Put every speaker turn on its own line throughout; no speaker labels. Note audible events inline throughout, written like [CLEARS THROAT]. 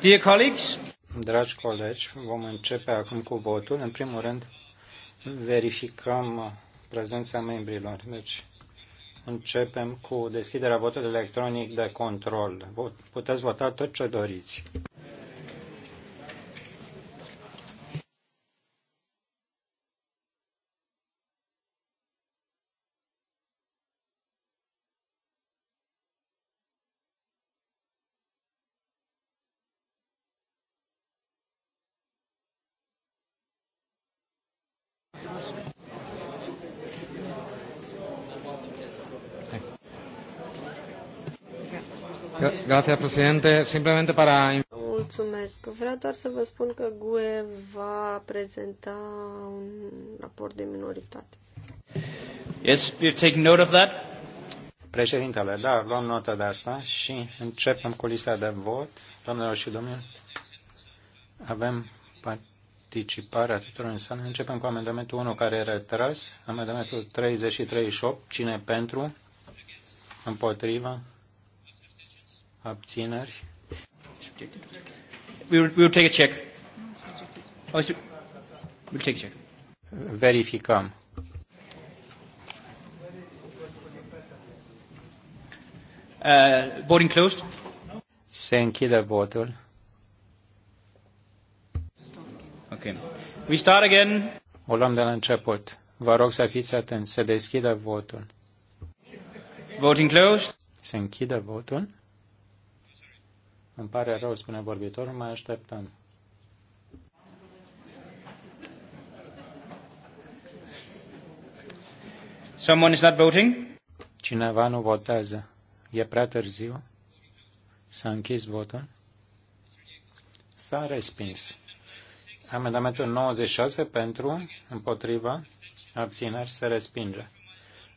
Dear colleagues, Dragi colegi, vom începe acum cu votul. În primul rând, verificăm prezența membrilor. Deci, începem cu deschiderea votului electronic de control. Puteți vota tot ce doriți.
Gracias, presidente. Simplemente para... Mulțumesc. Vreau doar să vă spun că GUE va prezenta un raport de minoritate.
Yes, we've taken note of that. Președintele, da, luăm notă de asta și începem cu lista de vot. Doamnelor și domnilor, avem participarea tuturor în sală. Începem cu amendamentul 1 care e retras, amendamentul 338, cine pentru, împotriva, Abțineri. We will, we will take a check. Oh, we'll take a check. Verificăm. Uh, voting closed. Se închide votul. Okay. We start again. O luăm de la început. Vă rog să fiți atenți. Se deschide votul. Voting closed. Se închide votul. Îmi pare rău, spune vorbitorul, mai așteptăm. Someone is not voting? Cineva nu votează. E prea târziu. S-a închis votul. S-a respins. Amendamentul 96 pentru, împotriva, abțineri se respinge.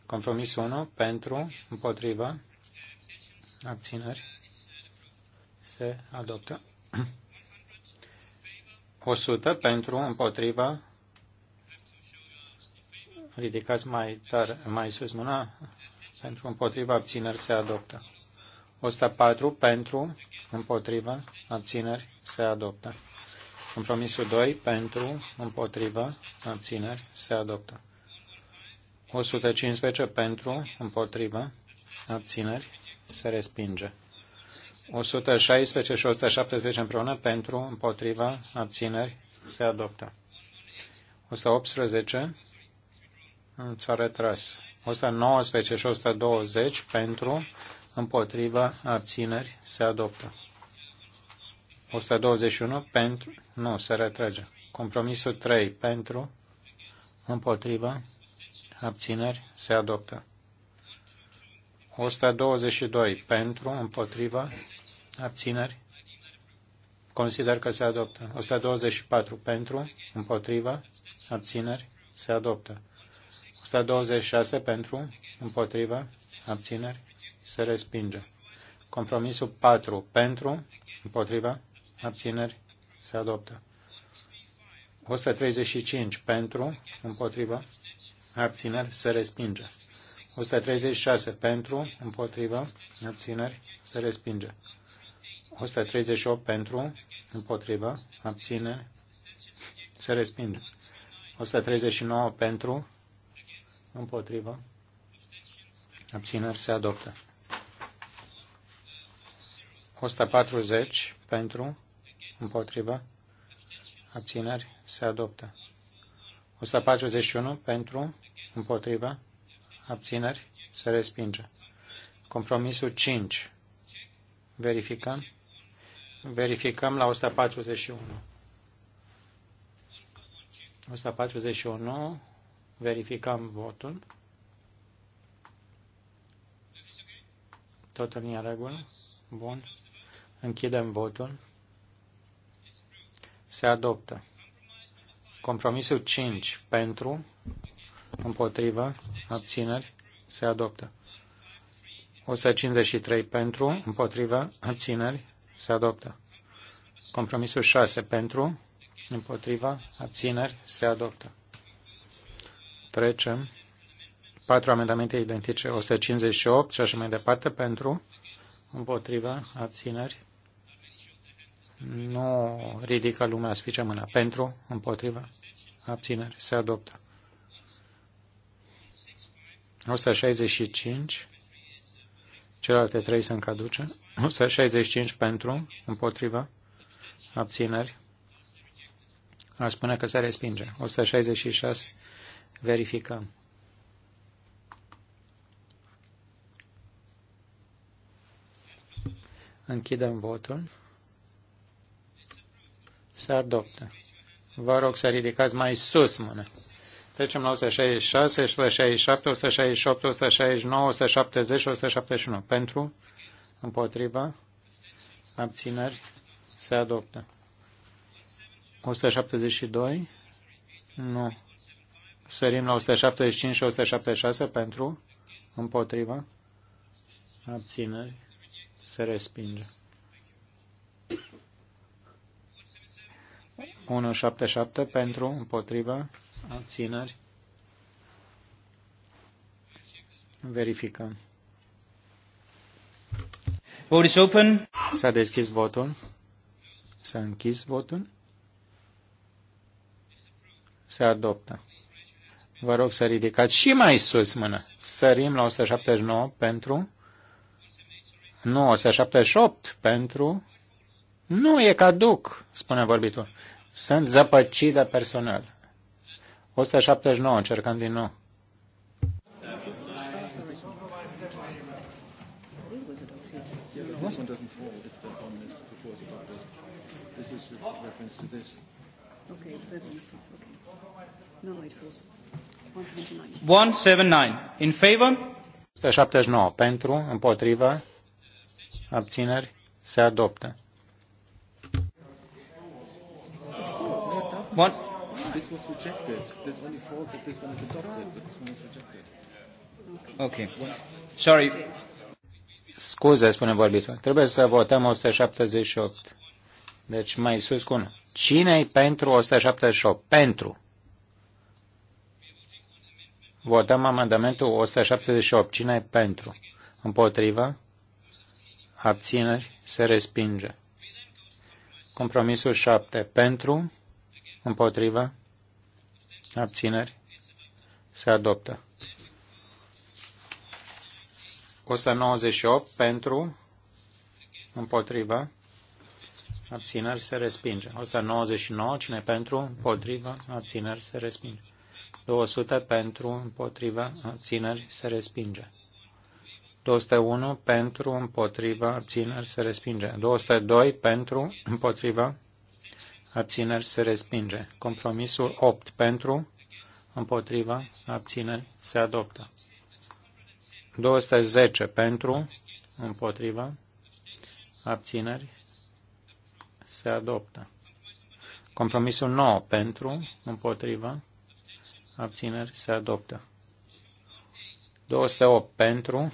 Compromisul 1 pentru, împotriva, abțineri se adoptă. 100 [CLEARS THROAT] pentru, împotriva, ridicați mai, tar, mai sus mâna, pentru, împotriva, abțineri se adoptă. 104 pentru, împotriva, abțineri se adoptă. Compromisul 2 pentru, împotriva, abțineri se adoptă. 115 pentru, împotriva, abțineri se respinge. 116 și 117 împreună pentru, împotriva, abțineri, se adoptă. 118 s-a retras. 119 și 120 pentru, împotriva, abțineri, se adoptă. 121 pentru, nu, se retrage. Compromisul 3 pentru, împotriva, abțineri, se adoptă. 122 pentru, împotriva, abțineri, consider că se adoptă. 124 pentru, împotriva, abțineri, se adoptă. 126 pentru, împotriva, abțineri, se respinge. Compromisul 4 pentru, împotriva, abțineri, se adoptă. 135 pentru, împotriva, abțineri, se respinge. 136 pentru, împotriva, abțineri, se respinge. 138 pentru, împotrivă, abține, se respinge. 139 pentru, împotrivă, abțineri se adoptă. 140 pentru, împotrivă, abțineri se adoptă. 141 pentru, împotrivă, abțineri se respinge. Compromisul 5. Verificăm. Verificăm la 141. 141. Verificăm votul. Totul în regulă. Bun. Închidem votul. Se adoptă. Compromisul 5 pentru, împotrivă, abțineri, se adoptă. 153 pentru, împotrivă, abțineri, se adoptă. Compromisul 6 pentru, împotriva, abțineri, se adoptă. Trecem. Patru amendamente identice, 158 și așa mai departe, pentru, împotriva, abțineri. Nu ridică lumea sfice mâna. Pentru, împotriva, abțineri, se adoptă. 165 celelalte trei sunt caduce. 165 pentru, împotriva, abțineri. Ar spune că se respinge. 166, verificăm. Închidem votul. Se adoptă. Vă rog să ridicați mai sus mâna. Trecem la 166, 167, 168, 169, 170 171. Pentru, împotriva, abțineri, se adoptă. 172, nu. Sărim la 175 și 176 pentru, împotriva, abțineri, se respinge. 177 pentru, împotriva, abțineri. Verificăm. Vote is open. S-a deschis votul. S-a închis votul. Se adoptă. Vă rog să ridicați și mai sus mână. Sărim la 179 pentru... Nu, 178 pentru... Nu, e caduc, spune vorbitul. Sunt zăpăcit de personal. 179, încercăm din nou.
One seven nine
in favor. falls. 179. 179. In favor? 179. Pentru, împotrivă, abțineri, se adoptă.
One. This was rejected. This only falls if this one is adopted, this one is rejected. Okay. Sorry.
Scuze, spune vorbitul. Trebuie să votăm 178. Deci mai sus cu una. Cine-i pentru 178? Pentru. Votăm amendamentul 178. Cine i pentru? Împotrivă? Abțineri? Se respinge. Compromisul 7. Pentru? Împotrivă? abțineri, se adoptă. 198 pentru, împotriva, abțineri, se respinge. 199, cine pentru, împotriva, abțineri, se respinge. 200 pentru, împotriva, abțineri, se respinge. 201 pentru, împotriva, abțineri, se respinge. 202 pentru, împotriva, abțineri se respinge. Compromisul 8 pentru, împotriva, abțineri se adoptă. 210 pentru, împotriva, abțineri se adoptă. Compromisul 9 pentru, împotriva, abțineri se adoptă. 208 pentru,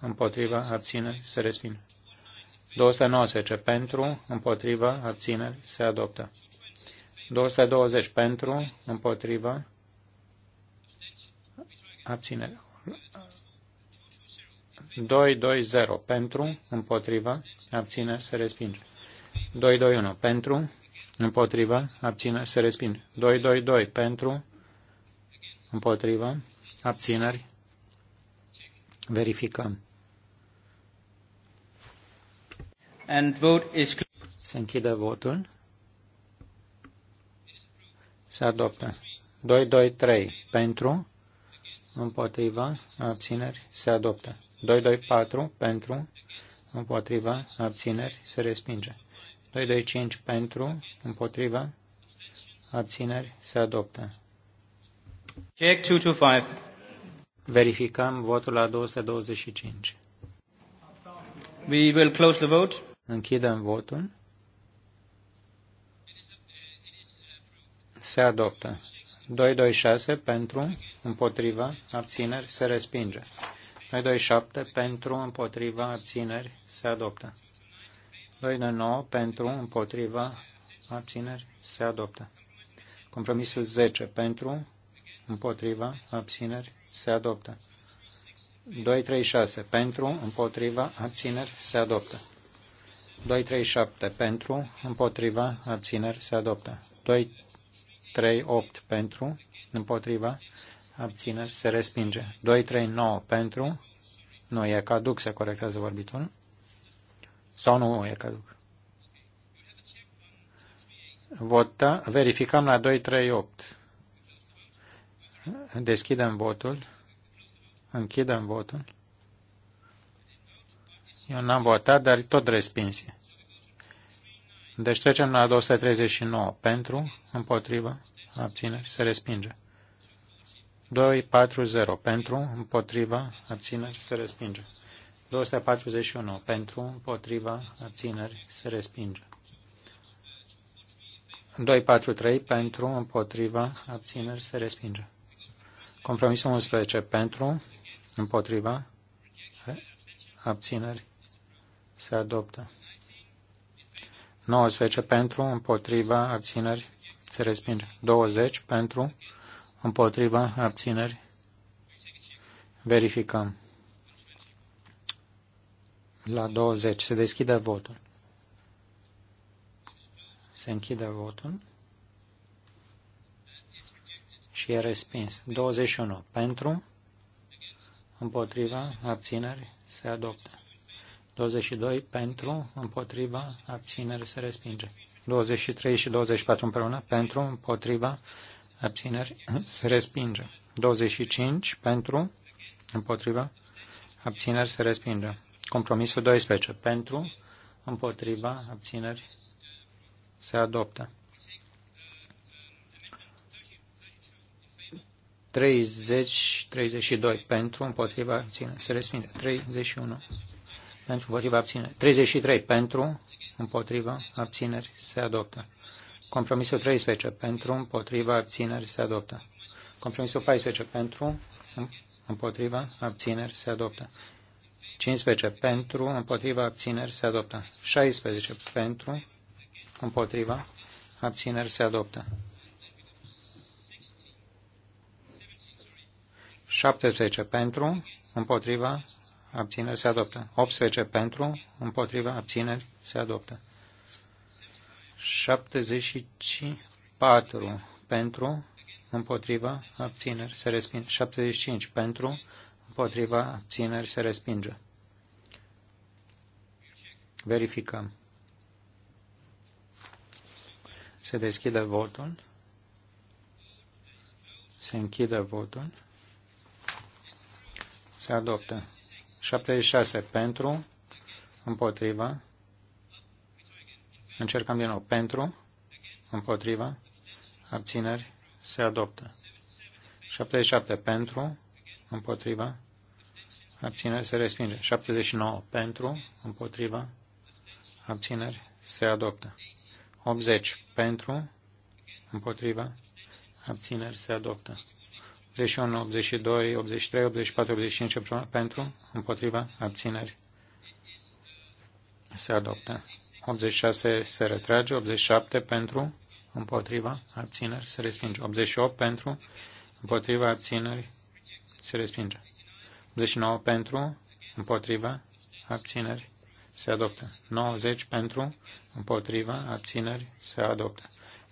împotriva, abțineri se respinge. 219 pentru, împotrivă, abțineri, se adoptă. 220 pentru, împotrivă, abțineri. 220 pentru, împotrivă, abțineri, se respinge. 221 pentru, împotrivă, abțineri, se respinge. 222 pentru, împotrivă, abțineri, verificăm. And vote is Se închide votul. Se adoptă. 2, 2, 3. Pentru. Împotriva. Abțineri. Se adoptă. 2, 2, 4. Pentru. Împotriva. Abțineri. Se respinge. 2, 2, 5. Pentru. Împotriva. Abțineri. Se adoptă. Check 225. Verificăm votul la 225. We will close the vote. Închidem votul. Se adoptă. 226 pentru, împotriva, abțineri, se respinge. 227 pentru, împotriva, abțineri, se adoptă. 229 pentru, împotriva, abțineri, se adoptă. Compromisul 10 pentru, împotriva, abțineri, se adoptă. 236 pentru, împotriva, abțineri, se adoptă. 237 pentru, împotriva, abțineri se adoptă. 238 pentru, împotriva, abțineri se respinge. 239 pentru, nu e caduc, se corectează vorbitul. Sau nu e caduc. Vota, verificăm la 238. Deschidem votul. Închidem votul. Eu n-am votat, dar tot respinse. Deci trecem la 239. Pentru, împotrivă, abțineri, se respinge. 240. Pentru, împotrivă, abțineri, se respinge. 241. Pentru, împotriva, abțineri, se respinge. 243. Pentru, împotriva, abțineri, se respinge. Compromisul 11. Pentru, împotriva, abțineri, se adoptă. 19 pentru, împotriva, abțineri, se respinge. 20 pentru, împotriva, abțineri. Verificăm. La 20 se deschide votul. Se închide votul. Și e respins. 21 pentru, împotriva, abțineri, se adoptă. 22 pentru, împotriva, abțineri se respinge. 23 și 24 împreună, pentru, împotriva, abțineri [CLEARS THROAT] se respinge. 25 pentru, împotriva, abțineri se respinge. Compromisul 12 pentru, împotriva, abțineri se adoptă. 30, 32 pentru, împotriva, abțineri se respinge. 31 pentru împotriva abțineri. 33 pentru împotriva abțineri se adoptă. Compromisul 13 pentru împotriva abțineri se adoptă. Compromisul 14 pentru împotriva abțineri se adoptă. 15 pentru împotriva abțineri se adoptă. 16 pentru împotriva abțineri se adoptă. 17 pentru împotriva abțineri se adoptă. 18 pentru, împotriva, abțineri se adoptă. 74 pentru, împotriva, abțineri se respinge. 75 pentru, împotriva, abțineri se respinge. Verificăm. Se deschide votul. Se închide votul. Se adoptă. 76 pentru, împotriva, încercăm din nou, pentru, împotriva, abțineri, se adoptă. 77 pentru, împotriva, abțineri, se respinge. 79 pentru, împotriva, abțineri, se adoptă. 80 pentru, împotriva, abțineri, se adoptă. 81, 82, 83, 84, 85 pentru, împotriva, abțineri. Se adoptă. 86 se retrage, 87 pentru, împotriva, abțineri, se respinge. 88 pentru, împotriva, abțineri, se respinge. 89 pentru, împotriva, abțineri, se adoptă. 90 pentru, împotriva, abțineri, se adoptă.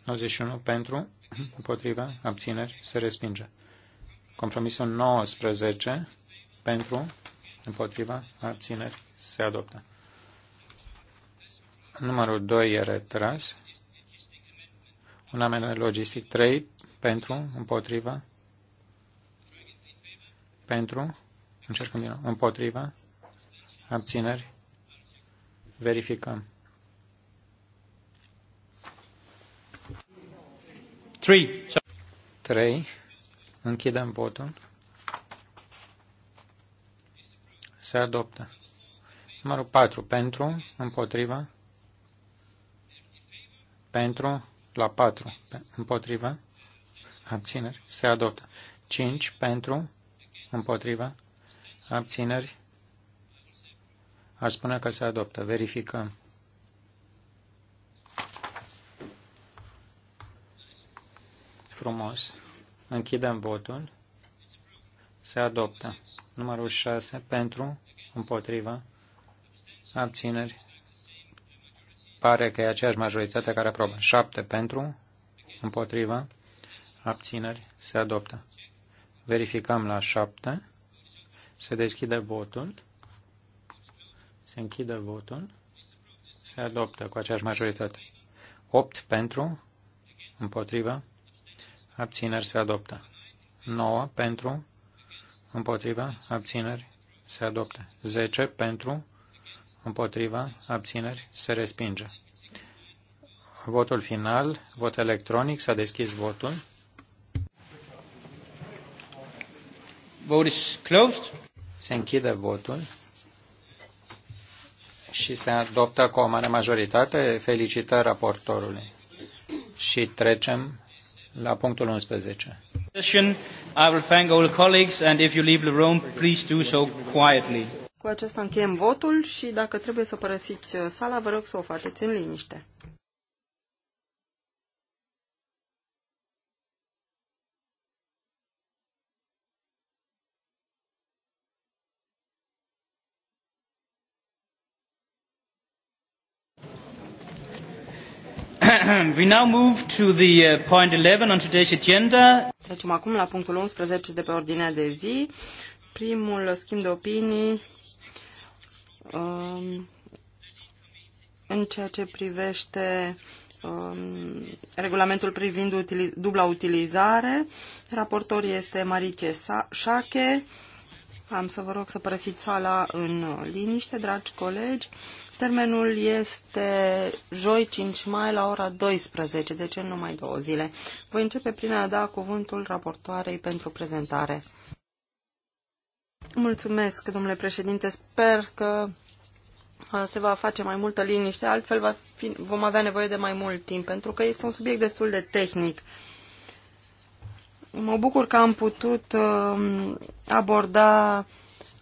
91 pentru, împotriva, abțineri, se respinge. Compromisul 19 pentru, împotriva, abțineri se adoptă. Numărul 2 e retras. Un amendament logistic 3 pentru, împotriva, pentru, încercăm din nou, împotriva, abțineri, verificăm. 3. 3. Închidem votul. Se adoptă. Numărul 4. Pentru, împotriva. Pentru, la 4. Împotriva. Abțineri. Se adoptă. 5. Pentru, împotriva. Abțineri. Ar spune că se adoptă. Verificăm. Frumos. Închidem votul. Se adoptă. Numărul 6 pentru, împotriva, abțineri. Pare că e aceeași majoritate care aprobă. 7 pentru, împotriva, abțineri. Se adoptă. Verificăm la 7. Se deschide votul. Se închide votul. Se adoptă cu aceeași majoritate. 8 pentru, împotriva, abțineri se adoptă. 9 pentru, împotriva, abțineri se adoptă. 10 pentru, împotriva, abțineri se respinge. Votul final, vot electronic, s-a deschis votul. Vote is closed. Se închide votul și se adoptă cu o mare majoritate. Felicitări raportorului. Și trecem la punctul 11. I will thank all colleagues and if you leave the room, please do so quietly.
Cu acesta încheiem votul și dacă trebuie să părăsiți uh, sala, vă rog să o faceți în liniște.
[CLEARS THROAT] We now move to the uh,
point 11 on today's agenda. Trecem acum la punctul 11 de pe ordinea de zi. Primul schimb de opinii um, în ceea ce privește um, regulamentul privind utiliz dubla utilizare. Raportor este Marice Șache. Sa- am să vă rog să părăsiți sala în liniște, dragi colegi. Termenul este joi 5 mai la ora 12, deci în numai două zile. Voi începe prin a da cuvântul raportoarei pentru prezentare. Mulțumesc, domnule președinte. Sper că se va face mai multă liniște, altfel va fi, vom avea nevoie de mai mult timp, pentru că este un subiect destul de tehnic. Mă bucur că am putut um, aborda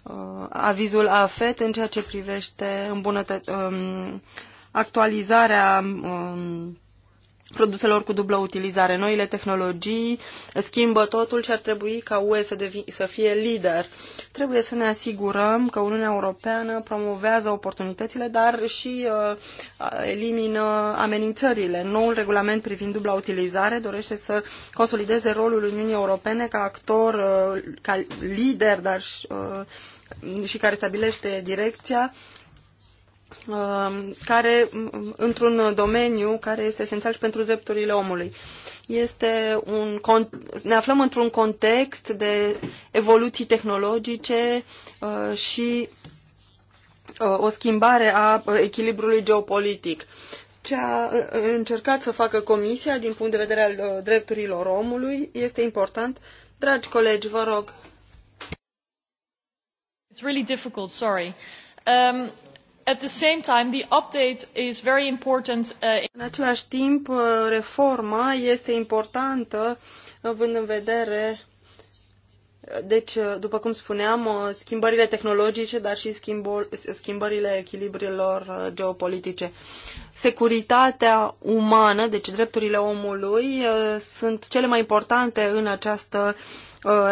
uh, avizul AFET în ceea ce privește îmbunătă- um, actualizarea uh, produselor cu dublă utilizare. Noile tehnologii schimbă totul și ar trebui ca UE să, devi- să fie lider. Trebuie să ne asigurăm că Uniunea Europeană promovează oportunitățile, dar și uh, elimină amenințările. Noul regulament privind dubla utilizare dorește să consolideze rolul Uniunii Europene ca actor, uh, ca lider, dar și, uh, și care stabilește direcția Um, care, um, într-un domeniu care este esențial și pentru drepturile omului. Este un, ne aflăm într-un context de evoluții tehnologice uh, și uh, o schimbare a uh, echilibrului geopolitic. Ce a încercat să facă Comisia din punct de vedere al drepturilor omului este important. Dragi colegi, vă rog. It's really difficult, sorry. Um, at the same time, the update is very important. Uh, în același timp, uh, reforma este importantă având în vedere uh, deci, după cum spuneam, schimbările tehnologice, dar și schimbările echilibrelor geopolitice. Securitatea umană, deci drepturile omului, sunt cele mai importante în această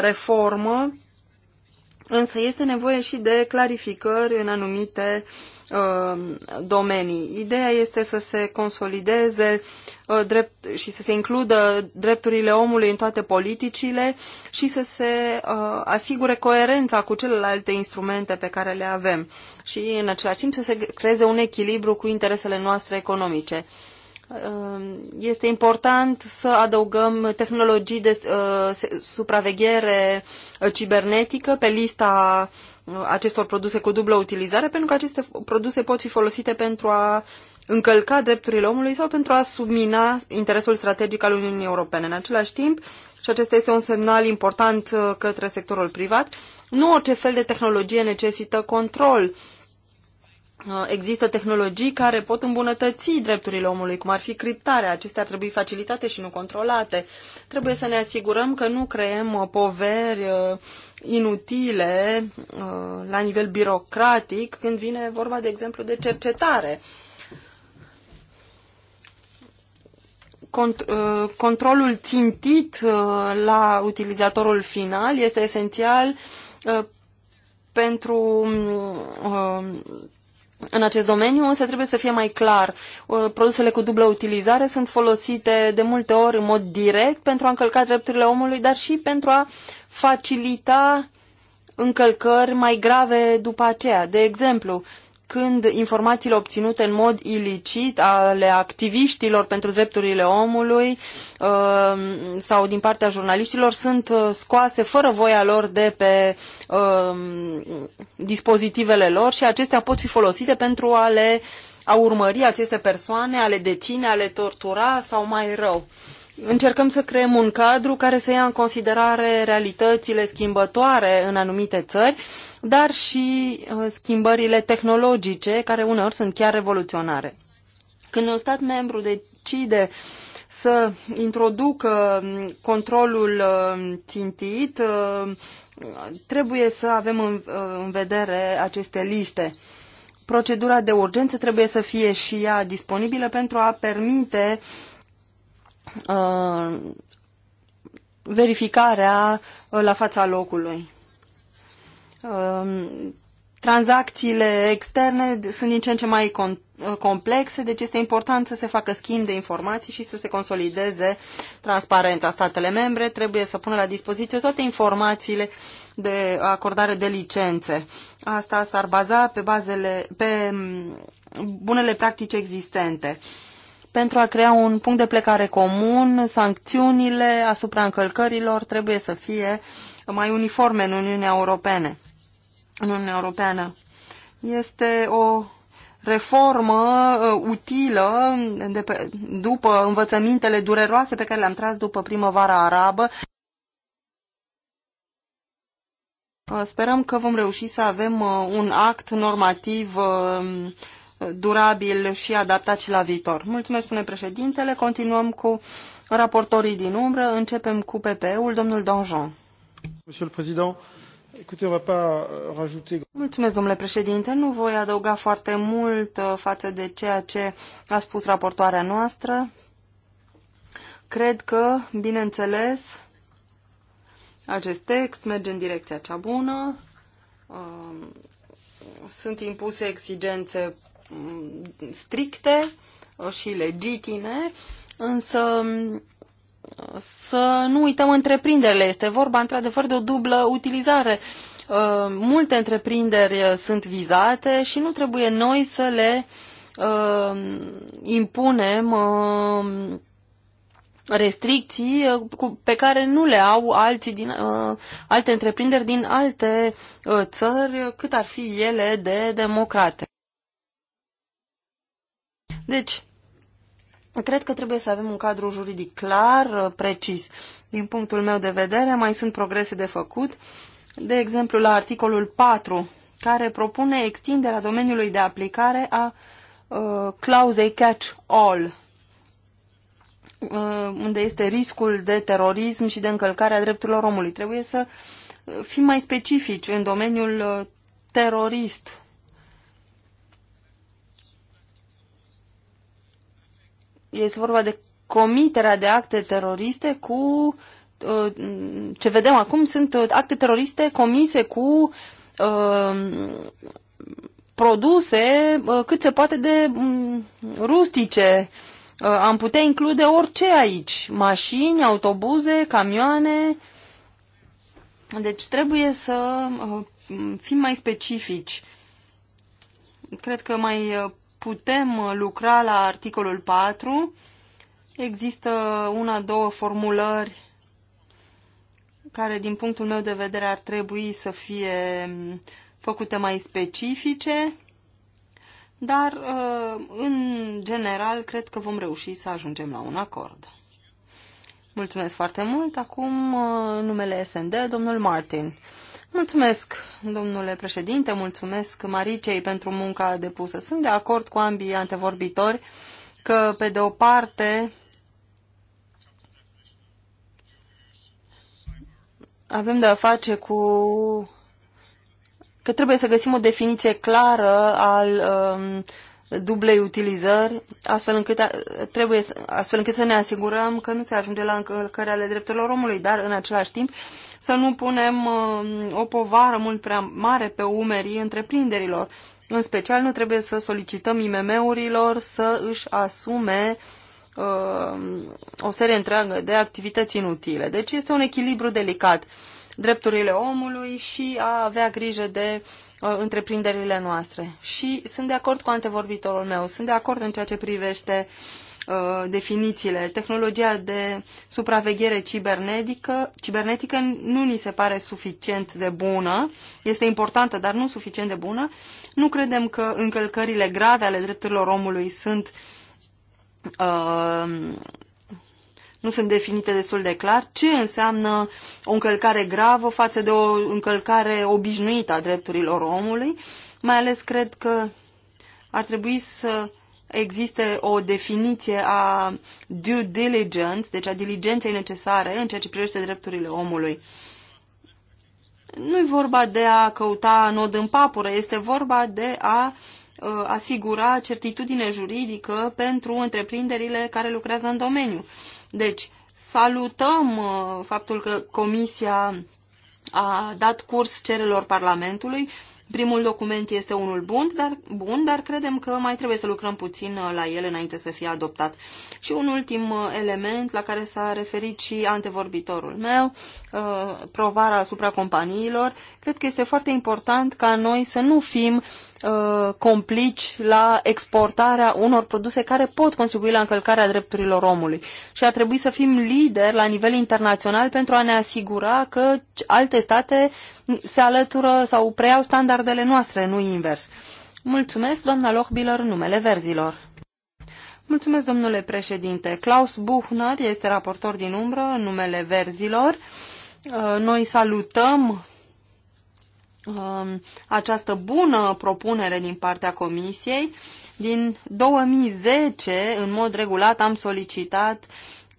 reformă, însă este nevoie și de clarificări în anumite uh, Uh, domenii. Ideea este să se consolideze uh, drept, și să se includă drepturile omului în toate politicile și să se uh, asigure coerența cu celelalte instrumente pe care le avem și în același timp să se creeze un echilibru cu interesele noastre economice. Este important să adăugăm tehnologii de supraveghere cibernetică pe lista acestor produse cu dublă utilizare, pentru că aceste produse pot fi folosite pentru a încălca drepturile omului sau pentru a submina interesul strategic al Uniunii Europene. În același timp, și acesta este un semnal important uh, către sectorul privat, nu orice fel de tehnologie necesită control Uh, există tehnologii care pot îmbunătăți drepturile omului, cum ar fi criptarea. Acestea ar trebui facilitate și nu controlate. Trebuie să ne asigurăm că nu creăm uh, poveri uh, inutile la nivel birocratic când vine vorba, de exemplu, de cercetare. Controlul țintit la utilizatorul final este esențial pentru în acest domeniu, însă trebuie să fie mai clar. Uh, produsele cu dublă utilizare sunt folosite de multe ori în mod direct pentru a încălca drepturile omului, dar și pentru a facilita încălcări mai grave după aceea. De exemplu, uh, când informațiile obținute în mod ilicit ale activiștilor pentru drepturile omului uh, sau din partea jurnaliștilor sunt uh, scoase fără voia lor de pe uh, dispozitivele lor și acestea pot fi folosite pentru a le a urmări aceste persoane, a le deține, a le tortura sau mai rău. Încercăm să creăm un cadru care să ia în considerare realitățile schimbătoare în anumite țări dar și uh, schimbările tehnologice, care uneori sunt chiar revoluționare. Când un stat membru decide să introducă um, controlul um, țintit, um, trebuie să avem uh, în vedere aceste liste. Procedura de urgență trebuie să fie și ea disponibilă pentru a permite uh, verificarea la fața locului. Um, tranzacțiile externe sunt din ce în ce mai uh, complexe, deci este important să se facă schimb de informații și să se consolideze transparența. Statele membre trebuie să pună la dispoziție toate informațiile de acordare de licențe. Asta s-ar baza pe, bazele, pe mm, bunele practici existente. Pentru a crea un punct de plecare comun, sancțiunile asupra încălcărilor trebuie să fie mai uniforme în Uniunea Europene, în Uniunea Europeană. Este o reformă uh, utilă de pe, după învățămintele dureroase pe care le-am tras după primăvara arabă. Uh, sperăm că vom reuși să avem uh, un act normativ durabil și adaptat și la viitor. Mulțumesc, spune președintele. Continuăm cu raportorii din umbră. Începem cu PP-ul, domnul Donjon. Monsieur le Président, Euh, Mulțumesc, domnule președinte. Nu voi adăuga foarte mult uh, față de ceea ce a spus raportoarea noastră. Cred că, bineînțeles, acest text merge în direcția cea bună. Um, sunt impuse exigențe mm, stricte uh, și legitime, însă să nu uităm întreprinderile. Este vorba, într-adevăr, de o dublă utilizare. Uh, multe întreprinderi uh, sunt vizate și nu trebuie noi să le uh, impunem restricții pe care nu le au alții din, alte întreprinderi din alte țări, cât ar fi ele de democrate. Deci, Cred că trebuie să avem un cadru juridic clar, uh, precis. Din punctul meu de vedere, mai sunt progrese de făcut. De exemplu, la articolul 4, care propune extinderea domeniului de aplicare a uh, clauzei catch-all, uh, unde este riscul de terorism și de încălcarea drepturilor omului. Trebuie să uh, fim mai specifici în domeniul uh, terorist, este vorba de comiterea de acte teroriste cu uh, ce vedem acum sunt uh, acte teroriste comise cu uh, produse cât se poate de mm, rustice. am putea include orice aici, mașini, autobuze, camioane. Deci trebuie să fim mai specifici. Cred că mai putem uh, lucra la articolul 4. Există una, două formulări care, din punctul meu de vedere, ar trebui să fie mm, făcute mai specifice, dar, uh, în general, cred că vom reuși să ajungem la un acord. Mulțumesc foarte mult. Acum, uh, numele SND, domnul Martin. Mulțumesc, domnule președinte, mulțumesc Maricei pentru munca depusă. Sunt de acord cu ambii antevorbitori că, pe de o parte, avem de a face cu că trebuie să găsim o definiție clară al um, dublei utilizări, astfel încât, trebuie, să, astfel încât să ne asigurăm că nu se ajunge la încălcări ale drepturilor omului, dar în același timp să nu punem uh, o povară mult prea mare pe umerii întreprinderilor. În special nu trebuie să solicităm IMM-urilor să își asume uh, o serie întreagă de activități inutile. Deci este un echilibru delicat drepturile omului și a avea grijă de uh, Uh, întreprinderile noastre. Și sunt de acord cu antevorbitorul meu, sunt de acord în ceea ce privește uh, definițiile. Tehnologia de supraveghere cibernetică, cibernetică nu ni se pare suficient de bună, este importantă, dar nu suficient de bună. Nu credem că încălcările grave ale drepturilor omului sunt uh, nu sunt definite destul de clar, ce înseamnă o încălcare gravă față de o încălcare obișnuită a drepturilor omului, mai ales cred că ar trebui să existe o definiție a due diligence, deci a diligenței necesare în ceea ce privește drepturile omului. Nu i vorba de a căuta nod în papură, este vorba de a ă, asigura certitudine juridică pentru întreprinderile care lucrează în domeniu. Deci, salutăm uh, faptul că Comisia a dat curs cererilor Parlamentului. Primul document este unul bun dar, bun, dar credem că mai trebuie să lucrăm puțin uh, la el înainte să fie adoptat. Și un ultim uh, element la care s-a referit și antevorbitorul meu, provara asupra companiilor, cred că este foarte important ca noi să nu fim Uh, complici la exportarea unor produse care pot contribui la încălcarea drepturilor omului. Și ar trebui să fim lideri la nivel internațional pentru a ne asigura că alte state se alătură sau preiau standardele noastre, nu invers. Mulțumesc, doamna Lochbiller, numele verzilor. Mulțumesc, domnule președinte. Klaus Buchner este raportor din umbră numele verzilor. Uh, noi salutăm Um, această bună propunere din partea Comisiei. Din 2010, în mod regulat, am solicitat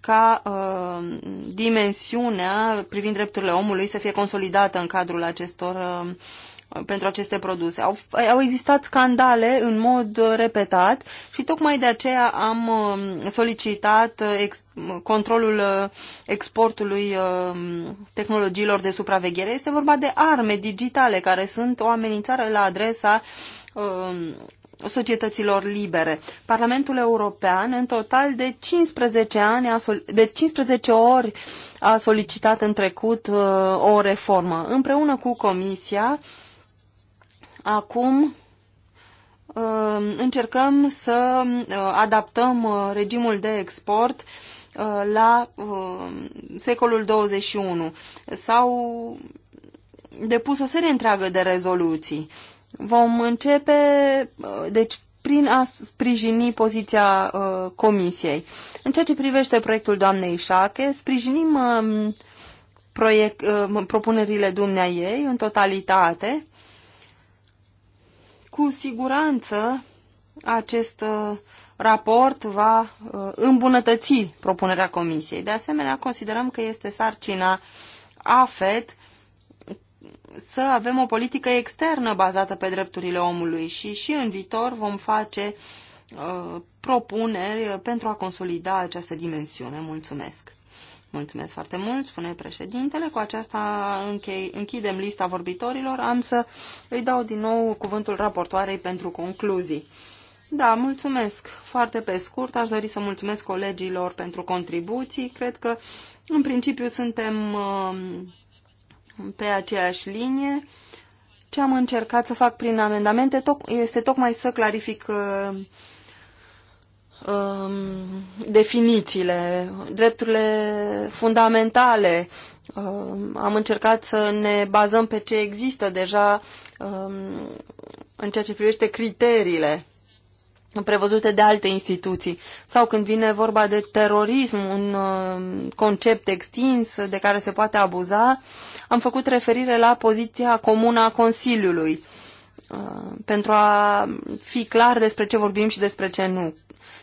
ca uh, dimensiunea privind drepturile omului să fie consolidată în cadrul acestor uh, pentru aceste produse. Au, au existat scandale în mod repetat și tocmai de aceea am um, solicitat uh, ex, controlul uh, exportului um, tehnologiilor de supraveghere. Este vorba de arme digitale care sunt o amenințare la adresa um, societăților libere. Parlamentul European în total de 15, ani de 15 ori a solicitat în trecut uh, o reformă. Împreună cu Comisia Acum uh, încercăm să uh, adaptăm uh, regimul de export la secolul 21. S-au depus o serie întreagă de rezoluții. Vom începe, deci, prin a sprijini poziția uh, Comisiei. În ceea ce privește proiectul doamnei Șache, sprijinim uh, proiect, uh, propunerile ei în totalitate cu siguranță acest uh, raport va uh, îmbunătăți propunerea Comisiei. De asemenea, considerăm că este sarcina AFET să avem o politică externă bazată pe drepturile omului și și în viitor vom face uh, propuneri pentru a consolida această dimensiune. Mulțumesc! Mulțumesc foarte mult, spune președintele. Cu aceasta închei, închidem lista vorbitorilor. Am să îi dau din nou cuvântul raportoarei pentru concluzii. Da, mulțumesc. Foarte pe scurt, aș dori să mulțumesc colegilor pentru contribuții. Cred că, în principiu, suntem um, pe aceeași linie. Ce am încercat să fac prin amendamente este tocmai să clarific uh, um, definițiile, drepturile fundamentale. Um, am încercat să ne bazăm pe ce există deja um, în ceea ce privește criteriile prevăzute de alte instituții. Sau când vine vorba de terorism, un um, concept extins de care se poate abuza, am făcut referire la poziția comună a Consiliului uh, pentru a fi clar despre ce vorbim și despre ce nu.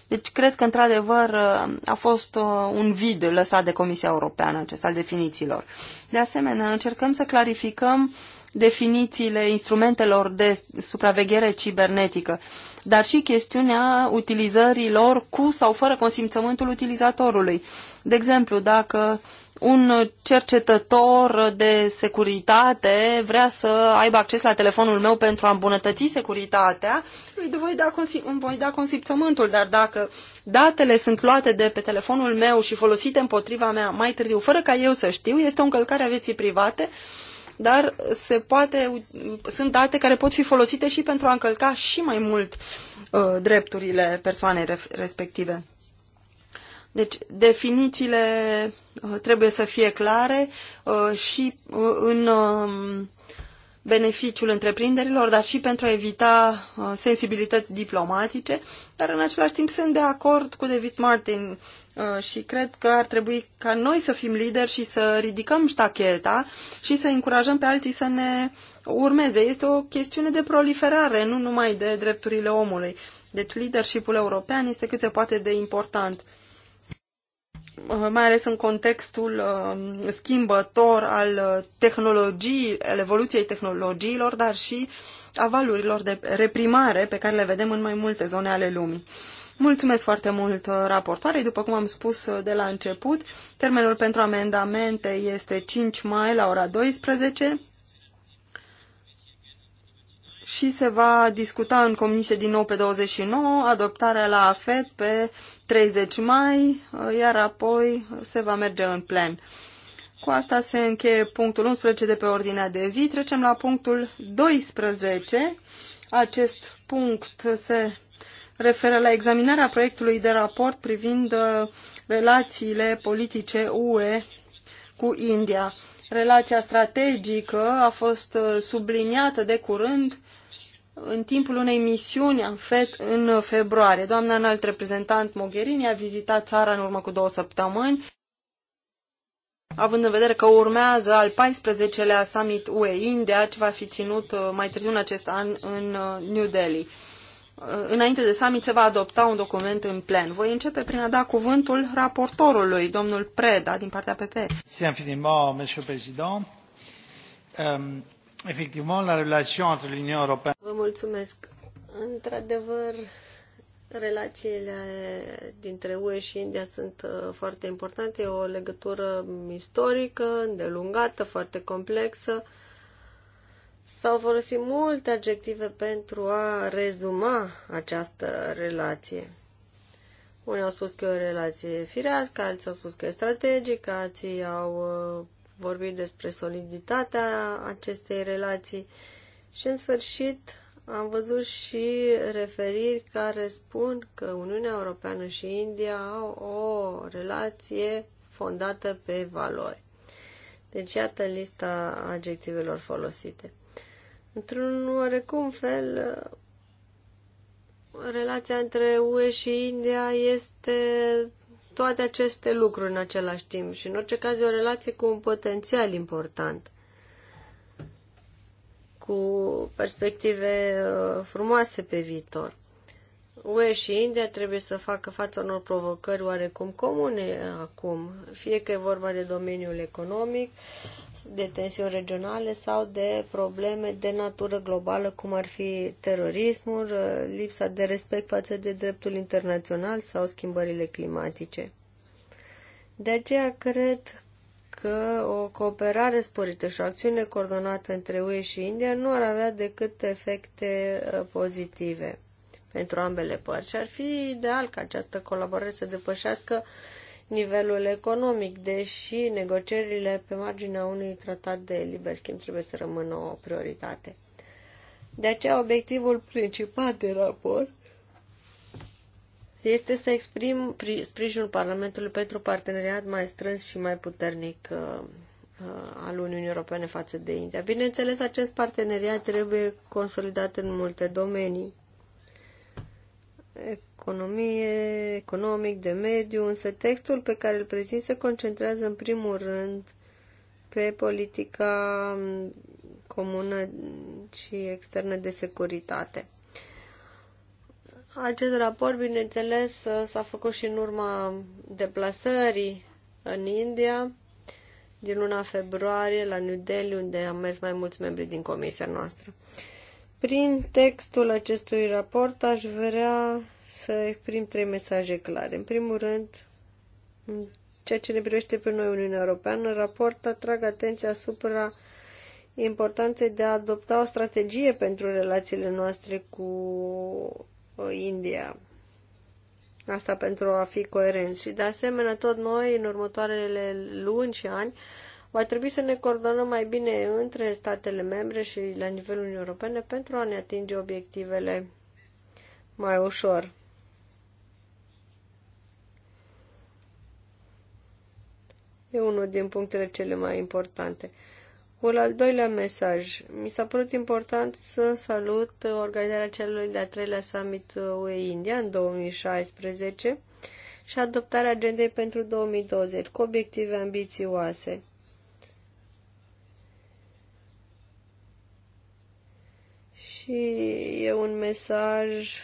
Deci cred că, într-adevăr, uh, a fost uh, un vid lăsat de Comisia Europeană acesta al definițiilor. De asemenea, încercăm să clarificăm definițiile instrumentelor de supraveghere cibernetică, dar și chestiunea utilizării lor cu sau fără consimțământul utilizatorului. De exemplu, dacă un cercetător de securitate vrea să aibă acces la telefonul meu pentru a îmbunătăți securitatea, îi voi da, îmi voi da consimțământul, dar dacă datele sunt luate de pe telefonul meu și folosite împotriva mea mai târziu, fără ca eu să știu, este o încălcare a vieții private, dar se poate, sunt date care pot fi folosite și pentru a încălca și mai mult uh, drepturile persoanei respective. Deci definițiile uh, trebuie să fie clare uh, și uh, în um, beneficiul întreprinderilor, dar și pentru a evita sensibilități diplomatice, dar în același timp sunt de acord cu David Martin și cred că ar trebui ca noi să fim lideri și să ridicăm ștacheta și să încurajăm pe alții să ne urmeze. Este o chestiune de proliferare, nu numai de drepturile omului. Deci leadership-ul european este cât se poate de important. Uh, mai ales în contextul uh, schimbător al uh, tehnologiei, al evoluției tehnologiilor, dar și a valurilor de reprimare pe care le vedem în mai multe zone ale lumii. Mulțumesc foarte mult raportoare. După cum am spus de la început, termenul pentru amendamente este 5 mai la ora 12 și se va discuta în comisie din nou pe 29, adoptarea la AFET pe 30 mai, uh, iar apoi se va merge în plen. Cu asta se încheie punctul 11 de pe ordinea de zi. Trecem la punctul 12. Acest punct se referă la examinarea proiectului de raport privind uh, relațiile politice UE cu India. Relația strategică a fost uh, subliniată de curând în timpul unei misiuni în FET în februarie. Doamna înalt reprezentant Mogherini a vizitat țara în urmă cu două săptămâni, având în vedere că urmează al 14-lea summit UE-India, ce va fi ținut uh, mai târziu în acest an în uh, New Delhi. Uh, înainte de summit se va adopta un document în plen. Voi începe prin a da cuvântul raportorului, domnul Preda, din partea PP. Merci
infiniment, monsieur président. Euh, Efectivement, la
relation entre l'Union Vă
mulțumesc. Într-adevăr, relațiile dintre UE și India sunt uh, foarte importante. E o legătură istorică, îndelungată, foarte complexă. S-au folosit multe adjective pentru a rezuma această relație. Unii au spus că e o relație firească, alții au spus că e strategică, alții au uh, vorbit despre soliditatea acestei relații și, în sfârșit, am văzut și referiri care spun că Uniunea Europeană și India au o relație fondată pe valori. Deci, iată lista adjectivelor folosite. Într-un oarecum fel, relația între UE și India este toate aceste lucruri în același timp și în orice caz e o relație cu un potențial important cu perspective uh, frumoase pe viitor. UE și India trebuie să facă față unor provocări oarecum comune acum, fie că e vorba de domeniul economic, de tensiuni regionale sau de probleme de natură globală, cum ar fi terorismul, uh, lipsa de respect față de dreptul internațional sau schimbările climatice. De aceea cred că o cooperare sporită și o acțiune coordonată între UE și India nu ar avea decât efecte uh, pozitive pentru ambele părți. Și ar fi ideal ca această colaborare să depășească uh, nivelul economic, deși negocierile pe marginea unui tratat de liber schimb trebuie să rămână o prioritate. De aceea, obiectivul principal de raport este să exprim sprijinul Parlamentului pentru parteneriat mai strâns și mai puternic uh, uh, al Uniunii Europene față de India. Bineînțeles, acest parteneriat trebuie consolidat în multe domenii economie, economic, de mediu, însă textul pe care îl prezint se concentrează în primul rând pe politica mm, comună și externă de securitate. Acest raport, bineînțeles, s-a făcut și în urma deplasării în India din luna februarie la New Delhi, unde am mers mai mulți membri din comisia noastră. Prin textul acestui raport aș vrea să exprim trei mesaje clare. În primul rând, în ceea ce ne privește pe noi Uniunea Europeană, raport atrag atenția asupra importanței de a adopta o strategie pentru relațiile noastre cu uh, India. Asta pentru a fi coerenți. Și de asemenea, tot noi, în următoarele luni și ani, va trebui să ne coordonăm mai bine între statele membre și la nivelul Uniunii Europene pentru a ne atinge obiectivele mai ușor. E unul din punctele cele mai importante. Un al doilea mesaj. Mi s-a părut important să salut organizarea celui de-a treilea summit UE-India în 2016 și adoptarea agendei pentru 2020 cu obiective ambițioase. Și e un mesaj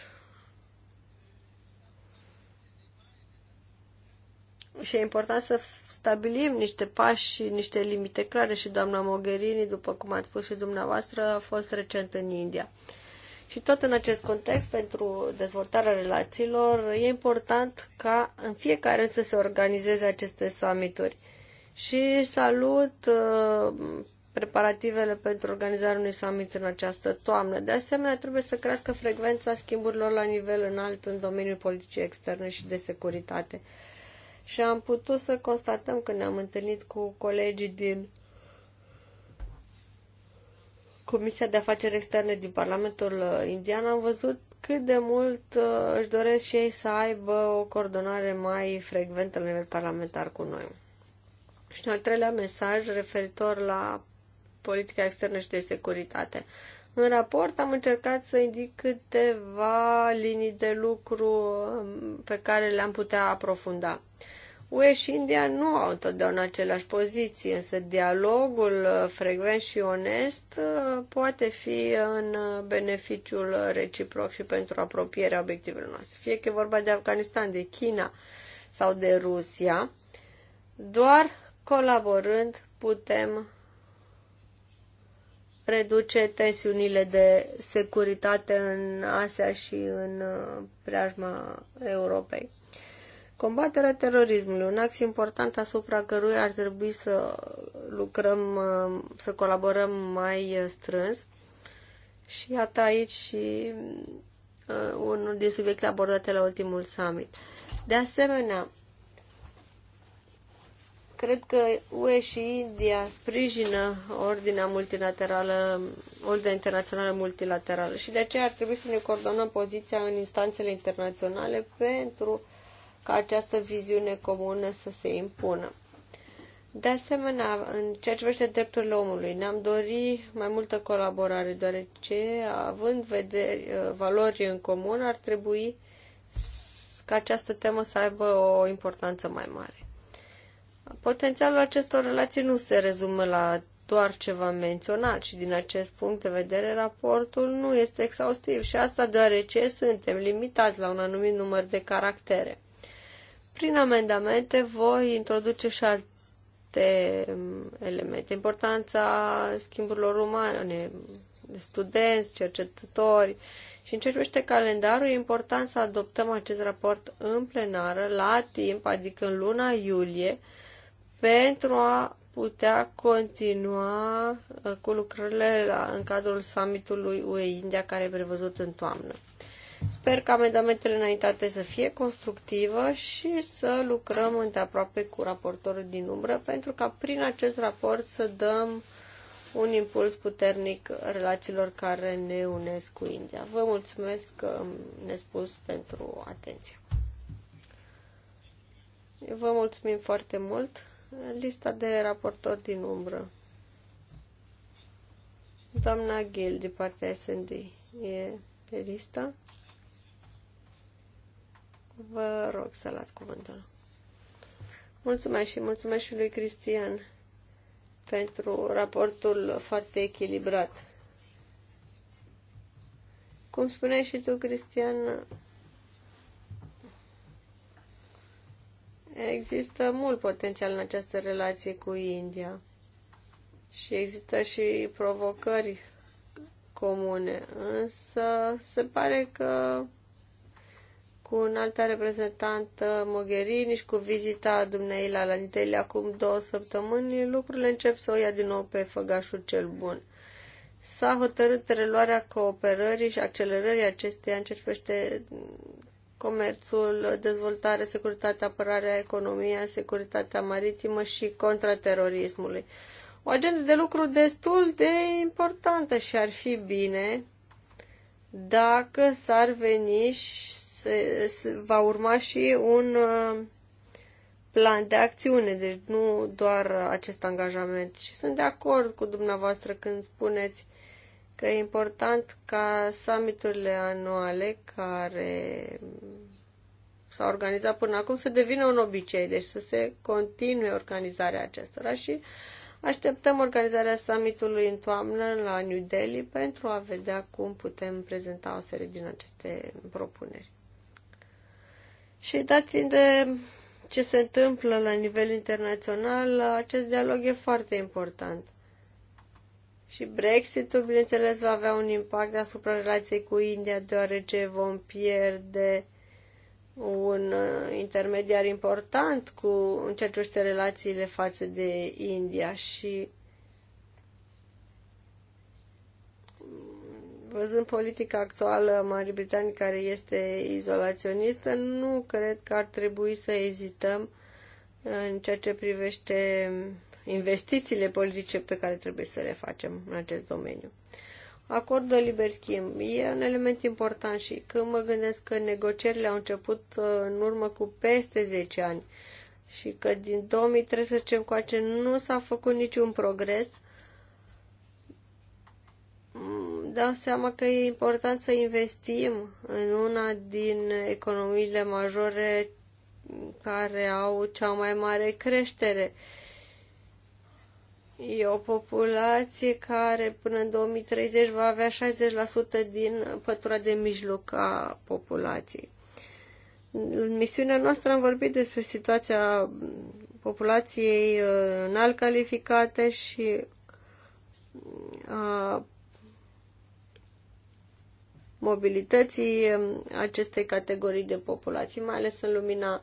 și e important să stabilim niște pași și niște limite clare și doamna Mogherini, după cum ați spus și dumneavoastră, a fost recent în India. Și tot în acest context, pentru dezvoltarea relațiilor, e important ca în fiecare să se organizeze aceste summituri. Și salut uh, preparativele pentru organizarea unui summit în această toamnă. De asemenea, trebuie să crească frecvența schimburilor la nivel înalt în domeniul politicii externe și de securitate și am putut să constatăm când ne-am întâlnit cu colegii din Comisia de Afaceri Externe din Parlamentul uh, Indian, am văzut cât de mult uh, își doresc și ei să aibă o coordonare mai frecventă la nivel parlamentar cu noi. Și un al treilea mesaj referitor la politica externă și de securitate. În raport am încercat să indic câteva linii de lucru um, pe care le-am putea aprofunda. UE și India nu au întotdeauna aceleași poziții, însă dialogul uh, frecvent și onest uh, poate fi uh, în beneficiul reciproc și pentru apropierea obiectivelor noastre. Fie că e vorba de Afganistan, de China sau de Rusia, doar colaborând putem reduce tensiunile de securitate în Asia și în preajma Europei. Combaterea terorismului, un act important asupra căruia ar trebui să lucrăm, să colaborăm mai strâns. Și iată aici și uh, unul din subiecte abordate la ultimul summit. De asemenea, cred că UE și India sprijină ordinea multilaterală, ordinea internațională multilaterală și de aceea ar trebui să ne coordonăm poziția în instanțele internaționale pentru ca această viziune comună să se impună. De asemenea, în ceea ce privește drepturile omului, ne-am dorit mai multă colaborare, deoarece, având vederi, uh, valori în comun, ar trebui ca această temă să aibă o importanță mai mare. Potențialul acestor relații nu se rezumă la doar ceva menționat și din acest punct de vedere raportul nu este exhaustiv și asta deoarece suntem limitați la un anumit număr de caractere. Prin amendamente voi introduce și alte mm, elemente. Importanța schimburilor umane, studenți, cercetători și în ce privește calendarul, e important să adoptăm acest raport în plenară, la timp, adică în luna iulie, pentru a putea continua uh, cu lucrările la, în cadrul summitului UE India care e prevăzut în toamnă. Sper că amendamentele înaintate să fie constructivă și să lucrăm îndeaproape cu raportorul din umbră, pentru ca prin acest raport să dăm un impuls puternic relațiilor care ne unesc cu India. Vă mulțumesc că ne spus pentru atenție. Vă mulțumim foarte mult. Lista de raportori din umbră. Doamna Gil, de partea SND, e pe lista. Vă rog să luați cuvântul. Mulțumesc și mulțumesc și lui Cristian pentru raportul foarte echilibrat. Cum spuneai și tu, Cristian, există mult potențial în această relație cu India și există și provocări comune, însă se pare că cu un alta reprezentantă uh, Mogherini și cu vizita dumnei la Lanitele acum două săptămâni, lucrurile încep să o ia din nou pe făgașul cel bun. S-a hotărât reluarea cooperării și accelerării acesteia în comerțul, dezvoltare, securitatea, apărarea, economia, securitatea maritimă și contraterorismului. O agendă de lucru destul de importantă și ar fi bine dacă s-ar veni și se, se va urma și un uh, plan de acțiune, deci nu doar acest angajament. Și sunt de acord cu dumneavoastră când spuneți că e important ca summiturile anuale care s-au organizat până acum să devină un obicei, deci să se continue organizarea acestora și așteptăm organizarea summitului în toamnă la New Delhi pentru a vedea cum putem prezenta o serie din aceste propuneri. Și dat fiind de ce se întâmplă la nivel internațional, acest dialog e foarte important. Și Brexitul, bineînțeles, va avea un impact asupra relației cu India, deoarece vom pierde un uh, intermediar important cu în ceea ce relațiile față de India și văzând politica actuală a Marii Britanii care este izolaționistă, nu cred că ar trebui să ezităm în ceea ce privește investițiile politice pe care trebuie să le facem în acest domeniu. Acordul de liber schimb e un element important și când mă gândesc că negocierile au început uh, în urmă cu peste 10 ani și că din 2013 încoace nu s-a făcut niciun progres, dau seama că e important să investim în una din economiile majore care au cea mai mare creștere. E o populație care până în 2030 va avea 60% din pătura de mijloc a populației. În misiunea noastră am vorbit despre situația populației uh, înalt calificate și a uh, mobilității um, acestei categorii de populații, mai ales în lumina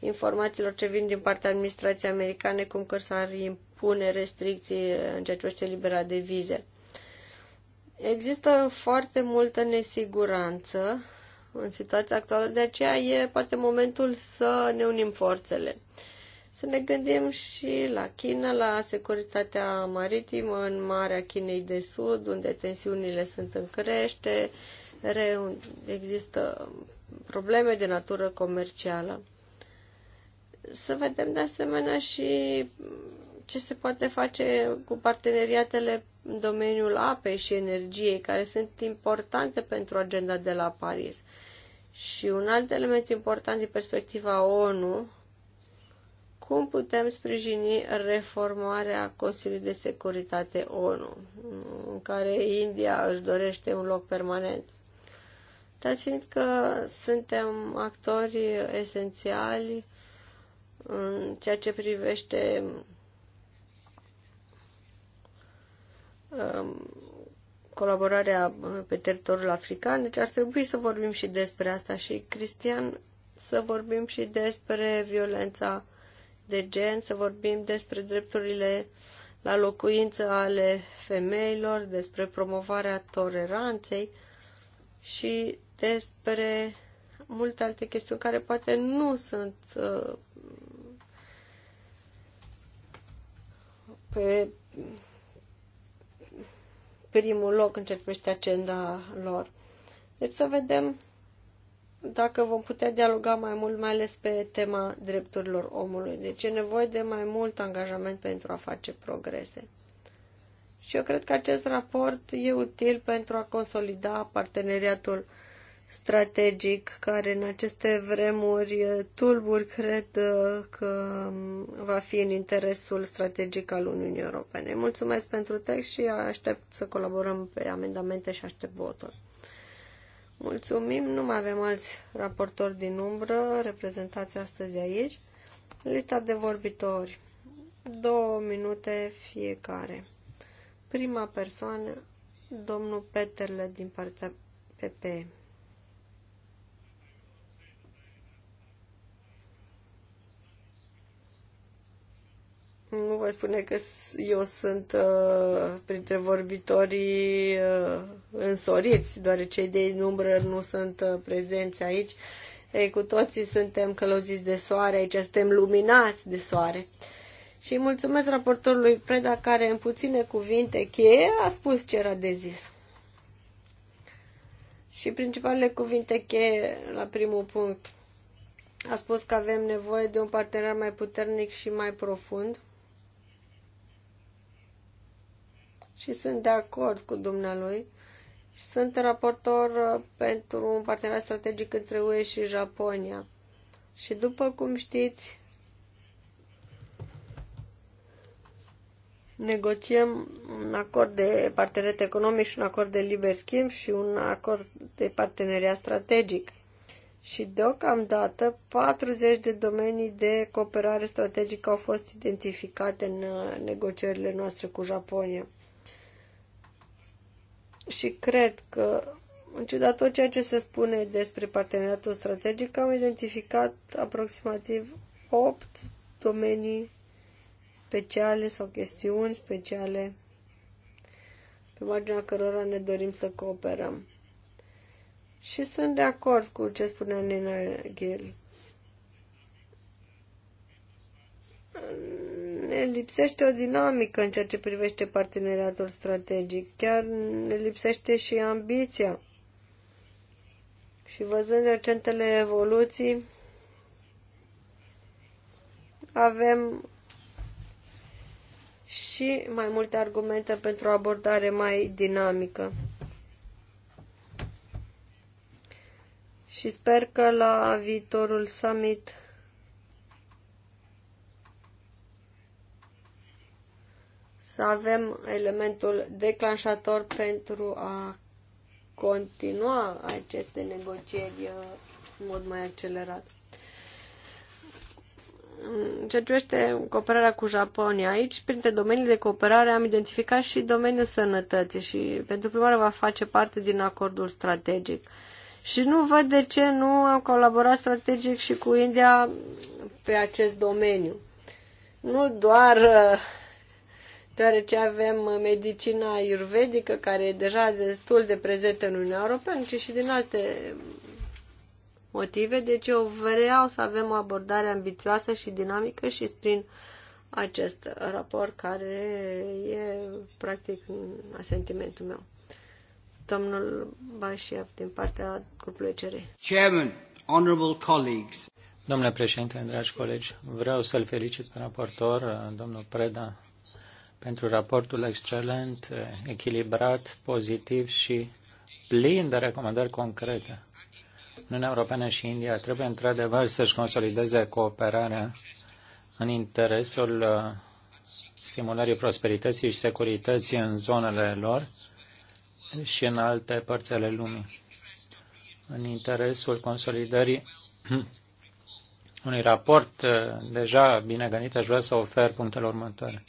informațiilor ce vin din partea administrației americane, cum că s-ar impune restricții în ceea ce este libera de vize. Există foarte multă nesiguranță în situația actuală, de aceea e poate momentul să ne unim forțele. Să ne gândim și la China, la securitatea maritimă în Marea Chinei de Sud, unde tensiunile sunt în creștere, există probleme de natură comercială. Să vedem de asemenea și ce se poate face cu parteneriatele în domeniul apei și energiei, care sunt importante pentru agenda de la Paris. Și un alt element important din perspectiva ONU, cum putem sprijini reformarea Consiliului de Securitate ONU, în care India își dorește un loc permanent dar fiindcă suntem actori esențiali în ceea ce privește um, colaborarea uh, pe teritoriul african, deci ar trebui să vorbim și despre asta și, Cristian, să vorbim și despre violența de gen, să vorbim despre drepturile la locuință ale femeilor, despre promovarea toleranței și despre multe alte chestiuni care poate nu sunt uh, pe primul loc în ce privește agenda lor. Deci să vedem dacă vom putea dialoga mai mult, mai ales pe tema drepturilor omului. Deci e nevoie de mai mult angajament pentru a face progrese. Și eu cred că acest raport e util pentru a consolida parteneriatul uh, strategic care în aceste vremuri tulburi cred că va fi în interesul strategic al Uniunii Europene. Mulțumesc pentru text și aștept să colaborăm pe amendamente și aștept votul. Mulțumim, nu mai avem alți raportori din umbră reprezentați astăzi aici. Lista de vorbitori. Două minute fiecare. Prima persoană, domnul Peterle din partea PPM. Nu voi spune că eu sunt uh, printre vorbitorii uh, însoriți, deoarece ei în umbră nu sunt uh, prezenți aici. Ei, cu toții suntem căloziți de soare, aici suntem luminați de soare. Și mulțumesc raportorului Preda, care în puține cuvinte cheie a spus ce era de zis. Și principalele cuvinte cheie la primul punct. A spus că avem nevoie de un partener mai puternic și mai profund și sunt de acord cu dumnealui. Sunt raportor uh, pentru un parteneriat strategic între UE și Japonia. Și după cum știți, negociem un acord de parteneriat economic și un acord de liber schimb și un acord de parteneriat strategic. Și deocamdată 40 de domenii de cooperare strategică au fost identificate în uh, negocierile noastre cu Japonia. Și cred că, în ciuda tot ceea ce se spune despre parteneriatul strategic, am identificat aproximativ 8 domenii speciale sau chestiuni speciale pe marginea cărora ne dorim să cooperăm. Și sunt de acord cu ce spunea Nina Ghiel ne lipsește o dinamică în ceea ce privește parteneriatul strategic. Chiar ne lipsește și ambiția. Și văzând recentele evoluții, avem și mai multe argumente pentru o abordare mai dinamică. Și sper că la viitorul summit să avem elementul declanșator pentru a continua aceste negocieri uh, în mod mai accelerat. În ceea ce privește cooperarea cu Japonia, aici, printre domenii de cooperare, am identificat și domeniul sănătății și pentru prima oară va face parte din acordul strategic. Și nu văd de ce nu am colaborat strategic și cu India pe acest domeniu. Nu doar uh, deoarece avem medicina ayurvedică care e deja destul de prezentă în Uniunea Europeană, ci și din alte motive. Deci eu vreau să avem o abordare ambițioasă și dinamică și prin acest raport care e practic asentimentul meu. Domnul Bașiev din partea grupului CR.
Chairman, honorable colleagues.
Domnule președinte, dragi colegi, vreau să-l felicit pe raportor, domnul Preda, pentru raportul excelent, echilibrat, pozitiv și plin de recomandări concrete. Uniunea Europeană și India trebuie într-adevăr să-și consolideze cooperarea în interesul uh, stimulării prosperității și securității în zonele lor și în alte părți ale lumii, în interesul consolidării unui raport uh, deja bine gândit, aș vrea să ofer punctele următoare.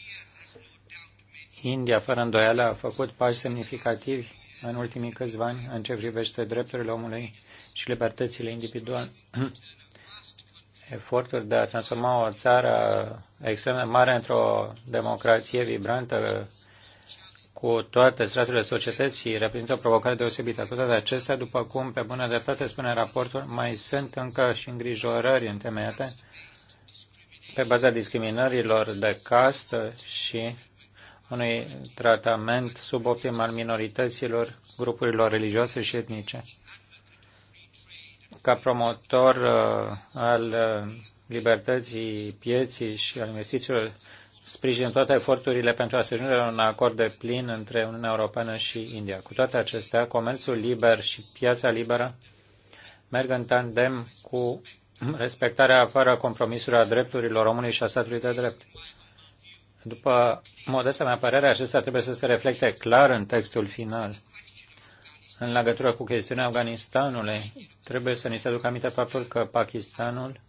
India, fără îndoială, a făcut pași semnificativi în ultimii câțiva ani în ce privește drepturile omului și libertățile individuale. [CLEARS THROAT] Eforturi de a transforma o țară extrem de mare într-o democrație vibrantă cu toate straturile societății reprezintă o provocare deosebită. Cu toate acestea, după cum pe bună dreptate spune raportul, mai sunt încă și îngrijorări întemeiate pe baza discriminărilor de castă și unui tratament optim al minorităților, grupurilor religioase și etnice. Ca promotor uh, al uh, libertății pieții și al investițiilor, sprijin toate eforturile pentru a se ajunge la un acord de plin între Uniunea Europeană și India. Cu toate acestea, comerțul liber și piața liberă merg în tandem cu respectarea fără compromisuri a drepturilor omului și a statului de drept. După modesta mea părere, acesta trebuie să se reflecte clar în textul final. În legătură cu chestiunea Afganistanului, trebuie să ni se aducă aminte faptul că Pakistanul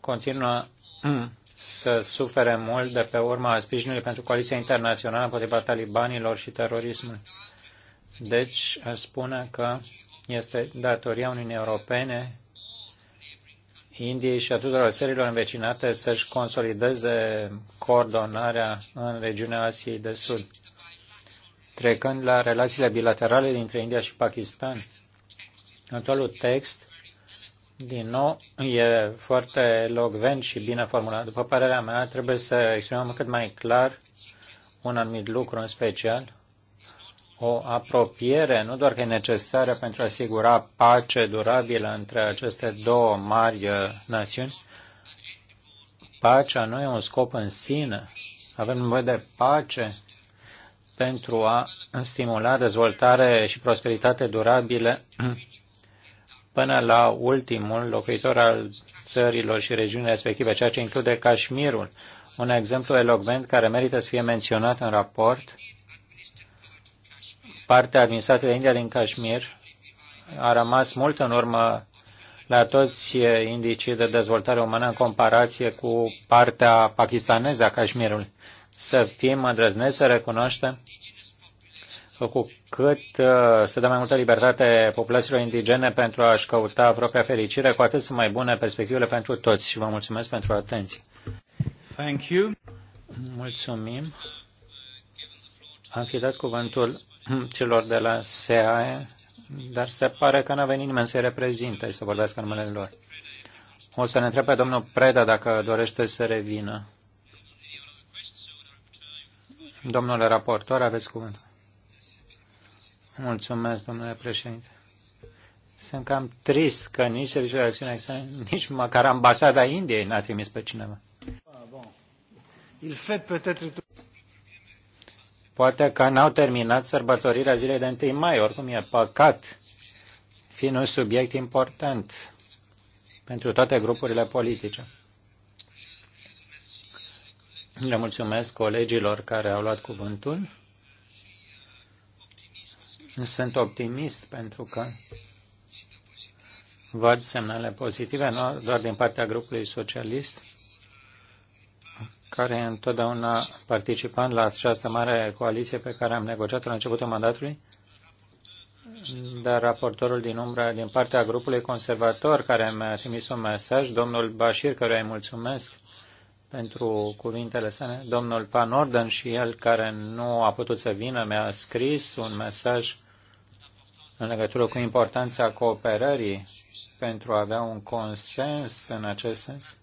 continuă [CLEARS THROAT] să sufere mult de pe urma sprijinului pentru coaliția internațională împotriva talibanilor și terorismului. Deci, aș spune că este datoria Uniunii Europene Indiei și a tuturor țărilor învecinate să-și consolideze coordonarea în regiunea Asiei de Sud. Trecând la relațiile bilaterale dintre India și Pakistan, actualul text, din nou, e foarte logvent și bine formulat. După părerea mea, trebuie să exprimăm cât mai clar un anumit lucru în special, o apropiere nu doar că e necesară pentru a asigura pace durabilă între aceste două mari uh, națiuni, pacea nu e un scop în sine. Avem nevoie de pace pentru a stimula dezvoltare și prosperitate durabile [CLEARS THROAT] până la ultimul locuitor al țărilor și regiunii respective, ceea ce include Cașmirul, un exemplu elogvent care merită să fie menționat în raport partea administrată de India din Kashmir a rămas mult în urmă la toți indicii de dezvoltare umană în comparație cu partea pakistaneză a Kashmirului. Să fim îndrăzneți să recunoaștem că cu cât uh, se dă mai multă libertate populațiilor indigene pentru a-și căuta propria fericire, cu atât sunt mai bune perspectivele pentru toți și vă mulțumesc pentru atenție. Thank you. Mulțumim. Am fi dat cuvântul [CLEARS THROAT] celor de la SEAE, dar se pare că n-a venit nimeni să-i reprezinte și să vorbească numele lor. O să ne întrebe domnul Preda dacă dorește să revină. Domnule raportor, aveți cuvântul. Mulțumesc, domnule președinte. Sunt cam trist că nici Serviciul de Acțiune nici măcar ambasada Indiei n-a trimis pe cineva. Ah, Poate că n-au terminat sărbătorirea zilei de 1 mai, oricum e păcat, fiind un subiect important pentru toate grupurile politice. Le mulțumesc colegilor care au luat cuvântul. Sunt optimist pentru că văd semnale pozitive, nu doar din partea grupului socialist, care întotdeauna participând la această mare coaliție pe care am negociat-o la începutul mandatului, dar raportorul din umbră din partea grupului conservator care mi-a trimis un mesaj, domnul Bashir, care îi mulțumesc pentru cuvintele sale, domnul Pan Orden și el care nu a putut să vină mi-a scris un mesaj în legătură cu importanța cooperării pentru a avea un consens în acest sens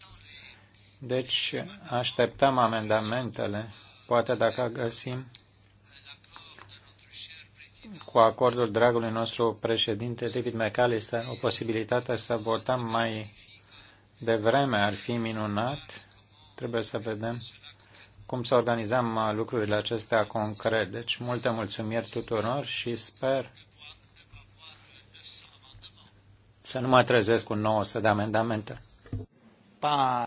deci așteptăm amendamentele, poate dacă găsim cu acordul dragului nostru președinte David McAllister o posibilitate să votăm mai devreme, ar fi minunat. Trebuie să vedem cum să organizăm lucrurile acestea concret. Deci multe mulțumiri tuturor și sper să nu mă trezesc cu 900 de amendamente. Pa!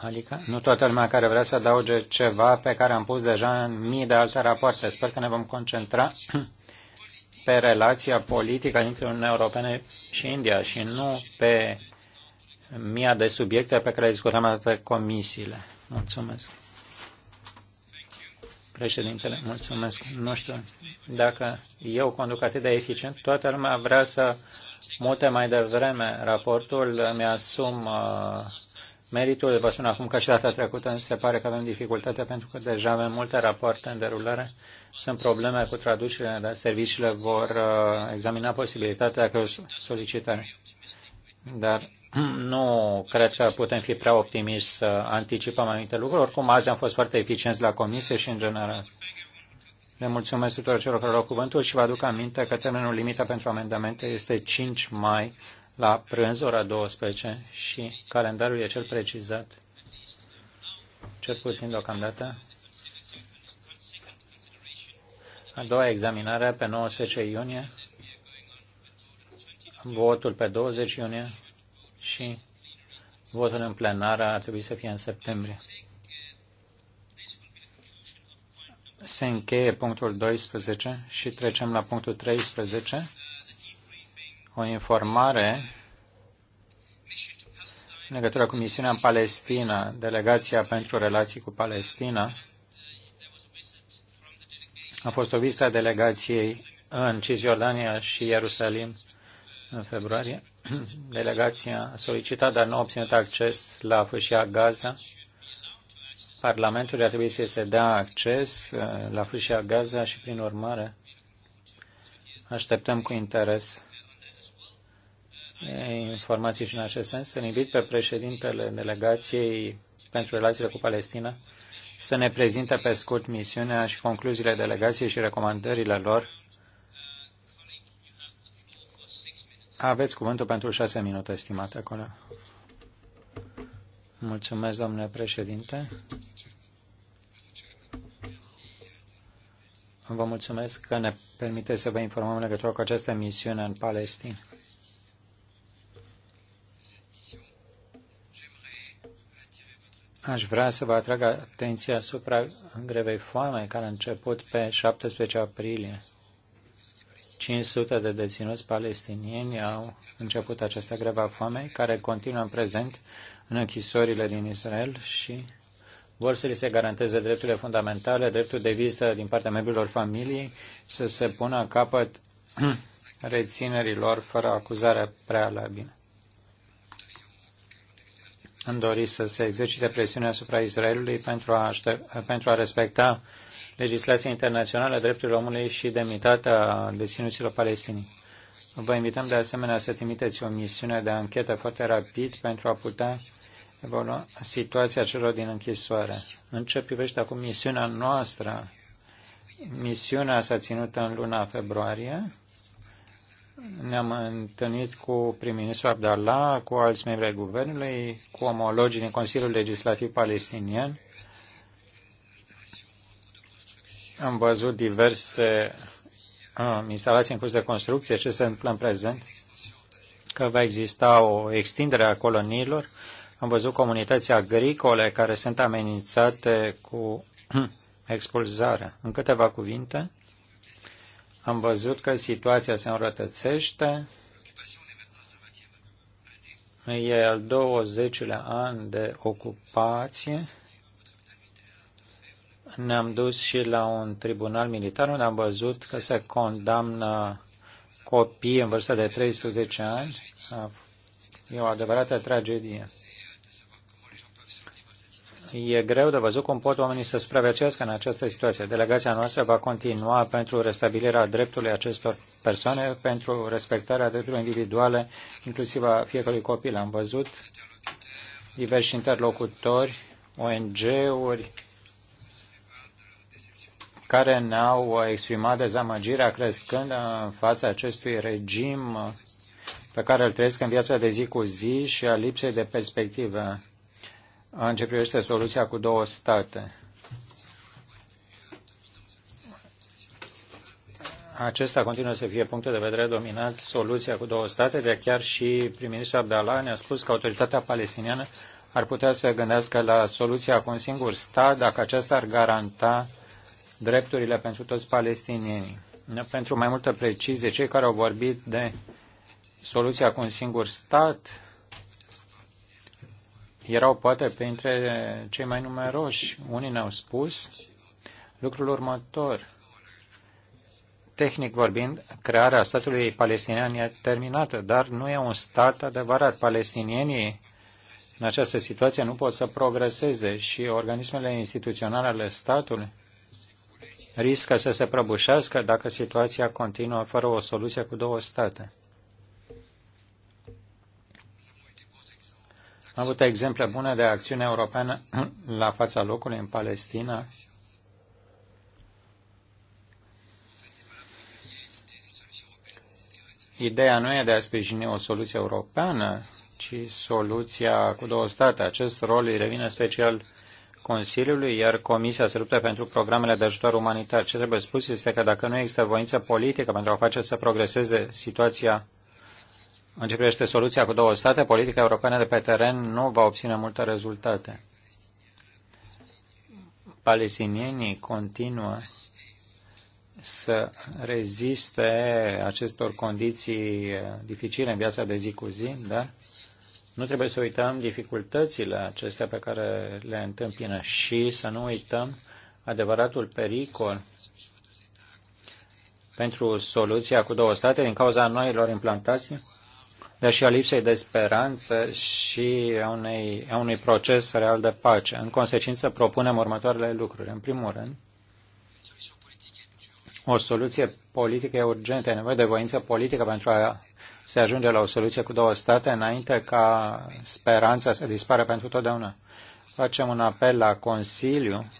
Adică nu toată lumea care vrea să adauge ceva pe care am pus deja în mii de alte rapoarte. Sper că ne vom concentra [CLEARS THROAT] pe relația politică dintre Uniunea Europeană și India și nu pe mia de subiecte pe care le discutăm toate comisiile. Mulțumesc. Președintele, mulțumesc. Nu știu dacă eu conduc atât de eficient, toată lumea vrea să mute mai devreme raportul, mi-asum uh, meritul, vă spun acum că și data trecută se pare că avem dificultate pentru că deja avem multe rapoarte în derulare, sunt probleme cu traducerea, dar serviciile vor uh, examina posibilitatea că solicitare. Dar [CLEARS THROAT] nu cred că putem fi prea optimiști să anticipăm anumite lucruri. Oricum, azi am fost foarte eficienți la comisie și în general. Le mulțumesc tuturor celor care au cuvântul și vă aduc aminte că termenul limită pentru amendamente este 5 mai la prânz, ora 12, și calendarul e cel precizat, cel puțin deocamdată. A doua examinare pe 19 iunie, votul pe 20 iunie și votul în plenară ar trebui să fie în septembrie. Se încheie punctul 12 și trecem la punctul 13 o informare în legătură cu misiunea în Palestina, delegația pentru relații cu Palestina. A fost o vizită a delegației în Cisjordania și Ierusalim în februarie. [CLEARS THROAT] Delegația a solicitat, dar nu a obținut acces la fâșia Gaza. Parlamentul ar trebui să se dea acces uh, la fâșia Gaza și, prin urmare, așteptăm cu interes informații și în acest sens. Să-l invit pe președintele delegației pentru relațiile cu Palestina să ne prezinte pe scurt misiunea și concluziile delegației și recomandările lor. Aveți cuvântul pentru șase minute, estimate acolo. Mulțumesc, domnule președinte. Vă mulțumesc că ne permiteți să vă informăm în legătură cu această misiune în Palestina. Aș vrea să vă atrag atenția asupra grevei foame care a început pe 17 aprilie. 500 de deținuți palestinieni au început această grevă a foamei, care continuă în prezent în închisorile din Israel și vor să li se garanteze drepturile fundamentale, dreptul de vizită din partea membrilor familiei, să se pună capăt [CLEARS THROAT] reținerilor fără acuzare prealabilă. Am dorit să se exercite presiunea asupra Israelului pentru a, pentru a respecta legislația internațională, drepturile omului și demnitatea deținuților palestini. Vă invităm de asemenea să trimiteți o misiune de anchetă foarte rapid pentru a putea evolua situația celor din închisoare. În ce privește acum misiunea noastră, misiunea s-a ținut în luna februarie ne-am întâlnit cu prim-ministru Abdallah, cu alți membri ai guvernului, cu omologii din Consiliul Legislativ Palestinian. Am văzut diverse uh, instalații în curs de construcție, ce se întâmplă în prezent, că va exista o extindere a coloniilor. Am văzut comunități agricole care sunt amenințate cu [CLEARS THROAT] expulzarea. În câteva cuvinte, am văzut că situația se înrătățește. E al 20-lea an de ocupație. Ne-am dus și la un tribunal militar unde am văzut că se condamnă copii în vârstă de 13 ani. E o adevărată tragedie. E greu de văzut cum pot oamenii să supraviețuiască în această situație. Delegația noastră va continua pentru restabilirea dreptului acestor persoane, pentru respectarea drepturilor individuale, inclusiv a fiecărui copil. Am văzut diversi interlocutori, ONG-uri, care ne-au exprimat dezamăgirea crescând în fața acestui regim pe care îl trăiesc în viața de zi cu zi și a lipsei de perspectivă în ce privește soluția cu două state. Acesta continuă să fie punctul de vedere dominant, soluția cu două state, de chiar și prim-ministrul Abdallah ne-a spus că autoritatea palestiniană ar putea să gândească la soluția cu un singur stat, dacă acesta ar garanta drepturile pentru toți palestinienii. Pentru mai multă precizie, cei care au vorbit de soluția cu un singur stat, erau poate printre cei mai numeroși. Unii ne-au spus lucrul următor. Tehnic vorbind, crearea statului palestinian e terminată, dar nu e un stat adevărat. Palestinienii în această situație nu pot să progreseze și organismele instituționale ale statului riscă să se prăbușească dacă situația continuă fără o soluție cu două state. Am avut exemple bune de acțiune europeană la fața locului în Palestina. Ideea nu e de a sprijini o soluție europeană, ci soluția cu două state. Acest rol îi revine special Consiliului, iar Comisia se luptă pentru programele de ajutor umanitar. Ce trebuie spus este că dacă nu există voință politică pentru a face să progreseze situația în ce privește soluția cu două state, politica europeană de pe teren nu va obține multe rezultate. Palestinienii continuă să reziste acestor condiții eh, dificile în viața de zi cu zi, da? Nu trebuie să uităm dificultățile acestea pe care le întâmpină și să nu uităm adevăratul pericol pentru soluția cu două state din cauza noilor implantații dar și a lipsei de speranță și a, unei, a unui proces real de pace. În consecință, propunem următoarele lucruri. În primul rând, o soluție politică e urgentă, e nevoie de voință politică pentru a se ajunge la o soluție cu două state înainte ca speranța să dispară pentru totdeauna. Facem un apel la Consiliu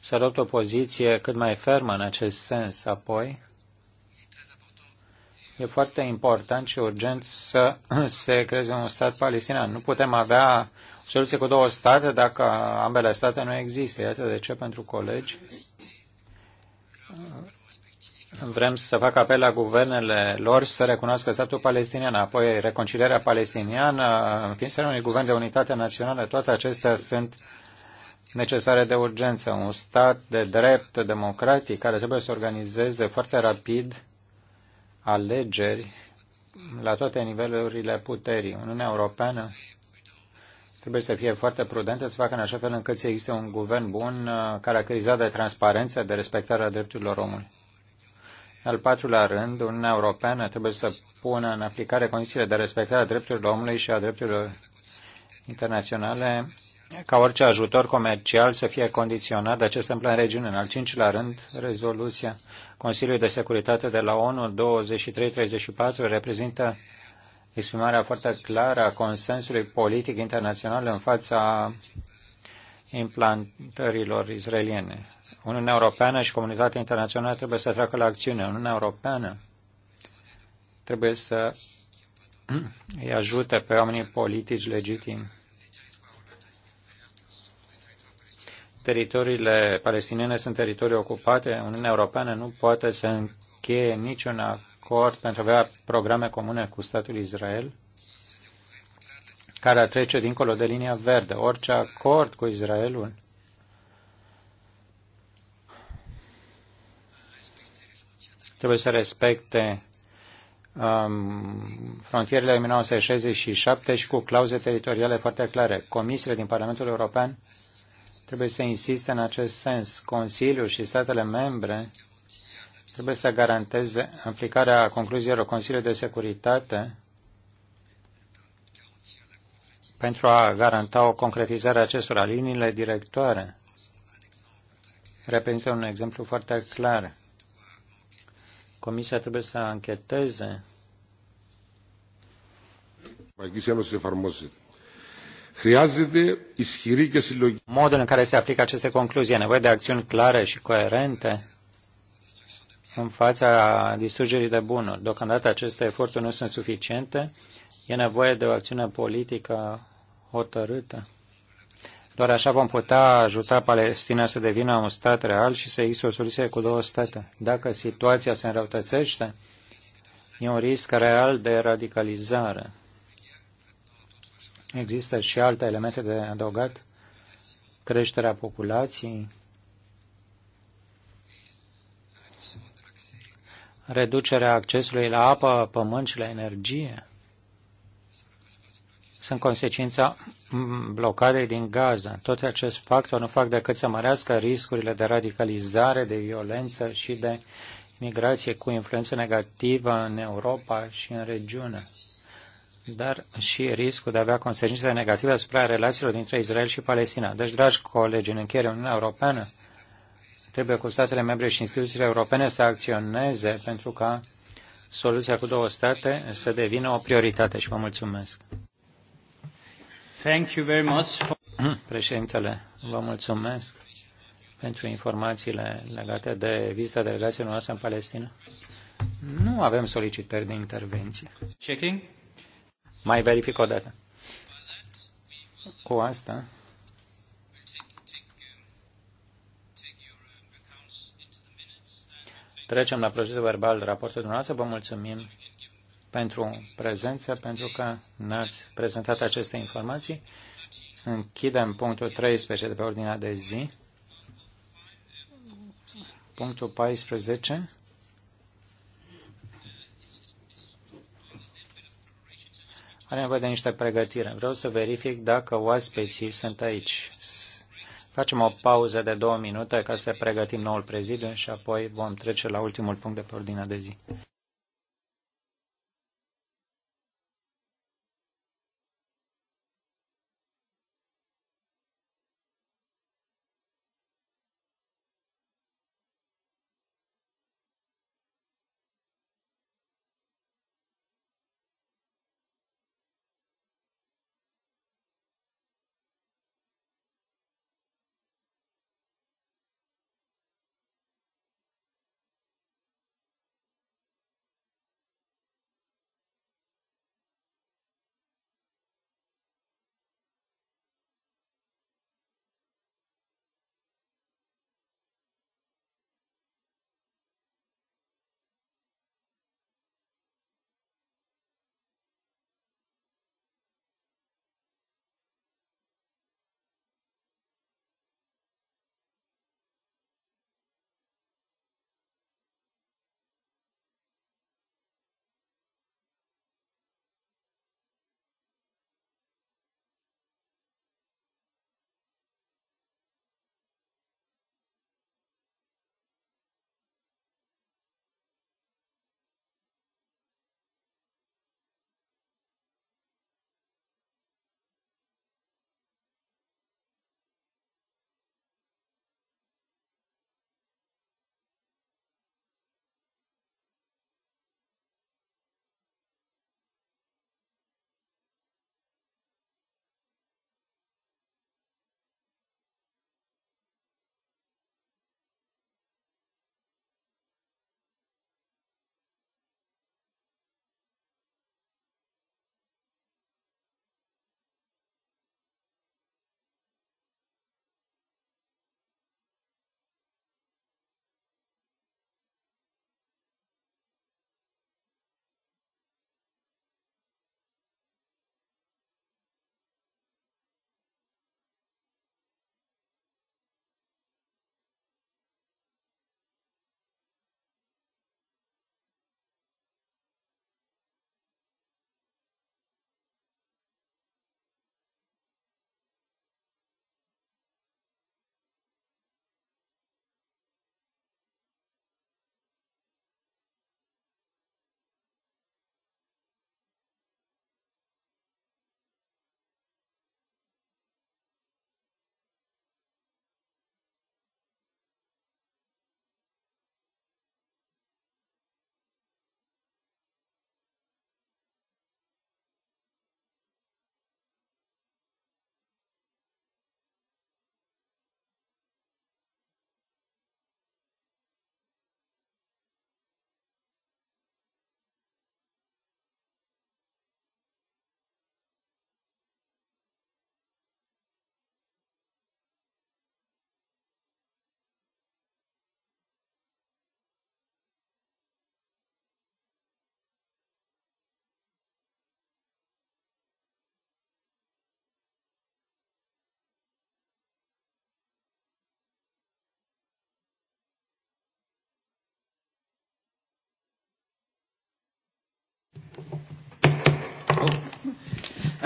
să adopte o poziție cât mai fermă în acest sens. Apoi, E foarte important și urgent să [CLEARS THROAT] se creeze un stat palestinian. Nu putem avea soluție cu două state dacă ambele state nu există. Iată de ce pentru colegi vrem să fac apel la guvernele lor să recunoască statul palestinian, apoi reconcilierea palestiniană, înființarea unui guvern de unitate națională, toate acestea sunt necesare de urgență. Un stat de drept democratic care trebuie să organizeze foarte rapid alegeri la toate nivelurile puterii. Uniunea Europeană trebuie să fie foarte prudentă, să facă în așa fel încât să existe un guvern bun, uh, caracterizat de transparență, de respectarea drepturilor omului. Al patrulea rând, Uniunea Europeană trebuie să pună în aplicare condițiile de respectare a drepturilor omului și a drepturilor internaționale ca orice ajutor comercial să fie condiționat de ce se întâmplă în regiune. În al cincilea rând, rezoluția Consiliului de Securitate de la ONU 2334 reprezintă exprimarea foarte clară a consensului politic internațional în fața implantărilor izraeliene. Uniunea Europeană și comunitatea internațională trebuie să treacă la acțiune. Uniunea Europeană trebuie să [CLEARS THROAT] îi ajute pe oamenii politici legitimi teritoriile palestiniene sunt teritorii ocupate, Uniunea Europeană nu poate să încheie niciun acord pentru a avea programe comune cu statul Israel care trece dincolo de linia verde. Orice acord cu Israelul trebuie să respecte um, frontierele 1967 și cu clauze teritoriale foarte clare. Comisiile din Parlamentul European trebuie să insiste în acest sens. Consiliul și statele membre trebuie să garanteze aplicarea concluziilor Consiliului de Securitate pentru a garanta o concretizare a acestora. Liniile directoare reprezintă un exemplu foarte clar. Comisia trebuie să ancheteze. Aici se nos Modul în care se aplică aceste concluzii e nevoie de acțiuni clare și coerente în fața distrugerii de bunuri. Deocamdată aceste eforturi nu sunt suficiente, e nevoie de o acțiune politică hotărâtă. Doar așa vom putea ajuta Palestina să devină un stat real și să există o soluție cu două state. Dacă situația se înrăutățește, e un risc real de radicalizare. Există și alte elemente de adăugat, creșterea populației, reducerea accesului la apă, pământ și la energie sunt consecința blocadei din Gaza. Toate acest factor nu fac decât să mărească riscurile de radicalizare, de violență și de imigrație cu influență negativă în Europa și în regiune dar și riscul de a avea consecințe negative asupra relațiilor dintre Israel și Palestina. Deci, dragi colegi, în încheiere, Uniunea Europeană trebuie cu statele membre și instituțiile europene să acționeze pentru ca soluția cu două state să devină o prioritate și vă mulțumesc. Thank you very much. Hmm, președintele, vă mulțumesc pentru informațiile legate de vizita delegației noastre în Palestina. Nu avem solicitări de intervenție. Checking. Mai verific o dată. Cu asta Trecem la procesul verbal, raportul dumneavoastră. Vă mulțumim pentru prezență, pentru că ne-ați prezentat aceste informații. Închidem punctul 13 de pe ordinea de zi. Punctul 14. are nevoie de niște pregătire. Vreau să verific dacă oaspeții sunt aici. Facem o pauză de două minute ca să pregătim noul prezidiu și apoi vom trece la ultimul punct de pe ordinea de zi.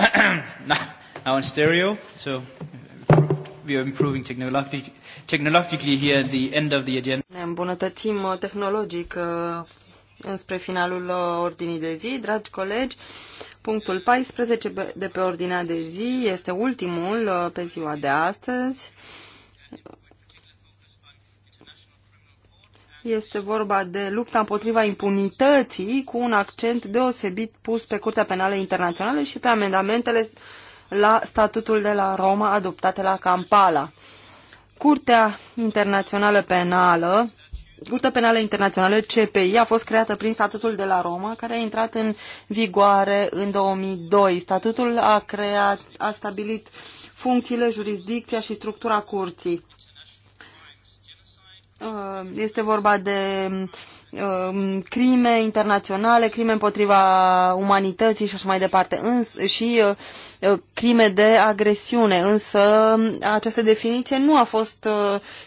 [COUGHS] now in stereo, so we are improving technologi technologically here at the end of the agenda.
Ne îmbunătățim uh, tehnologic uh, înspre finalul uh, ordinii de zi. Dragi colegi, punctul 14 de pe ordinea de zi este ultimul pe ziua de astăzi. Este vorba de lupta împotriva impunității cu un accent deosebit pus pe Curtea Penală Internațională și pe amendamentele la statutul de la Roma adoptate la Kampala. Curtea Internațională Penală Curtea Penală Internațională, CPI, a fost creată prin statutul de la Roma, care a intrat în vigoare în 2002. Statutul a, creat, a stabilit funcțiile, jurisdicția și structura curții. Uh, este vorba de um, crime internaționale, crime împotriva umanității și așa mai departe, îns- și uh, uh, crime de agresiune. Însă această definiție nu a fost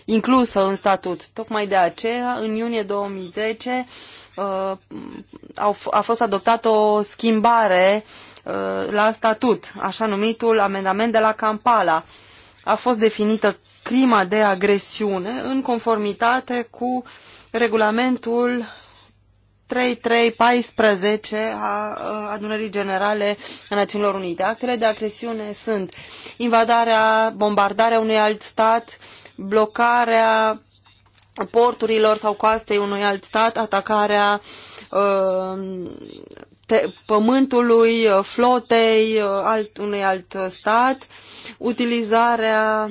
inclusă în statut. Tocmai de aceea, în iunie 2010, a fost adoptată o schimbare la statut, așa numitul amendament de la Kampala. A fost definită crima de agresiune în conformitate cu regulamentul 3314 a uh, adunării generale a Națiunilor Unite. Actele de agresiune sunt invadarea, bombardarea unui alt stat, blocarea porturilor sau coastei unui alt stat, atacarea uh, pământului, uh, flotei uh, alt, unui alt stat, utilizarea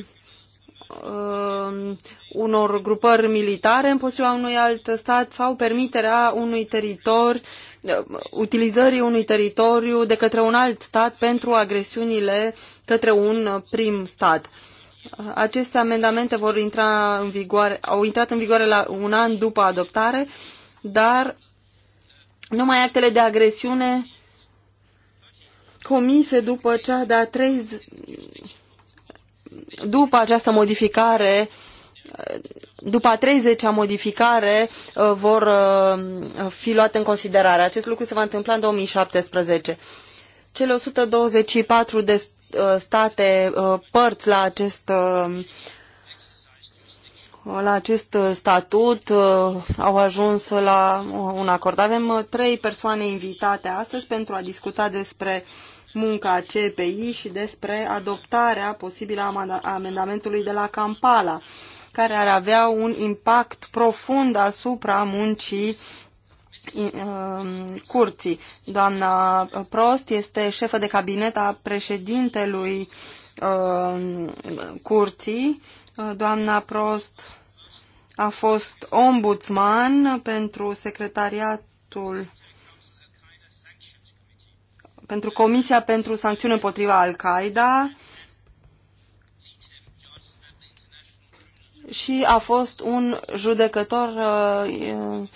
uh, unor grupări militare împotriva unui alt stat sau permiterea unui teritoriu, uh, utilizării unui teritoriu de către un alt stat pentru agresiunile către un prim stat. Aceste amendamente vor intra în vigoare, au intrat în vigoare la un an după adoptare, dar numai actele de agresiune comise după cea de-a după această modificare, după a 30-a modificare, uh, vor uh, fi luate în considerare. Acest lucru se va întâmpla în 2017. Cele 124 de uh, state părți la acest la acest statut au ajuns la un acord. Avem trei persoane invitate astăzi pentru a discuta despre uh, munca CPI și despre adoptarea posibilă a amendamentului de la Kampala, care ar avea un impact profund asupra muncii um, curții. Doamna Prost este șefă de cabinet a președintelui um, curții. Doamna Prost a fost ombudsman pentru secretariatul pentru Comisia pentru Sancțiuni împotriva Al-Qaeda și a fost un judecător uh,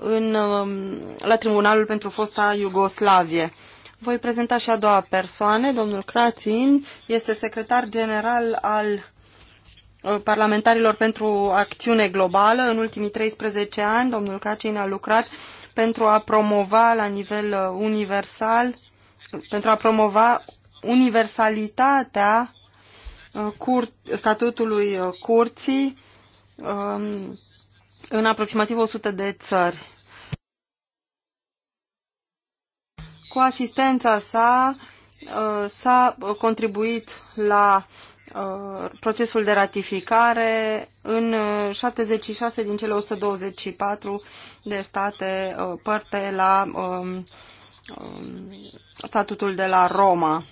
în, um, la Tribunalul pentru fosta Iugoslavie. Voi prezenta și a doua persoană, domnul Crațin, este secretar general al uh, parlamentarilor pentru acțiune globală. În ultimii 13 ani, domnul Cacin a lucrat pentru a promova la nivel uh, universal pentru a promova universalitatea uh, cur, statutului uh, curții um, în aproximativ 100 de țări. Cu asistența sa uh, s-a contribuit la procesul de ratificare în 76 din cele 124 de state părte la um, Um, statutul de la Roma.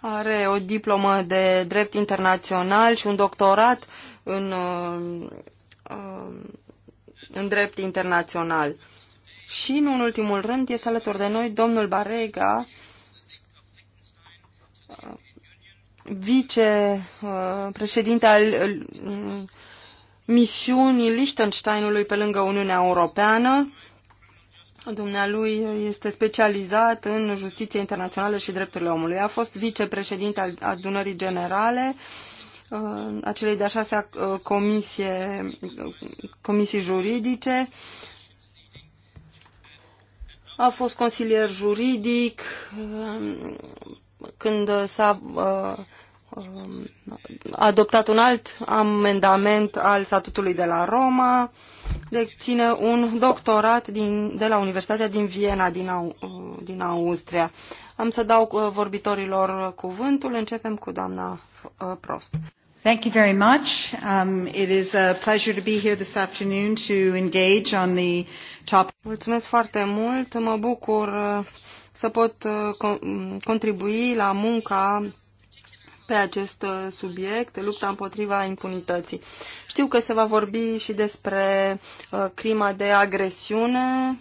Are o diplomă de drept internațional și un doctorat în, uh, um, în drept internațional. Și, în ultimul rând, este alături de noi domnul Barega, vicepreședinte uh, al uh, misiunii Liechtensteinului pe lângă Uniunea Europeană, Dumnealui este specializat în justiție internațională și drepturile omului. A fost vicepreședinte al adunării generale, uh, acelei de-a șasea uh, comisie, comisii juridice, a fost consilier juridic uh, când s-a Um, adoptat un alt amendament al statutului de la Roma, deține deci un doctorat din, de la Universitatea din Viena, din, Au, uh, din Austria. Am să dau uh, vorbitorilor cuvântul. Începem cu doamna uh, Prost. Thank you very much. Um, it is a pleasure to be here this afternoon to engage on the topic. Mulțumesc foarte mult. Mă bucur să pot contribui la munca pe acest uh, subiect, lupta împotriva impunității. Știu că se va vorbi și despre uh, crima de agresiune,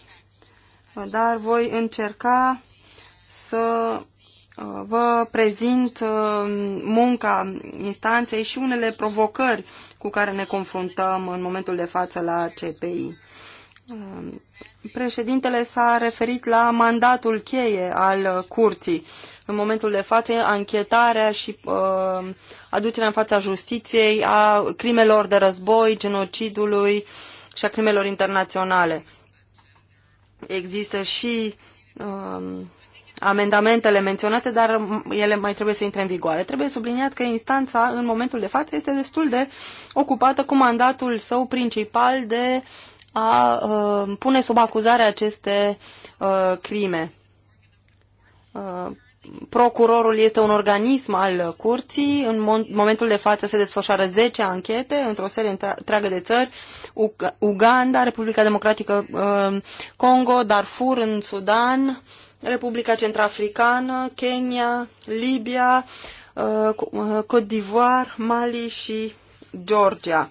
uh, dar voi încerca să vă prezint munca instanței și unele provocări cu care ne confruntăm în momentul de față la CPI. Președintele s-a referit la mandatul cheie al curții în momentul de față anchetarea și uh, aducerea în fața justiției a crimelor de război, genocidului și a crimelor internaționale. Există și uh, amendamentele menționate, dar ele mai trebuie să intre în vigoare. Trebuie subliniat că instanța în momentul de față este destul de ocupată cu mandatul său principal de a uh, pune sub acuzare aceste uh, crime. Uh, procurorul este un organism al curții. În momentul de față se desfășoară 10 anchete într-o serie întreagă de țări, Uganda, Republica Democratică um, Congo, Darfur în Sudan, Republica Centrafricană, Kenya, Libia, uh, uh, Côte d'Ivoire, Mali și Georgia.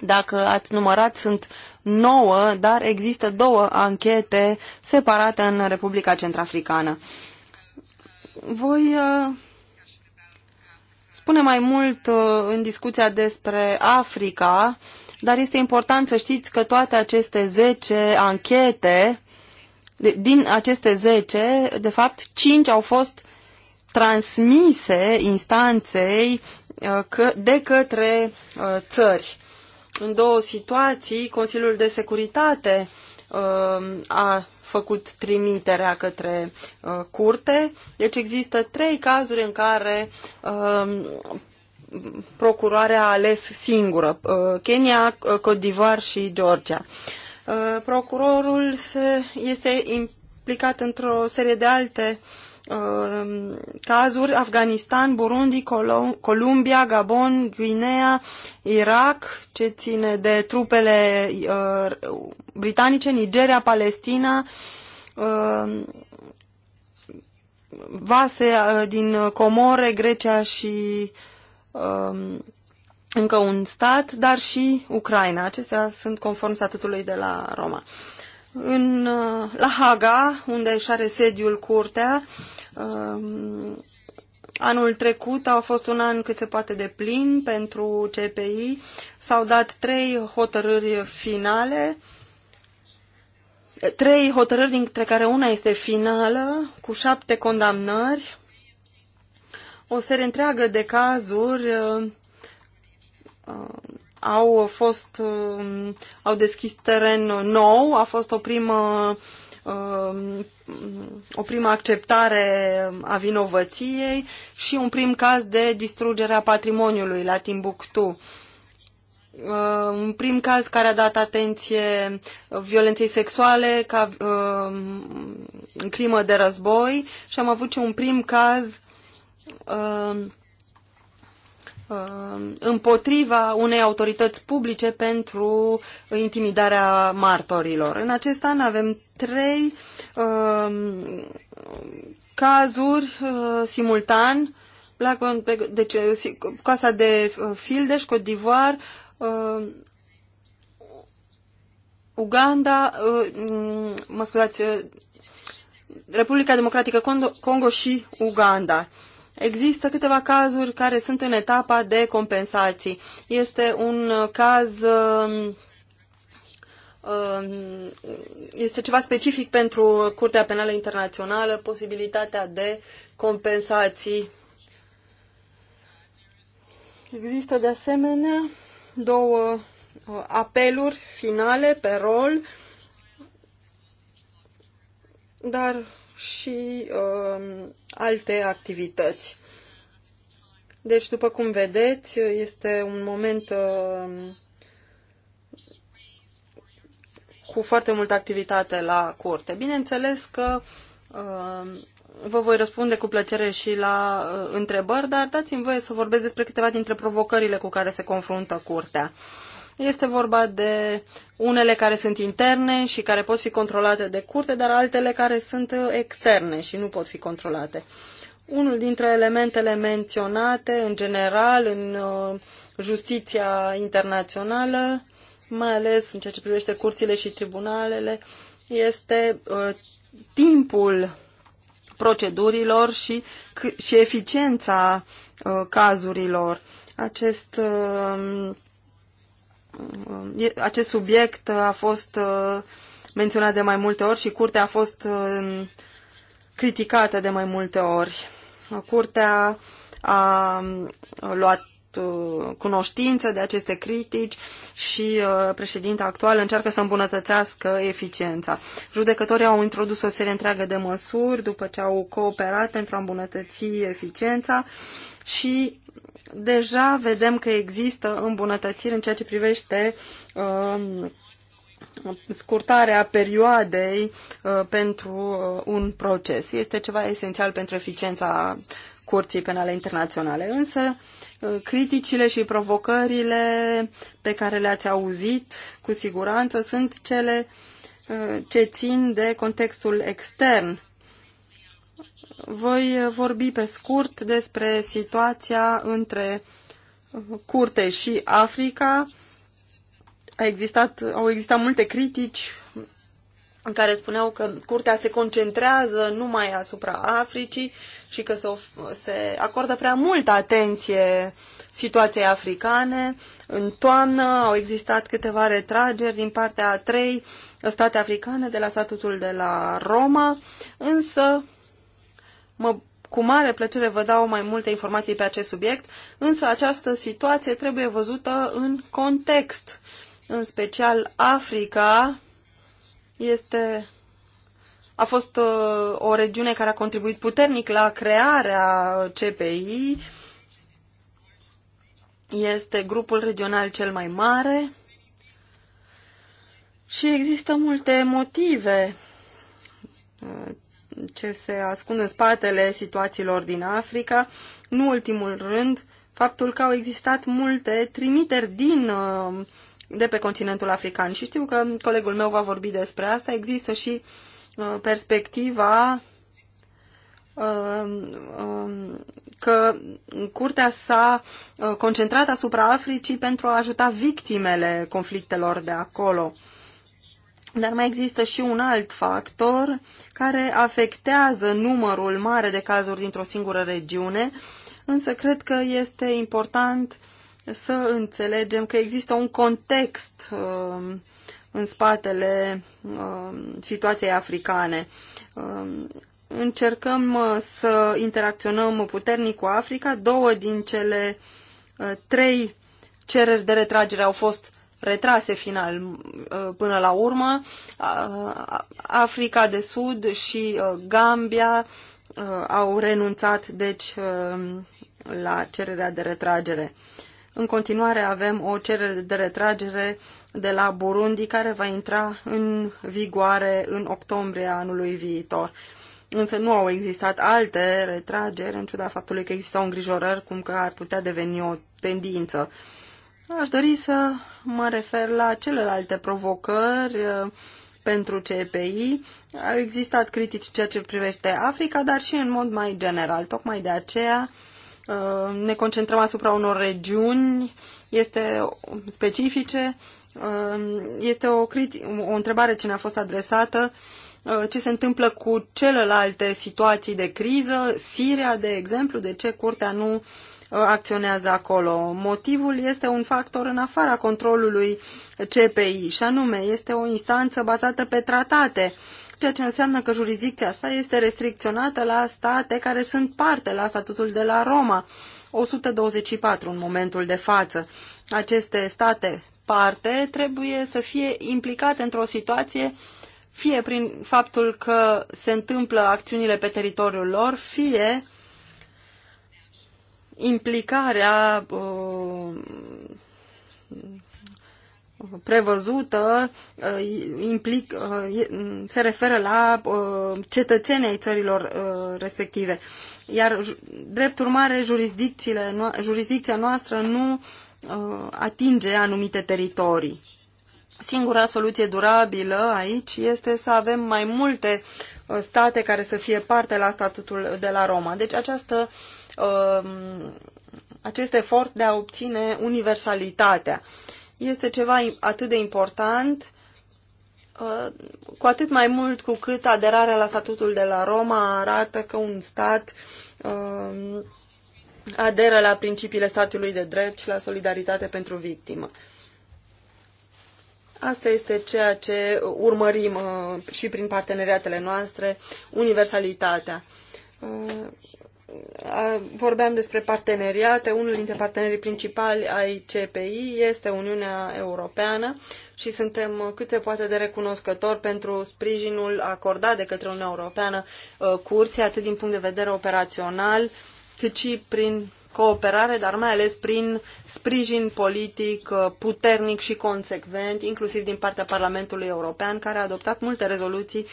Dacă ați numărat, sunt nouă, dar există două anchete separate în Republica Centrafricană. Voi uh, spune mai mult uh, în discuția despre Africa, dar este important să știți că toate aceste 10 anchete, din aceste 10, de fapt, 5 au fost transmise instanței uh, de către țări. În două situații, Consiliul de Securitate a făcut trimiterea către uh, curte. Deci există trei cazuri în care uh, procuroarea a ales singură, uh, Kenya, uh, Côte d'Ivoire și Georgia. Uh, procurorul se, este implicat într-o serie de alte uh, Uh, cazuri, Afganistan, Burundi, Columbia, Gabon, Guinea, Irak, ce ține de trupele uh, britanice, Nigeria, Palestina, uh, vase din Comore, Grecia și um, încă un stat, dar și Ucraina. Acestea sunt conform statutului de la Roma. În, uh, la Haga, unde își are sediul curtea, um, Anul trecut a fost un an cât se poate de plin pentru CPI. S-au dat trei hotărâri finale, trei hotărâri dintre care una este finală, cu șapte condamnări, o serie întreagă de cazuri uh, uh, au fost um, au deschis teren nou, a fost o primă um, o primă acceptare a vinovăției și un prim caz de distrugerea patrimoniului la Timbuktu. Uh, un prim caz care a dat atenție violenței sexuale ca um, crimă de război și am avut și un prim caz Uh, împotriva unei autorități publice pentru intimidarea martorilor. În acest an avem trei uh, cazuri uh, simultan, Blackburn, deci uh, Casa de Fildeș, Côte d'Ivoire, uh, Uganda, mm, mă scuzați, Republica Democratică Congo și Uganda. Există câteva cazuri care sunt în etapa de compensații. Este un caz um, um, este ceva specific pentru Curtea Penală Internațională, posibilitatea de compensații. Există de asemenea două uh, apeluri finale pe rol, dar și uh, alte activități. Deci, după cum vedeți, este un moment uh, cu foarte multă activitate la curte. Bineînțeles că uh, vă voi răspunde cu plăcere și la uh, întrebări, dar dați-mi voie să vorbesc despre câteva dintre provocările cu care se confruntă curtea. Este vorba de unele care sunt interne și care pot fi controlate de curte, dar altele care sunt externe și nu pot fi controlate. Unul dintre elementele menționate în general în uh, justiția internațională, mai ales în ceea ce privește curțile și tribunalele, este uh, timpul procedurilor și, și eficiența uh, cazurilor. Acest uh, acest subiect a fost uh, menționat de mai multe ori și curtea a fost uh, criticată de mai multe ori. Curtea a uh, luat cunoștință de aceste critici și președinta actuală încearcă să îmbunătățească eficiența. Judecătorii au introdus o serie întreagă de măsuri după ce au cooperat pentru a îmbunătăți eficiența și Deja vedem că există îmbunătățiri în ceea ce privește um, scurtarea perioadei uh, pentru uh, un proces. Este ceva esențial pentru eficiența Curții Penale Internaționale. Însă, uh, criticile și provocările pe care le-ați auzit, cu siguranță, sunt cele ce țin de contextul extern voi uh, vorbi pe scurt despre situația între uh, curte și Africa. A existat, au existat multe critici în care spuneau că curtea se concentrează numai asupra Africii și că se, se acordă prea multă atenție situației africane. În toamnă au existat câteva retrageri din partea a trei state africane de la statutul de la Roma, însă Mă, cu mare plăcere vă dau mai multe informații pe acest subiect, însă această situație trebuie văzută în context. În special, Africa este a fost uh, o regiune care a contribuit puternic la crearea CPI. Este grupul regional cel mai mare și există multe motive uh, ce se ascunde în spatele situațiilor din Africa, nu ultimul rând, faptul că au existat multe trimiteri din, uh, de pe continentul african. Și știu că colegul meu va vorbi despre asta. Există și uh, perspectiva uh, um, că curtea s-a concentrat asupra Africii pentru a ajuta victimele conflictelor de acolo. Dar mai există și un alt factor care afectează numărul mare de cazuri dintr-o singură regiune, însă cred că este important să înțelegem că există un context uh, în spatele uh, situației africane. Um, uh, încercăm să interacționăm puternic cu Africa. Două din cele uh, trei cereri de retragere au fost retrase final. Uh, până la urmă, Africa de Sud și uh, Gambia uh, au renunțat, deci, la cererea de retragere. În continuare avem o cerere de retragere de la Burundi care va intra în vigoare în octombrie anului viitor. Însă nu au existat alte retrageri, în ciuda faptului că existau îngrijorări cum că ar putea deveni o tendință. Aș dori să mă refer la celelalte provocări uh, pentru CPI. Au existat critici ceea ce privește Africa, dar și în mod mai general. Tocmai de aceea uh, ne concentrăm asupra unor regiuni este specifice. Uh, este o, o întrebare ce ne-a fost adresată ce se întâmplă cu celelalte situații de criză, Siria, de exemplu, de ce curtea nu Uh, acționează acolo. Motivul este un factor în afara controlului CPI și anume este o instanță bazată pe tratate, ceea ce înseamnă că jurisdicția sa este restricționată la state care sunt parte la statutul de la Roma, 124 în momentul de față. Aceste state parte trebuie să fie implicate într-o situație fie prin faptul că se întâmplă acțiunile pe teritoriul lor, fie implicarea uh, prevăzută uh, implic, uh, se referă la cetățenii ai țărilor respective. Iar, drept urmare, jurisdicțiile, jurisdicția noastră nu atinge anumite teritorii. Singura soluție durabilă aici este să avem mai multe state care să fie parte la statutul de la Roma. Deci această uh, Um, acest efort de a obține universalitatea. Este ceva atât de important, uh, cu atât mai mult cu cât aderarea la statutul de la Roma arată că un stat um, aderă la principiile statului de drept și la solidaritate pentru victimă. Asta este ceea ce urmărim uh, și prin parteneriatele noastre, universalitatea. Uh, vorbeam despre parteneriate. Unul dintre partenerii principali ai CPI este Uniunea Europeană și suntem cât se poate de recunoscători pentru sprijinul acordat de către Uniunea Europeană uh, curții, atât din punct de vedere operațional, cât și prin cooperare, dar mai ales prin sprijin politic uh, puternic și consecvent, inclusiv din partea Parlamentului European, care a adoptat multe rezoluții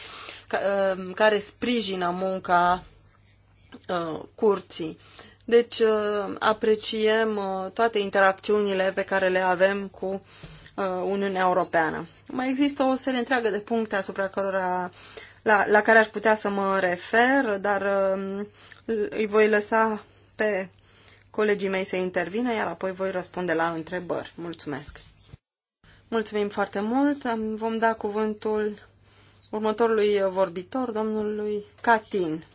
uh, care sprijină munca Uh, curții. Deci uh, apreciem uh, toate interacțiunile pe care le avem cu Uniunea Europeană. Mai există o serie întreagă de puncte asupra cărora, la, la care aș putea să mă refer, dar îi voi lăsa pe colegii mei să intervină, iar apoi voi răspunde la întrebări. Mulțumesc! Mulțumim foarte mult! Vom da cuvântul următorului vorbitor, domnului Catin.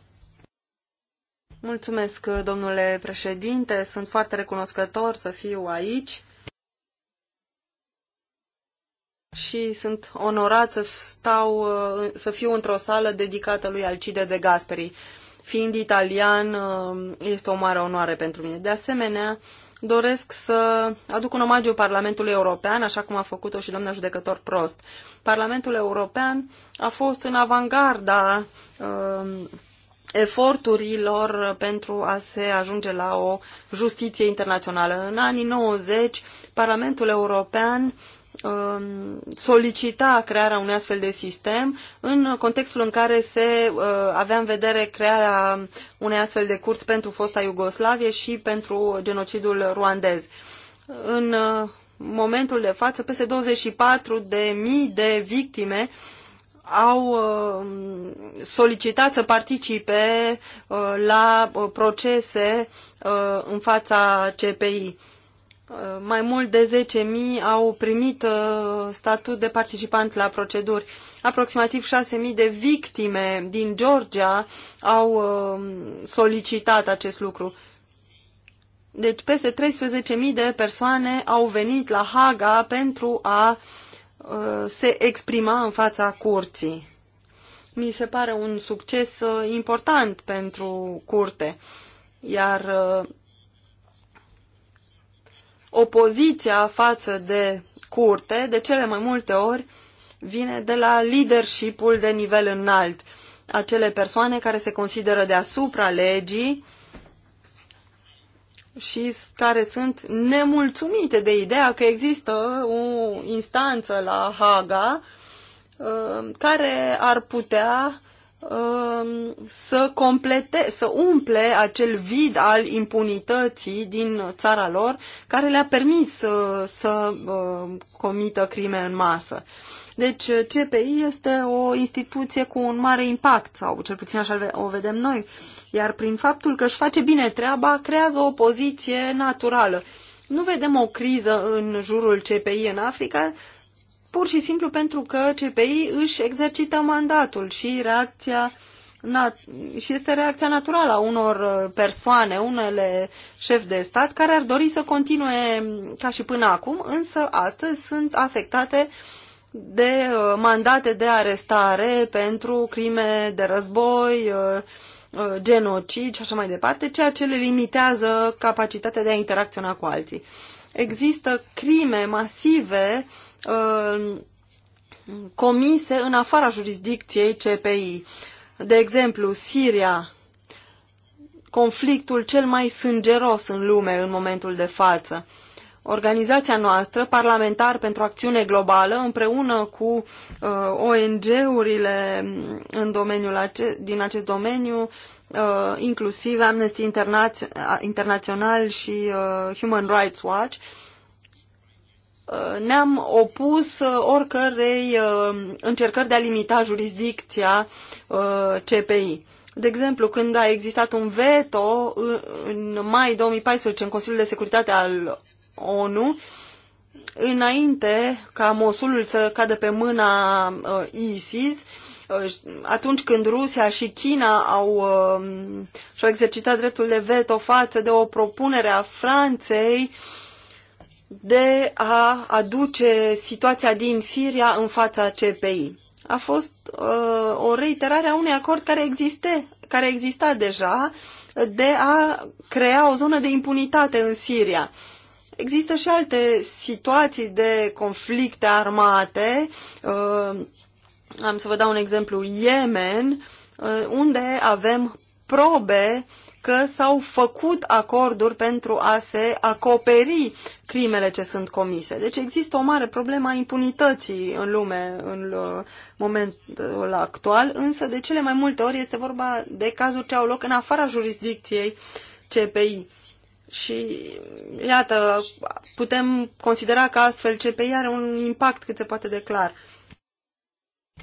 Mulțumesc, domnule președinte. Sunt foarte recunoscător să fiu aici și sunt onorat să, stau, să fiu într-o sală dedicată lui Alcide de Gasperi. Fiind italian, este o mare onoare pentru mine. De asemenea, doresc să aduc un omagiu Parlamentului European, așa cum a făcut-o și doamna judecător Prost. Parlamentul European a fost în avangarda uh, eforturilor pentru a se ajunge la o justiție internațională. În anii 90, Parlamentul European um, solicita crearea unui astfel de sistem în contextul în care se uh, avea în vedere crearea unei astfel de curți pentru fosta Iugoslavie și pentru genocidul ruandez. În uh, momentul de față, peste 24 de mii de victime uh, au uh, solicitat să participe uh, la uh, procese în fața CPI. Mai mult de 10.000 au primit statut de participant la proceduri. Aproximativ 6.000 de victime din Georgia au solicitat acest lucru. Deci peste 13.000 de persoane au venit la Haga pentru a uh, Uh, se exprima în fața curții. Mi se pare un succes uh, important pentru curte, iar uh, opoziția față de curte, de cele mai multe ori, vine de la leadershipul de nivel înalt. Acele persoane care se consideră deasupra legii, și care sunt nemulțumite de ideea că există o instanță la Haga uh, care ar putea uh, să complete, să umple acel vid al impunității din țara lor care le-a permis uh, să, să comită crime în masă. Deci uh, CPI este o instituție cu un mare impact, sau cel puțin așa o vedem noi, iar prin faptul că își face bine treaba, creează o poziție naturală. Nu vedem o criză în jurul CPI în Africa, pur și simplu pentru că CPI își exercită mandatul și reacția și este reacția naturală a unor uh, persoane, unele șefi de stat care ar dori să continue ca și până acum, însă astăzi sunt afectate de uh, mandate de arestare pentru crime de război, uh, uh, genocid și așa mai departe, ceea ce le limitează capacitatea de a interacționa cu alții. Există crime masive comise în afara jurisdicției CPI. De exemplu, Siria, conflictul cel mai sângeros în lume în momentul de față Organizația noastră, Parlamentar pentru Acțiune Globală, împreună cu uh, ONG-urile în domeniul ace- din acest domeniu, uh, inclusiv Amnesty International și uh, Human Rights Watch, uh, ne-am opus uh, oricărei uh, încercări de a limita jurisdicția uh, CPI. De exemplu, când a existat un veto uh, în mai 2014 în Consiliul de Securitate al ONU înainte ca Mosulul să cadă pe mâna uh, ISIS, uh, atunci când Rusia și China au, uh, și-au exercitat dreptul de veto față de o propunere a Franței de a aduce situația din Siria în fața CPI. A fost uh, o reiterare a unui acord care, existe, care exista deja de a crea o zonă de impunitate în Siria. Uh, Există și alte situații de conflicte armate. Uh, am să vă dau un exemplu, Yemen, uh, unde avem probe că s-au făcut acorduri pentru a se acoperi crimele ce sunt comise. Deci există o mare problemă a impunității în lume în uh, momentul actual, însă de cele mai multe ori este vorba de cazuri ce au loc în afara jurisdicției CPI. Și iată, putem considera că astfel CPI are un impact cât se poate de clar.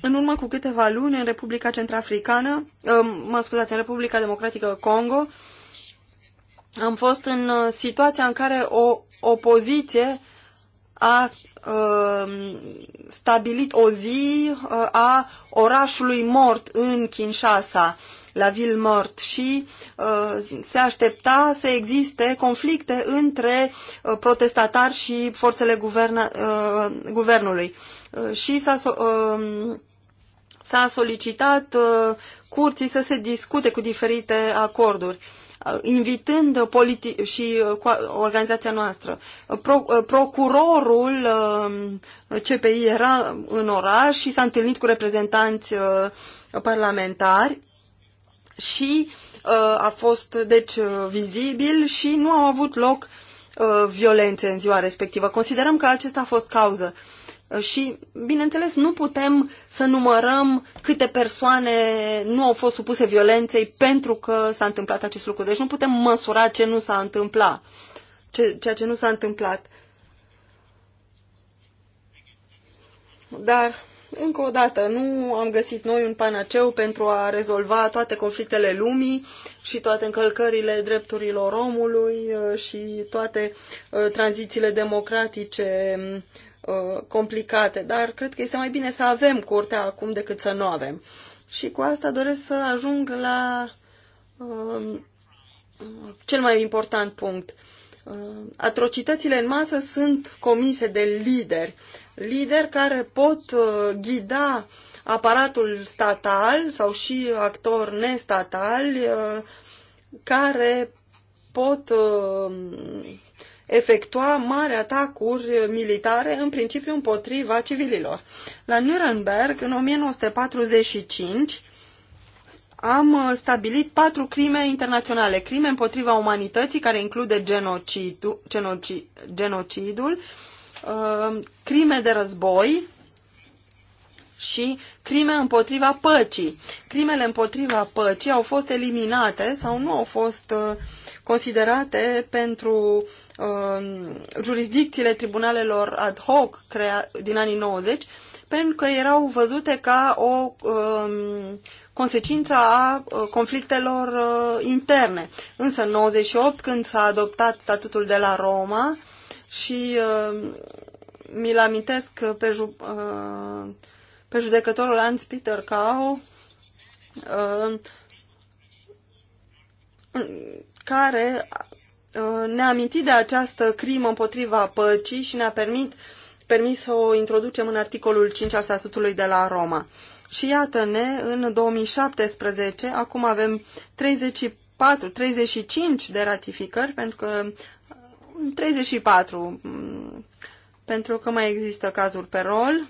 În urmă cu câteva luni, în Republica Centrafricană, um, mă scuzați, în Republica Democratică Congo, am fost în uh, situația în care o opoziție a um, stabilit o zi uh, a orașului mort în Kinshasa la Vilmort și uh, se aștepta să existe conflicte între uh, protestatari și forțele guverna, uh, guvernului. Uh, și s-a, uh, s-a solicitat uh, curții să se discute cu diferite acorduri uh, invitând politi- și uh, organizația noastră. Uh, pro- procurorul CPI era în oraș și s-a întâlnit cu reprezentanți parlamentari și uh, a fost, deci, uh, vizibil și nu au avut loc uh, violențe în ziua respectivă. Considerăm că acesta a fost cauză. Și, bineînțeles, nu putem să numărăm câte persoane nu au fost supuse violenței pentru că s-a întâmplat acest lucru. Deci nu putem măsura ce nu s-a întâmplat, ce, ceea ce nu s-a întâmplat. Dar încă o dată, nu am găsit noi un panaceu pentru a rezolva toate conflictele lumii și toate încălcările drepturilor omului uh, și toate uh, tranzițiile democratice uh, complicate, dar cred că este mai bine să avem curtea acum decât să nu avem. Și cu asta doresc să ajung la um, cel mai important punct. Atrocitățile în masă sunt comise de lideri lideri care pot uh, ghida aparatul statal sau și actori nestatali uh, care pot uh, efectua mari atacuri militare, în principiu împotriva civililor. La Nuremberg, în 1945, am stabilit patru crime internaționale. Crime împotriva umanității, care include genocidul, genocidul Uh, crime de război și crime împotriva păcii. Crimele împotriva păcii au fost eliminate sau nu au fost uh, considerate pentru uh, jurisdicțiile tribunalelor ad hoc din anii 90 pentru că erau văzute ca o um, consecință a conflictelor uh, interne. Însă în 98, când s-a adoptat statutul de la Roma, și uh, mi-l amintesc pe, ju- uh, pe judecătorul Hans Peter Kau, uh, care uh, ne-a amintit de această crimă împotriva păcii și ne-a permit, permis să o introducem în articolul 5 al statutului de la Roma. Și iată-ne, în 2017, acum avem 34, 35 de ratificări, pentru că 34, mm, pentru că mai există cazuri pe rol.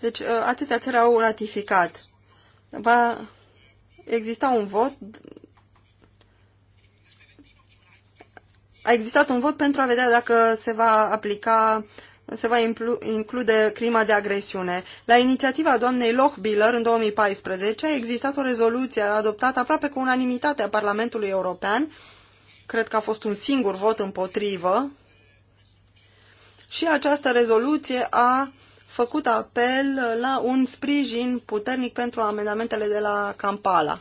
Deci, ă, atâtea țări au ratificat. Va exista un vot. A existat un vot pentru a vedea dacă se va aplica se va include crima de agresiune. La inițiativa doamnei Lochbiller în 2014 a existat o rezoluție adoptată aproape cu unanimitate a Parlamentului European, cred că a fost un singur vot împotrivă, și această rezoluție a făcut apel la un sprijin puternic pentru amendamentele de la Kampala.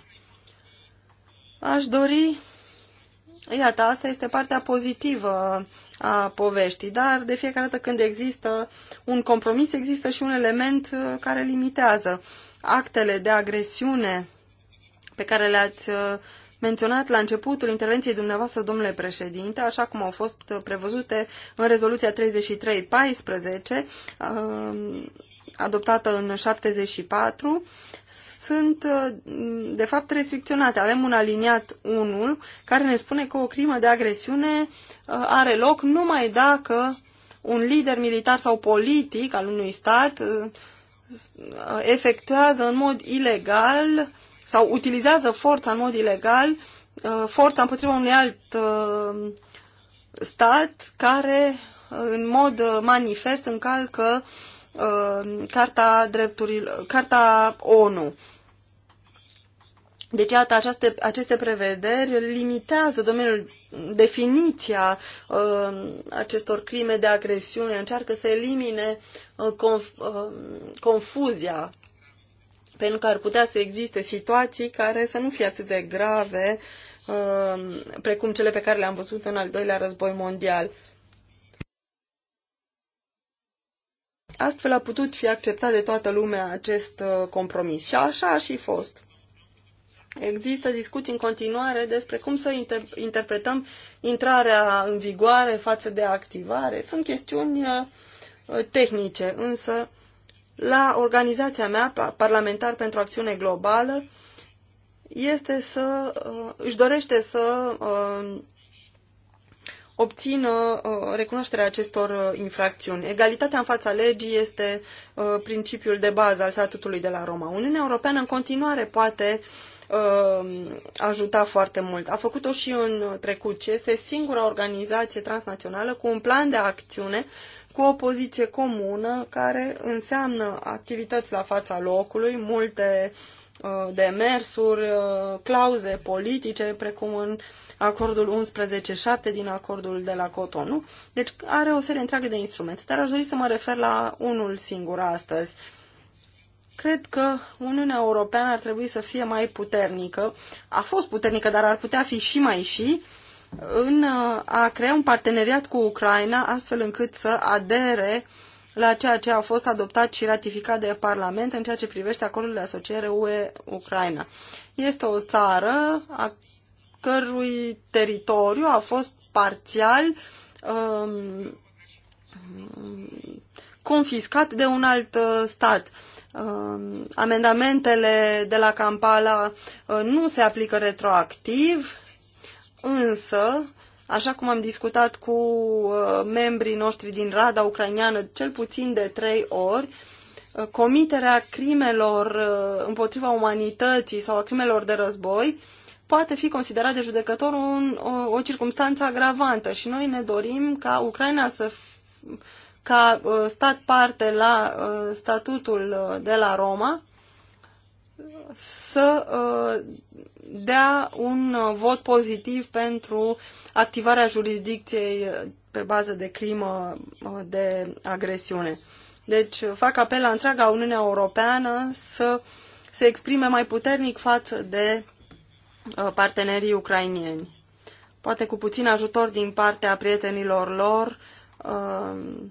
Aș dori Iată, asta este partea pozitivă a poveștii, dar de fiecare dată când există un compromis, există și un element uh, care limitează. Actele de agresiune pe care le-ați uh, menționat la începutul intervenției dumneavoastră, domnule președinte, așa cum au fost uh, prevăzute în rezoluția 3314, adoptată în 74, sunt uh, de fapt restricționate. Avem un aliniat 1 care ne spune că o crimă de agresiune uh, are loc numai dacă un lider militar sau politic al unui stat uh, efectuează în mod ilegal sau utilizează forța în mod ilegal, forța împotriva unui alt stat care în mod manifest încalcă Uh, Carta, Drepturilor, Carta ONU. Deci, iată, aceste, aceste prevederi limitează domeniul definiția uh, acestor crime de agresiune, încearcă să elimine uh, conf, uh, confuzia, pentru că ar putea să existe situații care să nu fie atât de grave uh, precum cele pe care le-am văzut în al doilea război mondial. astfel a putut fi acceptat de toată lumea acest uh, compromis. Și așa a și fost. Există discuții în continuare despre cum să inter interpretăm intrarea în vigoare față de activare. Sunt chestiuni uh, uh, tehnice, însă la organizația mea, Parlamentar pentru Acțiune Globală, este să își dorește să obțină uh, recunoașterea acestor uh, infracțiuni. Egalitatea în fața legii este uh, principiul de bază al statutului de la Roma. Uniunea Europeană în continuare poate ajuta foarte mult. A făcut-o și în trecut și este singura organizație transnațională cu un plan de acțiune cu o poziție comună care înseamnă activități la fața locului, multe demersuri, clauze politice, precum în acordul 11.7 din acordul de la Cotonou. Deci are o serie întreagă de instrumente, dar aș dori să mă refer la unul singur astăzi. Cred că Uniunea Europeană ar trebui să fie mai puternică. A fost puternică, dar ar putea fi și mai și în uh, a crea un parteneriat cu Ucraina astfel încât să adere la ceea ce a fost adoptat și ratificat de Parlament în ceea ce privește acordul de asociere UE-Ucraina. Este o țară a cărui teritoriu a fost parțial um, confiscat de un alt uh, stat. Um, amendamentele de la Kampala uh, nu se aplică retroactiv, însă, așa cum am discutat cu uh, membrii noștri din Rada Ucraineană cel puțin de trei ori, comiterea crimelor împotriva umanității sau a crimelor de război poate fi considerat de judecător un, o, o circunstanță agravantă și noi ne dorim ca Ucraina să ca uh, stat parte la uh, statutul uh, de la Roma să uh, dea un uh, vot pozitiv pentru activarea jurisdicției uh, pe bază de crimă uh, de agresiune. Deci uh, fac apel la întreaga Uniunea Europeană să se exprime mai puternic față de Uh, partenerii ucrainieni. Poate cu puțin ajutor din partea prietenilor lor, uh,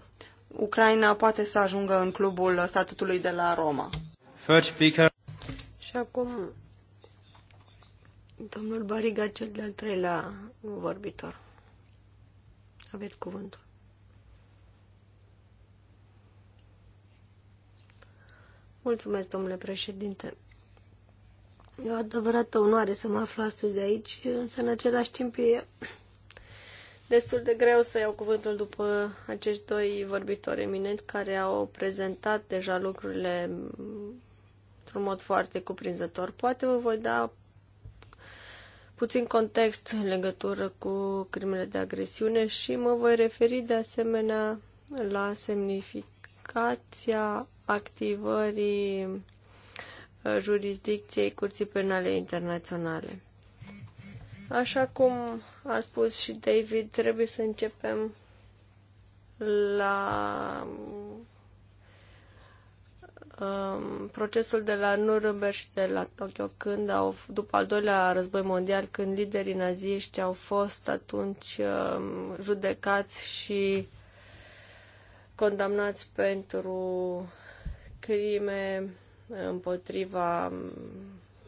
Ucraina poate să ajungă în clubul statutului de la Roma.
First speaker.
Și acum, domnul
Bariga, cel de-al treilea vorbitor. Aveți cuvântul. Mulțumesc, domnule președinte. E o adevărată onoare să mă aflu astăzi de aici, însă în același timp e destul de greu să iau cuvântul după acești doi vorbitori eminenți care au prezentat deja lucrurile într-un mod foarte cuprinzător. Poate vă voi da puțin context în legătură cu crimele de agresiune și mă voi referi de asemenea la semnificația activării Uh, jurisdicției Curții Penale Internaționale. Așa cum a spus și David, trebuie să începem la um, procesul de la Nuremberg și de la Tokyo, când au, după al doilea război mondial, când liderii naziști au fost atunci um, judecați și condamnați pentru crime împotriva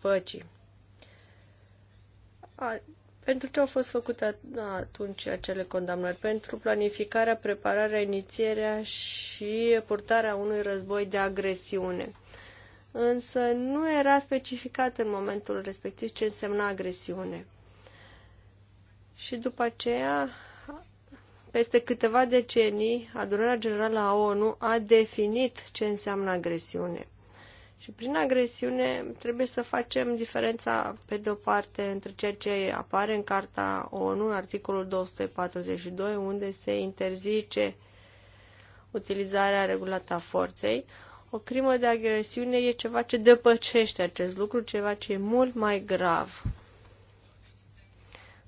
păcii. A, pentru ce au fost făcute atunci acele condamnări? Pentru planificarea, prepararea, inițierea și purtarea unui război de agresiune. Însă nu era specificat în momentul respectiv ce însemna agresiune. Și după aceea, peste câteva decenii, adunarea generală a ONU a definit ce înseamnă agresiune. Și prin agresiune trebuie să facem diferența, pe de o parte, între ceea ce apare în Carta ONU, în articolul 242, unde se interzice utilizarea regulată a forței. O crimă de agresiune e ceva ce depășește acest lucru, ceva ce e mult mai grav.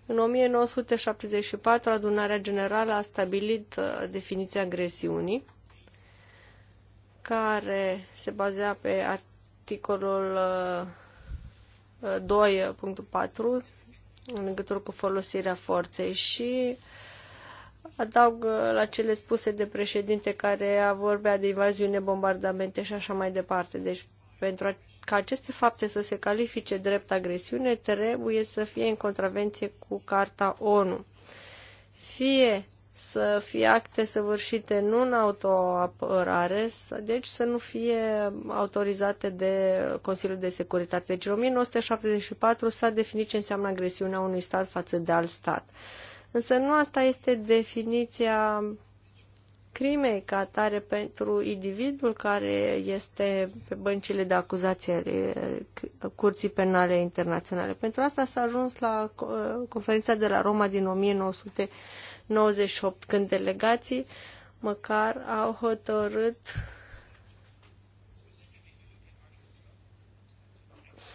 În 1974, adunarea generală a stabilit uh, definiția agresiunii care se bazea pe articolul 2.4 uh, uh, în legătură cu folosirea forței și adaug uh, la cele spuse de președinte care a vorbea de invaziune, bombardamente și așa mai departe. Deci, pentru a, ca aceste fapte să se califice drept agresiune, trebuie să fie în contravenție cu Carta ONU. Fie să fie acte săvârșite nu în autoapărare, deci să nu fie autorizate de Consiliul de Securitate. Deci, în 1974 s-a definit ce înseamnă agresiunea unui stat față de alt stat. Însă nu asta este definiția crimei ca atare pentru individul care este pe băncile de acuzație ale Curții Penale Internaționale. Pentru asta s-a ajuns la uh, conferința de la Roma din 1900 98, când delegații măcar au hotărât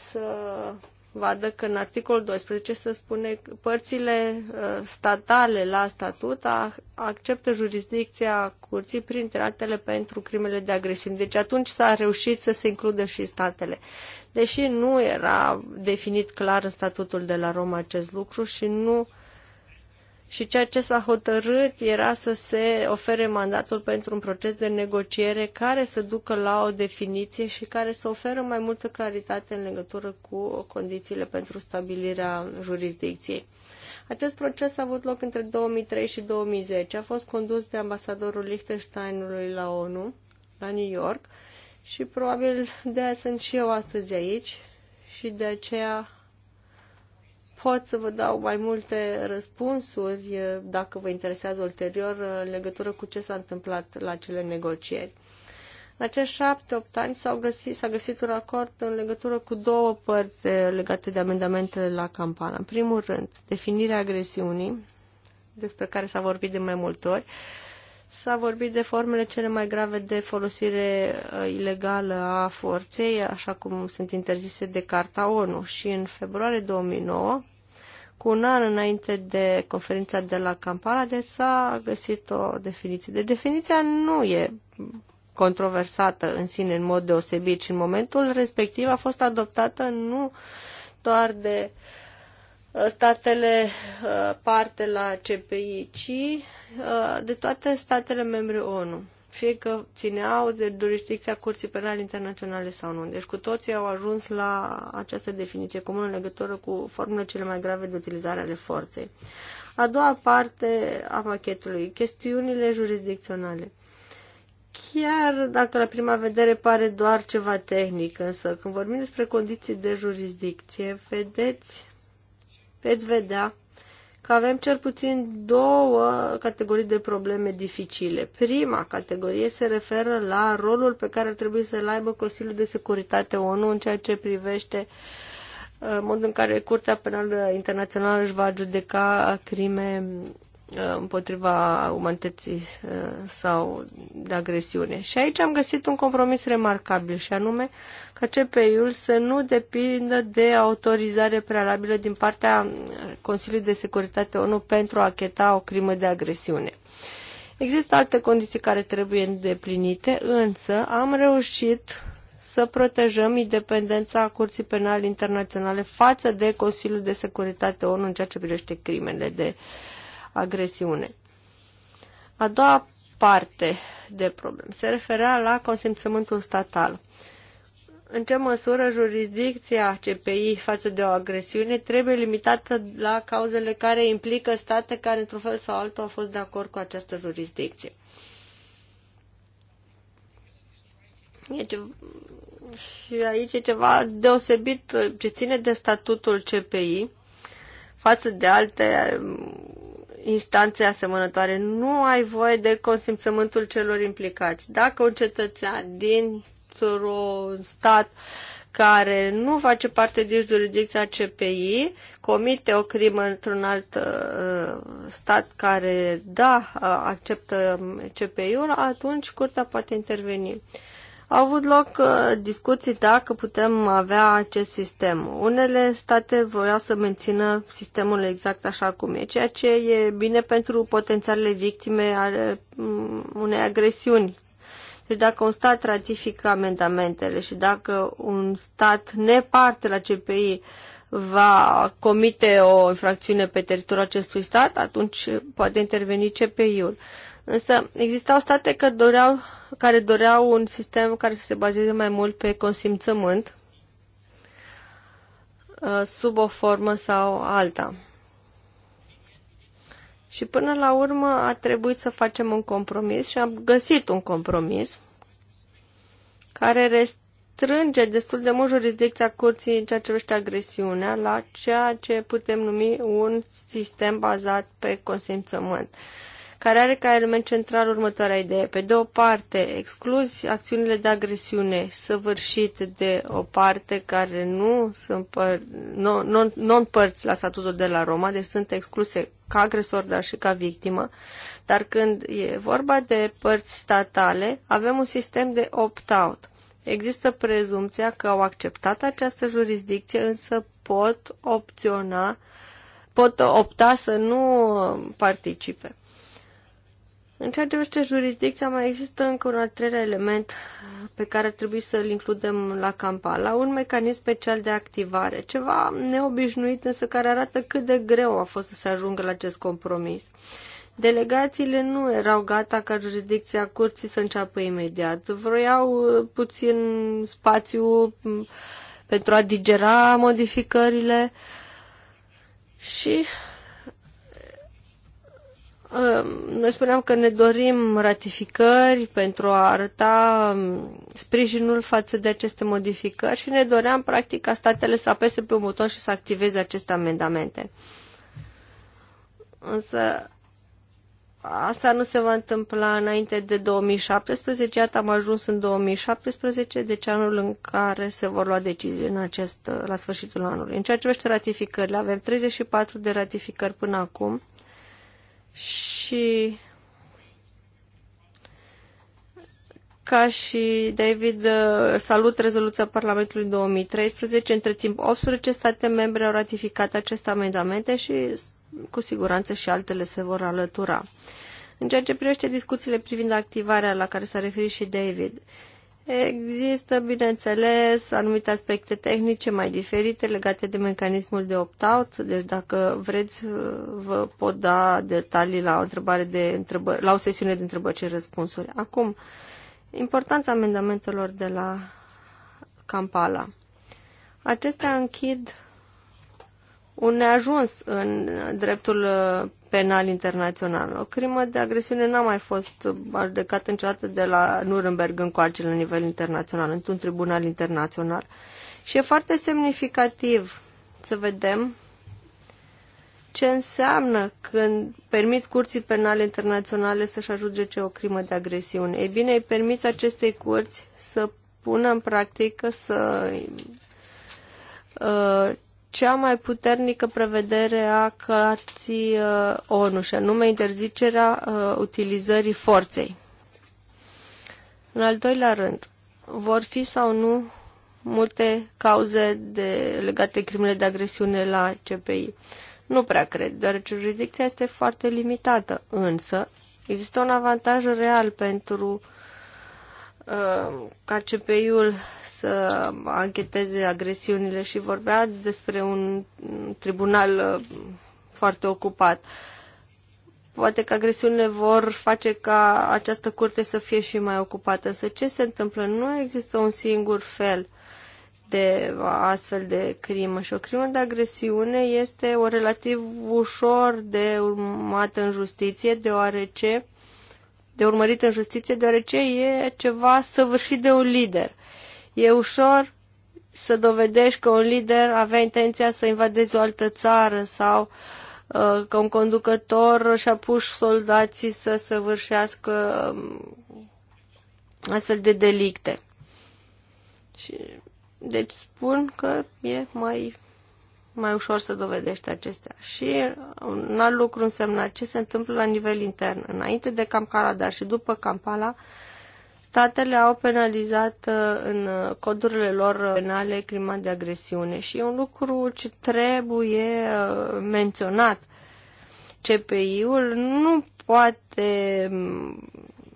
să vadă că în articolul 12 se spune că părțile uh, statale la statut acceptă jurisdicția curții prin tratele pentru crimele de agresiune. Deci atunci s-a reușit să se includă și statele. Deși nu era definit clar în statutul de la Roma acest lucru și nu și ceea ce s-a hotărât era să se ofere mandatul pentru un proces de negociere care să ducă la o definiție și care să oferă mai multă claritate în legătură cu condițiile pentru stabilirea jurisdicției. Acest proces a avut loc între 2003 și 2010. A fost condus de ambasadorul Liechtensteinului la ONU, la New York, și probabil de aia sunt și eu astăzi aici și de aceea Pot să vă dau mai multe răspunsuri eh, dacă vă interesează ulterior eh, în legătură cu ce s-a întâmplat la cele negocieri. În acești șapte, opt ani s-a găsit, s-a găsit un acord în legătură cu două părți eh, legate de amendamentele la campana. În primul rând, definirea agresiunii, despre care s-a vorbit de mai multe ori, uh, S-a vorbit de formele cele mai grave de folosire uh, ilegală a forței, așa cum sunt interzise de Carta ONU. Și în februarie 2009, cu un an înainte de conferința de la Kampala, de deci s-a găsit o definiție. De definiția nu e controversată în sine în mod deosebit și în momentul respectiv a fost adoptată nu doar de uh, statele uh, parte la CPI, ci uh, de toate statele membre ONU, fie că țineau de jurisdicția Curții Penale Internaționale sau nu. Deci cu toții au ajuns la această definiție comună în legătură cu formele cele mai grave de utilizare ale forței. A doua parte a pachetului, chestiunile jurisdicționale. Chiar dacă la prima vedere pare doar ceva tehnic, însă când vorbim despre condiții de jurisdicție, vedeți veți vedea că avem cel puțin două categorii de probleme dificile. Prima categorie se referă la rolul pe care ar trebui să-l aibă Consiliul de Securitate ONU în ceea ce privește uh, modul în care Curtea Penală Internațională își va judeca crime Uh, împotriva umanității uh, sau de agresiune. Și aici am găsit un compromis remarcabil și anume că CPI-ul să nu depindă de autorizare prealabilă din partea Consiliului de Securitate ONU pentru a acheta o crimă de agresiune. Există alte condiții care trebuie îndeplinite, însă am reușit să protejăm independența Curții Penale Internaționale față de Consiliul de Securitate ONU în ceea ce privește crimele de uh, agresiune. A doua parte de problem se referea la consimțământul statal. În ce măsură jurisdicția CPI față de o agresiune trebuie limitată la cauzele care implică state care, într-un fel sau altul, au fost de acord cu această jurisdicție. E ce... Și aici e ceva deosebit ce ține de statutul CPI față de alte instanțe asemănătoare. Nu ai voie de consimțământul celor implicați. Dacă un cetățean dintr-un stat care nu face parte din jurisdicția CPI, comite o crimă într-un alt uh, stat care, da, uh, acceptă CPI-ul, atunci curtea poate interveni. Uh, au avut loc uh, discuții dacă putem avea acest sistem. Unele state voiau să mențină sistemul exact așa cum e, ceea ce e bine pentru potențialele victime ale mm, unei agresiuni. Deci dacă un stat ratifică amendamentele și dacă un stat neparte la CPI va comite o infracțiune pe teritoriul acestui stat, atunci poate interveni CPI-ul. Însă existau state că doreau, care doreau un sistem care să se bazeze mai mult pe consimțământ uh, sub o formă sau alta. Și până la urmă a trebuit să facem un compromis și am găsit un compromis care restrânge destul de mult jurisdicția curții în ceea ce privește agresiunea la ceea ce putem numi un sistem bazat pe consimțământ. Uh, care are ca element central următoarea idee. Pe de o parte, excluzi acțiunile de agresiune săvârșite de o parte care nu sunt păr- non, non părți la statutul de la Roma, deci sunt excluse ca agresor, dar și ca victimă. Dar când e vorba de părți statale, avem un sistem de opt-out. Există prezumția că au acceptat această jurisdicție, însă pot opționa, pot opta să nu participe. În ceea ce privește jurisdicția, mai există încă un al treilea element pe care ar trebui să-l includem la Kampala, un mecanism special de activare, ceva neobișnuit, însă care arată cât de greu a fost să se ajungă la acest compromis. Delegațiile nu erau gata ca jurisdicția curții să înceapă imediat. Vroiau uh, puțin spațiu mm, pentru a digera modificările și Ă, noi spuneam că ne dorim ratificări pentru a arăta hm, sprijinul față de aceste modificări și ne doream, practic, ca statele să apese pe un buton și să activeze aceste amendamente. Însă, Asta nu se va întâmpla înainte de 2017, iată am ajuns în 2017, deci anul în care se vor lua decizii în acest, la sfârșitul anului. În ceea ce privește ratificările, avem 34 de ratificări până acum, și ca și David, uh, salut rezoluția Parlamentului 2013. Între timp, 18 state membre au ratificat aceste amendamente și cu siguranță și altele se vor alătura. În ceea ce privește discuțiile privind activarea la care s-a referit și David, uh, Există, bineînțeles, anumite aspecte tehnice mai diferite legate de mecanismul de opt-out, deci dacă vreți vă pot da detalii la o, întrebare de întrebări, la o sesiune de întrebări și răspunsuri. Acum, importanța amendamentelor de la Kampala. Acestea închid un neajuns în dreptul uh, penal internațional. O crimă de agresiune n-a mai fost judecată niciodată de la Nuremberg coace la nivel internațional, într-un tribunal internațional. Și e foarte semnificativ să vedem ce înseamnă când permiți curții penale internaționale să-și ajungece o crimă de agresiune. Ei bine, îi permiți acestei curți să pună în practică, să uh, cea mai puternică prevedere a uh, ONU, și anume interzicerea uh, utilizării forței. În al doilea rând, vor fi sau nu multe cauze de, legate crimele de agresiune la CPI? Nu prea cred, deoarece jurisdicția este foarte limitată, însă există un avantaj real pentru uh, Uh, ca CPI-ul să ancheteze agresiunile și vorbea despre un tribunal uh, foarte ocupat. Poate că agresiunile vor face ca această curte să fie și mai ocupată. să ce se întâmplă? Nu există un singur fel de astfel de crimă și o crimă de agresiune este o relativ ușor de urmată în justiție, deoarece uh, de urmărit în justiție, deoarece e ceva săvârșit de un lider. E ușor să dovedești că un lider avea intenția să invadeze o altă țară sau uh, că un conducător și-a pus soldații să săvârșească um, astfel de delicte. Și, deci spun că e mai mai ușor să dovedești acestea. Și un alt lucru însemna ce se întâmplă la nivel intern. Înainte de Kampala, dar și după Kampala, statele au penalizat uh, în uh, codurile lor penale crima de agresiune și e un lucru ce trebuie uh, menționat. CPI-ul nu poate mm,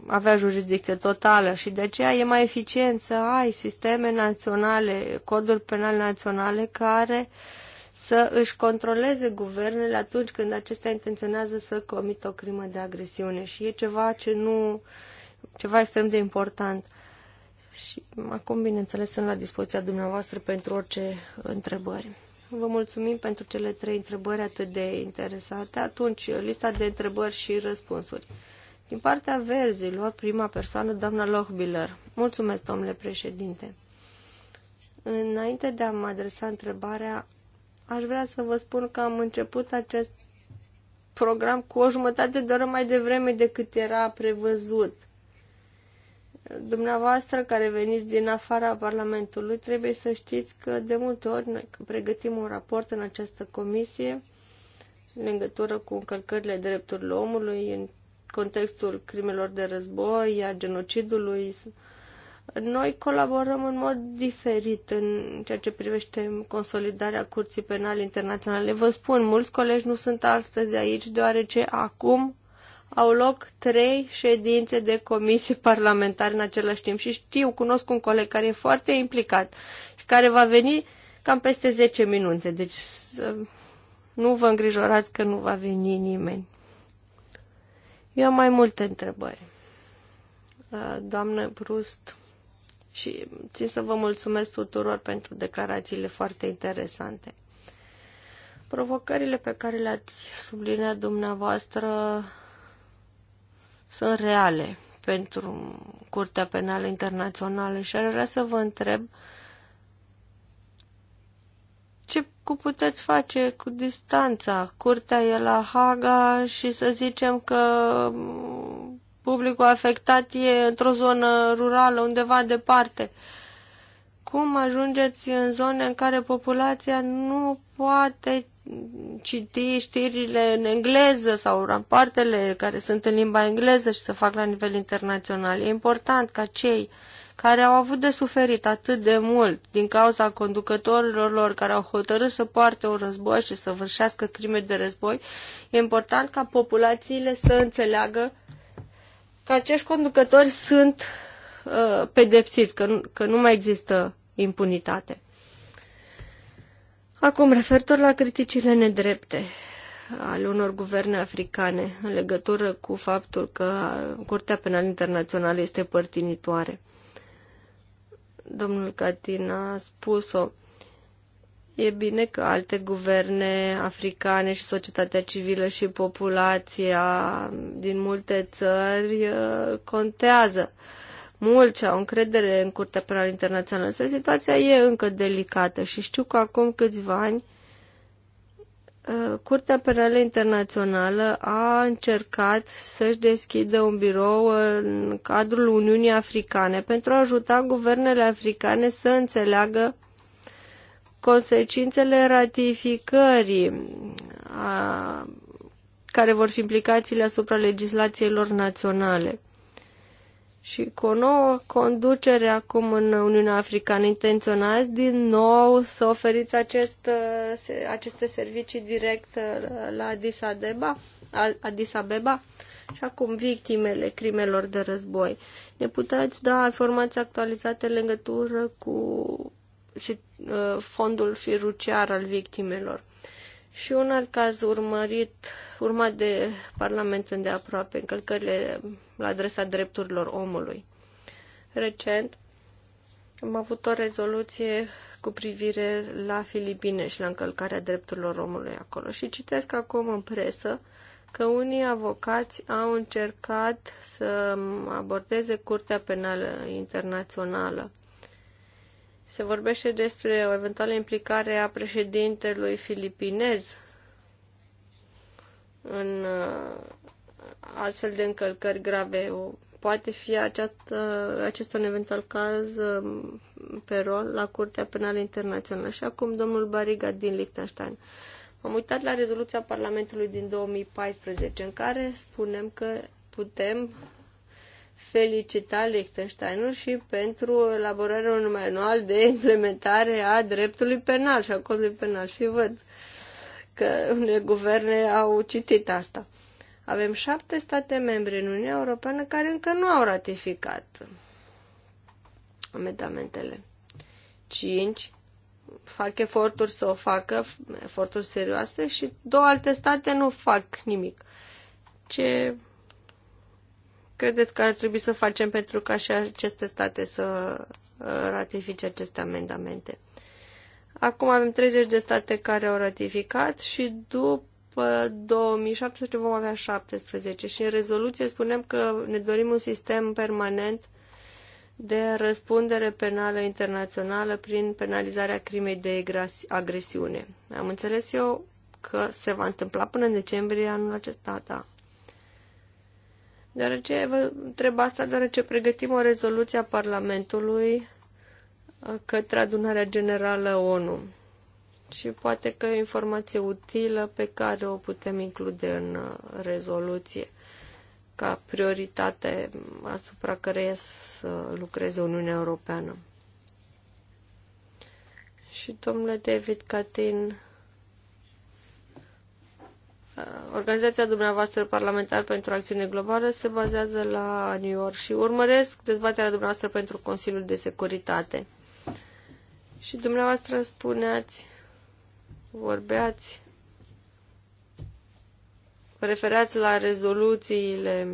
avea jurisdicție totală și de aceea e mai eficient să ai sisteme naționale, coduri penale naționale care uh, să își controleze guvernele atunci când acestea intenționează să comită o crimă de agresiune și e ceva ce nu ceva extrem de important. Și acum, bineînțeles, sunt la dispoziția dumneavoastră pentru orice întrebări. Vă mulțumim pentru cele trei întrebări atât de interesate. Atunci, lista de întrebări și răspunsuri. Din partea verzilor, prima persoană, doamna Lochbiller. Mulțumesc, domnule președinte. Înainte de a mă adresa întrebarea, Aș vrea să vă spun că am început acest program cu o jumătate de oră mai devreme decât era prevăzut. Dumneavoastră care veniți din afara Parlamentului, trebuie să știți că de multe ori noi când pregătim un raport în această comisie în legătură cu încălcările drepturilor omului în contextul crimelor de război, a genocidului noi colaborăm în mod diferit în ceea ce privește consolidarea Curții Penale Internaționale. Vă spun, mulți colegi nu sunt astăzi aici, deoarece acum au loc trei ședințe de comisii parlamentare în același timp și știu, cunosc un coleg care e foarte implicat și care va veni cam peste 10 minute. Deci să nu vă îngrijorați că nu va veni nimeni. Eu am mai multe întrebări. Uh, doamnă Brust și țin să vă mulțumesc tuturor pentru declarațiile foarte interesante. Provocările pe care le-ați subliniat dumneavoastră sunt reale pentru Curtea Penală Internațională și ar vrea să vă întreb ce cu puteți face cu distanța. Curtea e la Haga și să zicem că publicul afectat e într-o zonă rurală, undeva departe. Cum ajungeți în zone în care populația nu poate citi știrile în engleză sau rampartele care sunt în limba engleză și să fac la nivel internațional. E important ca cei care au avut de suferit atât de mult din cauza conducătorilor lor care au hotărât să poarte un război și să vârșească crime de război, e important ca populațiile să înțeleagă că acești conducători sunt uh, pedepsiți, că, că nu mai există impunitate. Acum, referitor la criticile nedrepte ale unor guverne africane în legătură cu faptul că Curtea Penală Internațională este părtinitoare. Domnul Catin a spus-o. E bine că alte guverne africane și societatea civilă și populația din multe țări uh, contează mult și au încredere în Curtea Penală Internațională. Să situația e încă delicată și știu că acum câțiva ani uh, Curtea Penală Internațională a încercat să-și deschidă un birou în cadrul Uniunii Africane pentru a ajuta guvernele africane să înțeleagă consecințele ratificării a, care vor fi implicațiile asupra legislațiilor lor naționale. Și cu o nouă conducere acum în Uniunea Africană, intenționați din nou să oferiți acest, uh, aceste servicii direct uh, la Addis Abeba, Addis Abeba și acum victimele crimelor de război. Ne puteți da informații actualizate în legătură cu și uh, fondul fiduciar al victimelor. Și un alt caz urmărit, urmat de Parlament îndeaproape, încălcările la adresa drepturilor omului. Recent am avut o rezoluție cu privire la Filipine și la încălcarea drepturilor omului acolo. Și citesc acum în presă că unii avocați au încercat să abordeze Curtea Penală Internațională se vorbește despre o eventuală implicare a președintelui filipinez în uh, astfel de încălcări grave. Poate fi această, acest un eventual caz um, pe rol la Curtea Penală Internațională. așa acum domnul Bariga din Liechtenstein. Am uitat la rezoluția Parlamentului din 2014 în care spunem că putem felicita Liechtensteinul și pentru elaborarea unui manual de implementare a dreptului penal și a codului penal. Și văd că unele guverne au citit asta. Avem șapte state membre în Uniunea Europeană care încă nu au ratificat amendamentele. Cinci fac eforturi să o facă, eforturi serioase și două alte state nu fac nimic. Ce credeți că ar trebui să facem pentru ca și aceste state să uh, ratifice aceste amendamente? Acum avem 30 de state care au ratificat și după 2017 vom avea 17 și în rezoluție spunem că ne dorim un sistem permanent de răspundere penală internațională prin penalizarea crimei de agresiune. Am înțeles eu că se va întâmpla până în decembrie anul acesta, da. Deoarece vă întreb asta, deoarece pregătim o rezoluție a Parlamentului uh, către adunarea generală ONU. Și poate că e o informație utilă pe care o putem include în uh, rezoluție ca prioritate asupra căreia să lucreze Uniunea Europeană. Și domnule David Catin, Organizația dumneavoastră parlamentar pentru acțiune globală se bazează la New York și urmăresc dezbaterea dumneavoastră pentru Consiliul de Securitate. Și dumneavoastră spuneați, vorbeați, vă refereați la rezoluțiile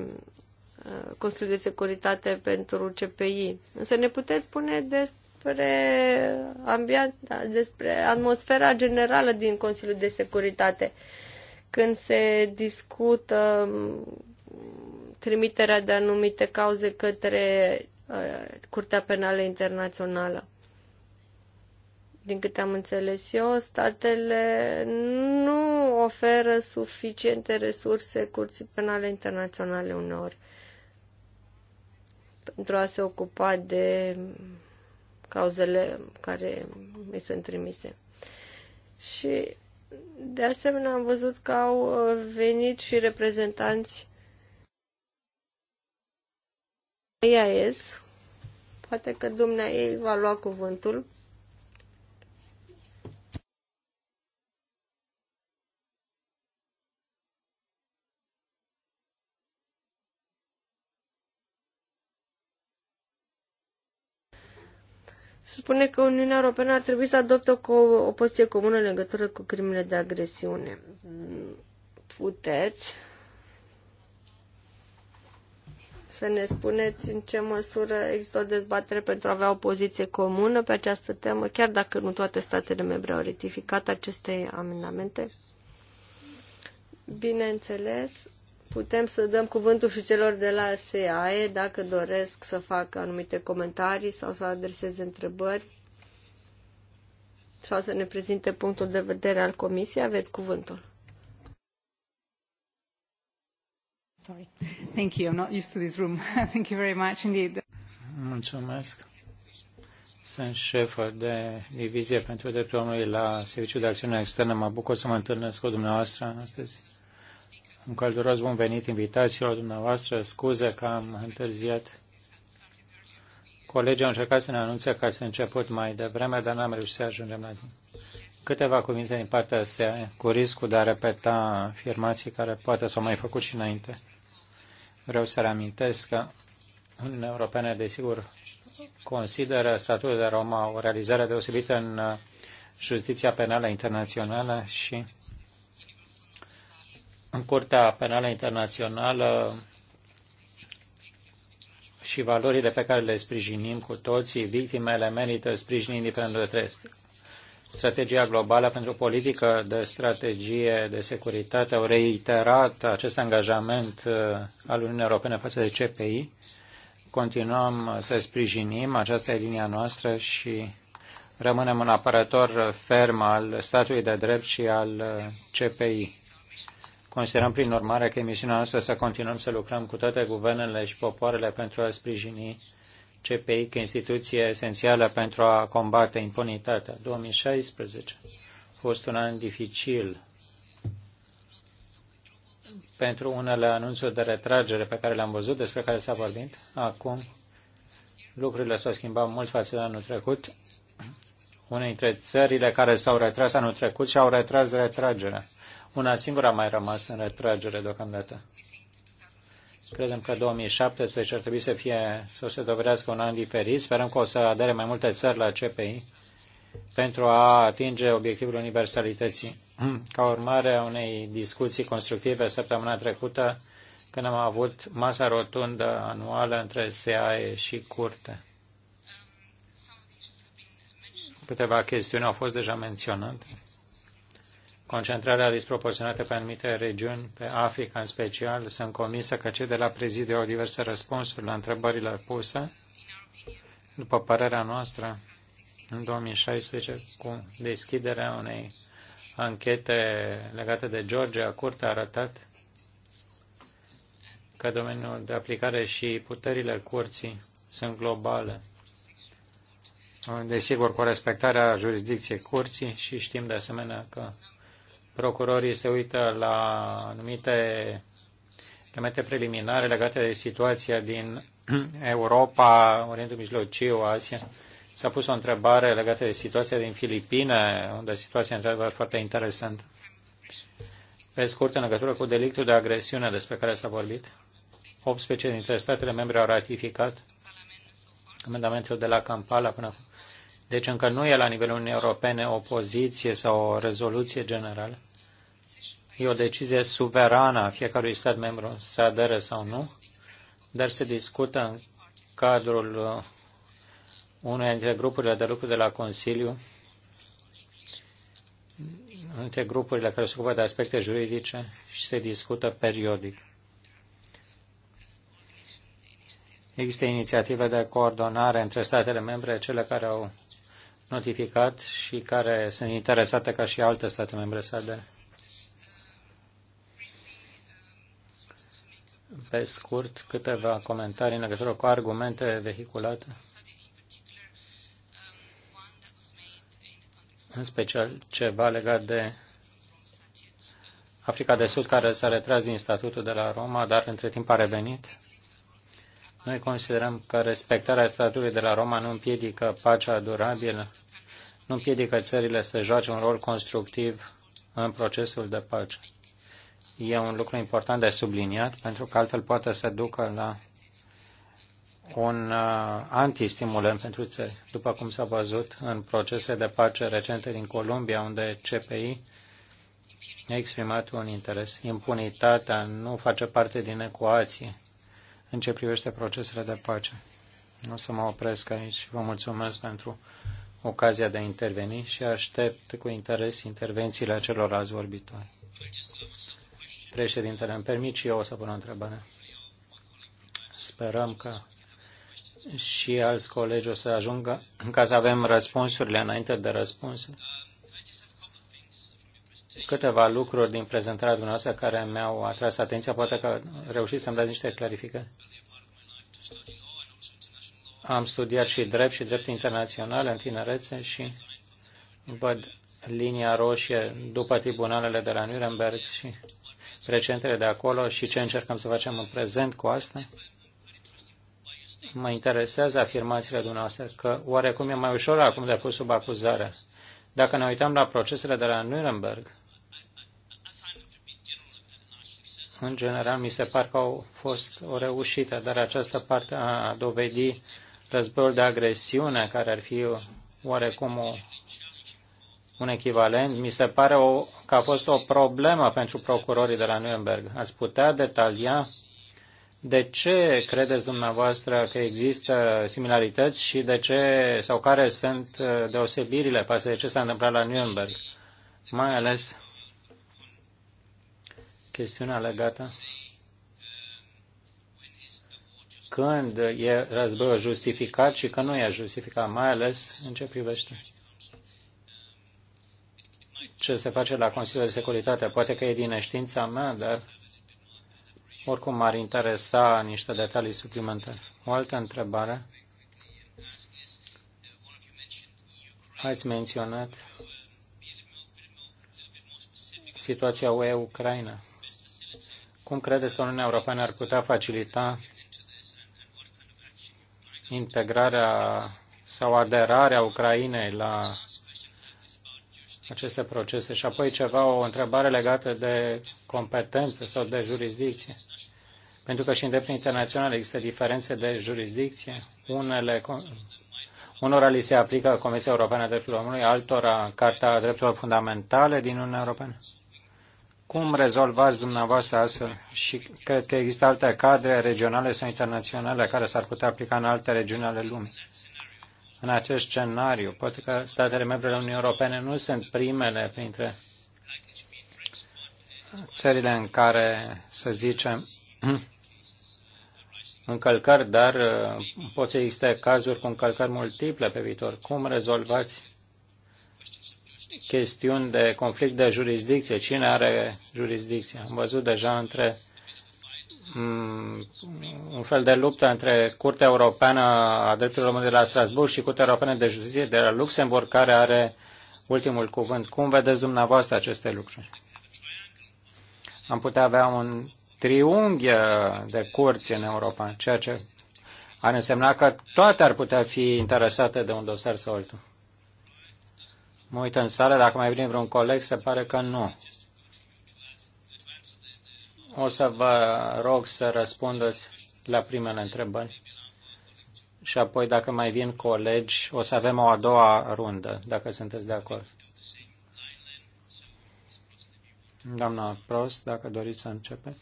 uh, Consiliului de Securitate pentru CPI. Însă ne puteți spune despre, ambient, despre atmosfera generală din Consiliul de Securitate. Uh, când se discută um, trimiterea de anumite cauze către uh, Curtea Penală Internațională. Din câte am înțeles eu, statele nu oferă suficiente resurse Curții Penale Internaționale uneori pentru a se ocupa de cauzele care mi sunt trimise. Și de asemenea, am văzut că au uh, venit și reprezentanți IAS. Poate că dumnea ei va lua cuvântul. spune că Uniunea Europeană ar trebui să adopte o, o poziție comună în legătură cu crimele de agresiune. Puteți să ne spuneți în ce măsură există o dezbatere pentru a avea o poziție comună pe această temă, chiar dacă nu toate statele membre au rectificat aceste amendamente? Bineînțeles, putem să dăm cuvântul și celor de la SAE dacă doresc să facă anumite comentarii sau să adreseze întrebări sau să ne prezinte punctul de vedere al comisiei. Aveți cuvântul.
Sorry. Thank you. I'm not used to this room. [LAUGHS] Thank you very much indeed.
Mulțumesc. Sunt șefă de divizie pentru dreptul omului la Serviciul de Acțiune Externă. Mă bucur să mă întâlnesc cu dumneavoastră astăzi un călduros bun venit invitațiilor dumneavoastră. Scuze că am întârziat. Colegii au încercat să ne anunțe că ați început mai devreme, dar n-am reușit să ajungem la timp. Câteva cuvinte din partea SEA, cu riscul de a repeta afirmații care poate s-au mai făcut și înainte. Vreau să reamintesc că Uniunea Europeană, desigur, consideră statutul de Roma o realizare deosebită în uh, justiția penală internațională și în Curtea Penală Internațională și valorile pe care le sprijinim cu toții, victimele merită sprijin indiferent de trest. Strategia globală pentru politică de strategie de securitate au reiterat acest angajament uh, al Uniunii Europene față de CPI. Continuăm să sprijinim, aceasta e linia noastră și rămânem un apărător ferm al statului de drept și al uh, CPI. Considerăm, prin urmare, că e misiunea noastră să continuăm să lucrăm cu toate guvernele și popoarele pentru a sprijini CPI ca instituție esențială pentru a combate impunitatea. 2016 a fost un an dificil pentru unele anunțuri de retragere pe care le-am văzut, despre care s-a vorbit. Acum lucrurile s-au schimbat mult față de anul trecut. Unele dintre țările care s-au retras anul trecut și-au retras retragerea. Una singură a mai rămas în retragere deocamdată. Credem că 2017 ar trebui să fie, să se dovedească un an diferit. Sperăm că o să adere mai multe țări la CPI pentru a atinge obiectivul universalității. [CLEARS THROAT] Ca urmare a unei discuții constructive săptămâna trecută, când am avut masa rotundă anuală între SEAE și curte. Câteva chestiuni au fost deja menționate concentrarea disproporționată pe anumite regiuni, pe Africa în special. Sunt convinsă că cei de la prezidiu au diverse răspunsuri la întrebările puse. După părerea noastră, în 2016, cu deschiderea unei anchete legate de Georgia, Curtea a arătat că domeniul de aplicare și puterile curții sunt globale. Desigur, cu respectarea jurisdicției curții și știm de asemenea că procurorii se uită la anumite elemente preliminare legate de situația din [CLEARS THROAT] Europa, Orientul Mijlociu, Asia. S-a pus o întrebare legată de situația din Filipine, unde situația într-adevăr foarte interesantă. Pe scurt, în legătură cu delictul de agresiune despre care s-a vorbit, 18 dintre statele membre au ratificat amendamentul de la Kampala până acum. Deci încă nu e la nivelul Uniunii Europene o poziție sau o rezoluție generală. E o decizie suverană a fiecărui stat membru să adere sau nu, dar se discută în cadrul uh, unei dintre grupurile de lucru de la Consiliu, între grupurile care se ocupă de aspecte juridice și se discută periodic. Există inițiative de coordonare între statele membre, cele care au notificat și care sunt interesate ca și alte state membre să adere. pe scurt câteva comentarii în legătură cu argumente vehiculate, în special ceva legat de Africa de Sud, care s-a retras din statutul de la Roma, dar între timp a revenit. Noi considerăm că respectarea statului de la Roma nu împiedică pacea durabilă, nu împiedică țările să joace un rol constructiv în procesul de pace e un lucru important de subliniat, pentru că altfel poate să ducă la un uh, antistimulant pentru țări, după cum s-a văzut în procese de pace recente din Columbia, unde CPI a exprimat un interes. Impunitatea nu face parte din ecuație în ce privește procesele de pace. Nu să mă opresc aici și vă mulțumesc pentru ocazia de a interveni și aștept cu interes intervențiile celorlalți vorbitori. Președintele, îmi permit și eu o să pun o întrebare. Sperăm că și alți colegi o să ajungă ca să avem răspunsurile înainte de răspuns. Câteva lucruri din prezentarea dumneavoastră care mi-au atras atenția, poate că reușiți să-mi dați niște clarificări. Am studiat și drept și drept internațional în tinerețe și văd linia roșie după tribunalele de la Nuremberg și recentele de acolo și ce încercăm să facem în prezent cu asta. Mă interesează afirmațiile dumneavoastră că oarecum e mai ușor acum de pus sub acuzare. Dacă ne uităm la procesele de la Nuremberg, în general mi se par că au fost o reușită, dar această parte a dovedi războiul de agresiune, care ar fi oarecum o un echivalent, mi se pare o, că a fost o problemă pentru procurorii de la Nuremberg. Ați putea detalia de ce credeți dumneavoastră că există similarități și de ce sau care sunt uh, deosebirile față de ce s-a întâmplat la Nuremberg? Mai ales chestiunea legată când e războiul justificat și când nu e justificat, mai ales în ce privește ce se face la Consiliul de Securitate. Poate că e din neștiința mea, dar oricum m-ar interesa niște detalii suplimentare. O altă întrebare. Ați menționat situația UE-Ucraina. Cum credeți că Uniunea Europeană ar putea facilita integrarea sau aderarea Ucrainei la aceste procese. Și apoi ceva, o întrebare legată de competență sau de jurisdicție. Pentru că și în dreptul internațional există diferențe de jurisdicție. Unele, unora li se aplică Comisia Europeană a Drepturilor Omului, altora Carta Drepturilor Fundamentale din Uniunea Europeană. Cum rezolvați dumneavoastră astfel? Și cred că există alte cadre regionale sau internaționale care s-ar putea aplica în alte regiuni ale lumii în acest scenariu. Poate că statele membre ale Uniunii Europene nu sunt primele printre țările în care, să zicem, [CLEARS THROAT] încălcări, dar uh, pot să existe cazuri cu încălcări multiple pe viitor. Cum rezolvați chestiuni de conflict de jurisdicție? Cine are jurisdicția? Am văzut deja între Mm, un fel de luptă între Curtea Europeană a Drepturilor Omului de la Strasburg și Curtea Europeană de Justiție de la Luxemburg, care are ultimul cuvânt. Cum vedeți dumneavoastră aceste lucruri? Am putea avea un triunghi uh, de curți în Europa, ceea ce ar însemna că toate ar putea fi interesate de un dosar sau altul. Mă uit în sală, dacă mai vine vreun coleg, se pare că nu. O să vă rog să răspundeți la primele întrebări și apoi dacă mai vin colegi o să avem o a doua rundă, dacă sunteți de acord. Doamna Prost, dacă doriți să începeți.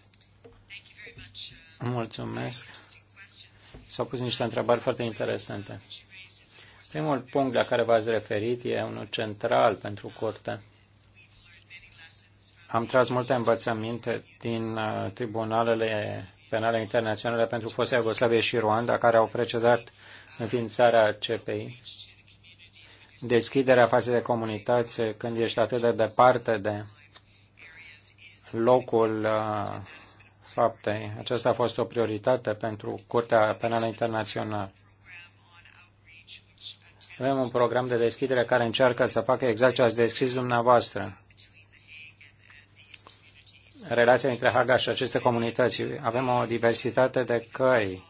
Mulțumesc. S-au pus niște întrebări foarte interesante. Primul punct la care v-ați referit e unul central pentru curte am tras multe învățăminte din uh, tribunalele penale internaționale pentru fostea Iugoslavie și Rwanda, care au precedat înființarea CPI. Deschiderea față de comunități când ești atât de departe de locul uh, faptei. Aceasta a fost o prioritate pentru Curtea Penală Internațională. Avem un program de deschidere care încearcă să facă exact ce ați descris dumneavoastră relația dintre Haga și aceste comunități. Avem o diversitate de căi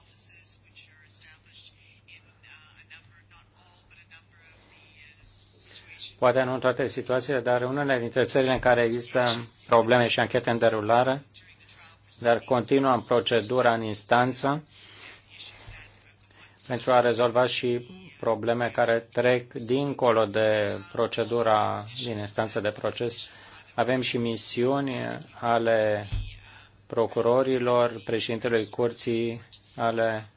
poate nu în toate situațiile, dar unele dintre țările în care există probleme și anchete în derulare, dar continuă în procedura în instanță pentru a rezolva și probleme care trec dincolo de procedura din instanță de proces avem și misiuni ale procurorilor, președintelui curții, ale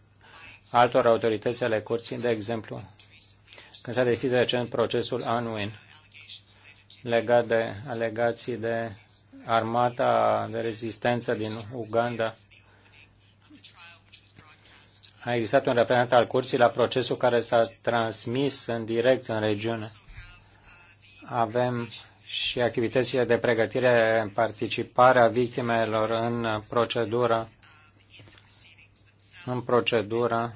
altor autorități ale curții, de exemplu, când s-a deschis recent procesul Anwin legat de alegații de armata de rezistență din Uganda, a existat un reprezentant al curții la procesul care s-a transmis în direct în regiune. Avem și activitățile de pregătire, participarea victimelor în procedură, în procedură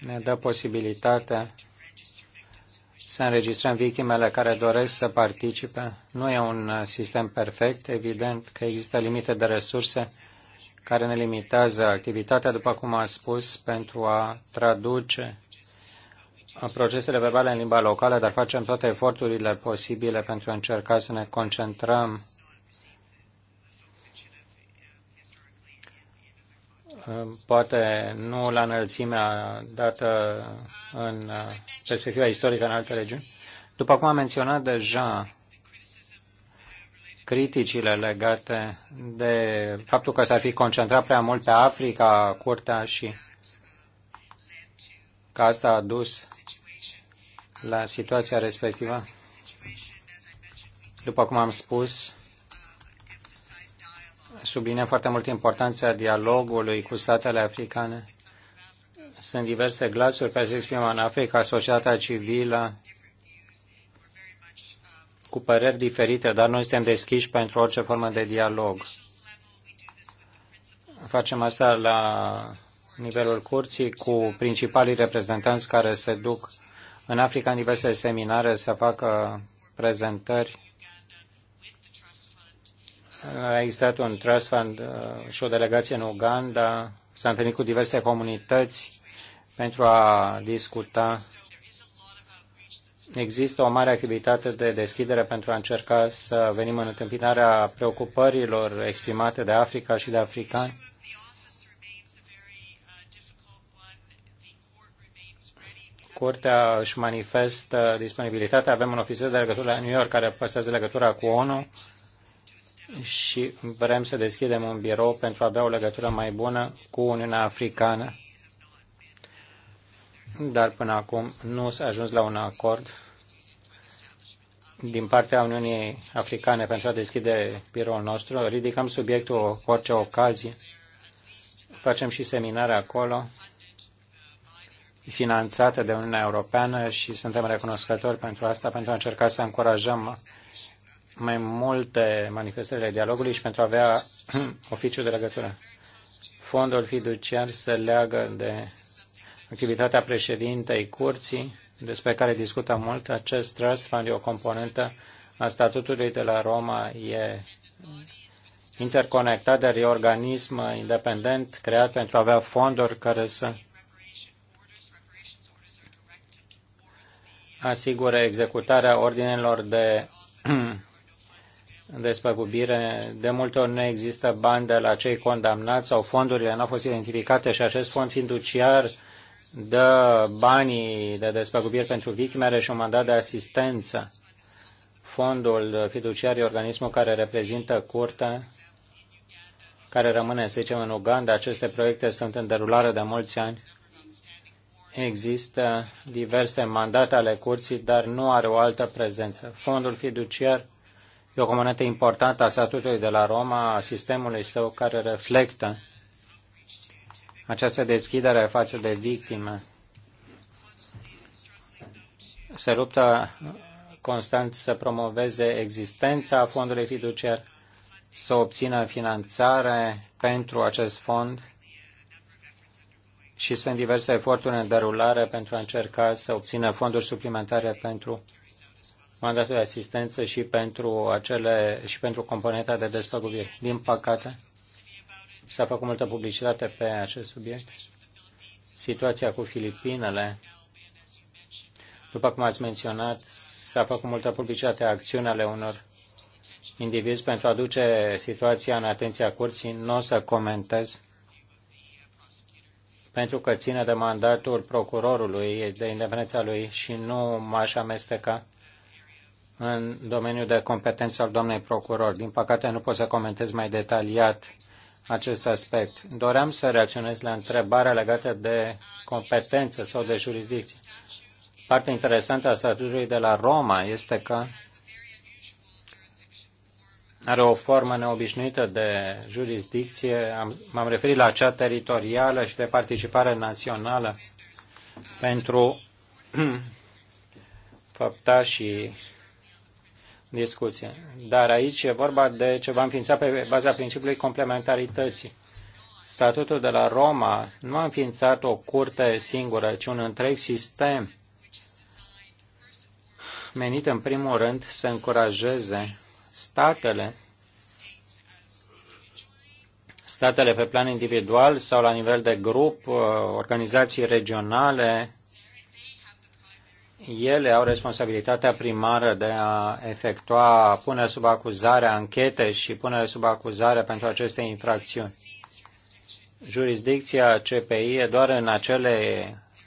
ne dă posibilitatea să înregistrăm victimele care doresc să participe. Nu e un sistem perfect, evident că există limite de resurse care ne limitează activitatea, după cum am spus, pentru a traduce procesele verbale în limba locală, dar facem toate eforturile posibile pentru a încerca să ne concentrăm uh, poate nu la înălțimea dată în uh, perspectiva istorică în alte regiuni. După cum am menționat deja, criticile legate de faptul că s-ar fi concentrat prea mult pe Africa, curtea și că asta a dus la situația respectivă. După cum am spus, subliniem foarte mult importanța dialogului cu statele africane. Sunt diverse glasuri care se exprimă în Africa, societatea civilă, cu păreri diferite, dar noi suntem deschiși pentru orice formă de dialog. Facem asta la nivelul curții cu principalii reprezentanți care se duc în Africa, în diverse seminare, să facă prezentări. A existat un trust fund uh, și o delegație în Uganda. S-a întâlnit cu diverse comunități pentru a discuta. Există o mare activitate de deschidere pentru a încerca să venim în întâmpinarea preocupărilor exprimate de Africa și de africani Curtea își manifestă disponibilitatea. Avem un ofițer de legătură la New York care păstrează legătura cu ONU și vrem să deschidem un birou pentru a avea o legătură mai bună cu Uniunea Africană. Dar până acum nu s-a ajuns la un acord din partea Uniunii Africane pentru a deschide biroul nostru. Ridicăm subiectul cu orice ocazie. Facem și seminare acolo finanțate de Uniunea Europeană și suntem recunoscători pentru asta, pentru a încerca să încurajăm mai multe manifestările dialogului și pentru a avea [CLEARS THROAT] oficiu de legătură. Fondul fiduciar se leagă de activitatea președintei curții, despre care discutăm mult. Acest trust fund e o componentă a statutului de la Roma, e interconectat, dar e organism independent creat pentru a avea fonduri care să asigure executarea ordinelor de [CLEARS THROAT] despăgubire. De multe ori nu există bani de la cei condamnați sau fondurile nu au fost identificate și acest fond fiduciar dă banii de despăgubire, pentru victimele și un mandat de asistență. Fondul fiduciar e organismul care reprezintă curtea care rămâne, să zicem, în Uganda. Aceste proiecte sunt în derulare de mulți ani Există diverse mandate ale curții, dar nu are o altă prezență. Fondul fiduciar e o componentă importantă a statutului de la Roma, a sistemului său care reflectă această deschidere față de victime. Se luptă constant să promoveze existența fondului fiduciar, să obțină finanțare pentru acest fond și sunt diverse eforturi în derulare pentru a încerca să obțină fonduri suplimentare pentru mandatul de asistență și pentru, acele, și pentru componenta de despăgubiri. Din păcate, s-a făcut multă publicitate pe acest subiect. Situația cu Filipinele, după cum ați menționat, s-a făcut multă publicitate a ale unor indivizi pentru a duce situația în atenția curții. Nu o să comentez pentru că ține de mandatul procurorului, de independența lui și nu m-aș amesteca în domeniul de competență al doamnei procuror. Din păcate nu pot să comentez mai detaliat acest aspect. Doream să reacționez la întrebarea legată de competență sau de jurisdicție. Partea interesantă a statutului de la Roma este că are o formă neobișnuită de jurisdicție. M-am referit la cea teritorială și de participare națională pentru [CLEARS THROAT] făpta și discuție. Dar aici e vorba de ceva înființat pe baza principiului complementarității. Statutul de la Roma nu a înființat o curte singură, ci un întreg sistem menit în primul rând să încurajeze statele, statele pe plan individual sau la nivel de grup, uh, organizații regionale, ele au responsabilitatea primară de a efectua pune sub acuzare anchete și pune sub acuzare pentru aceste infracțiuni. Jurisdicția CPI e doar în acele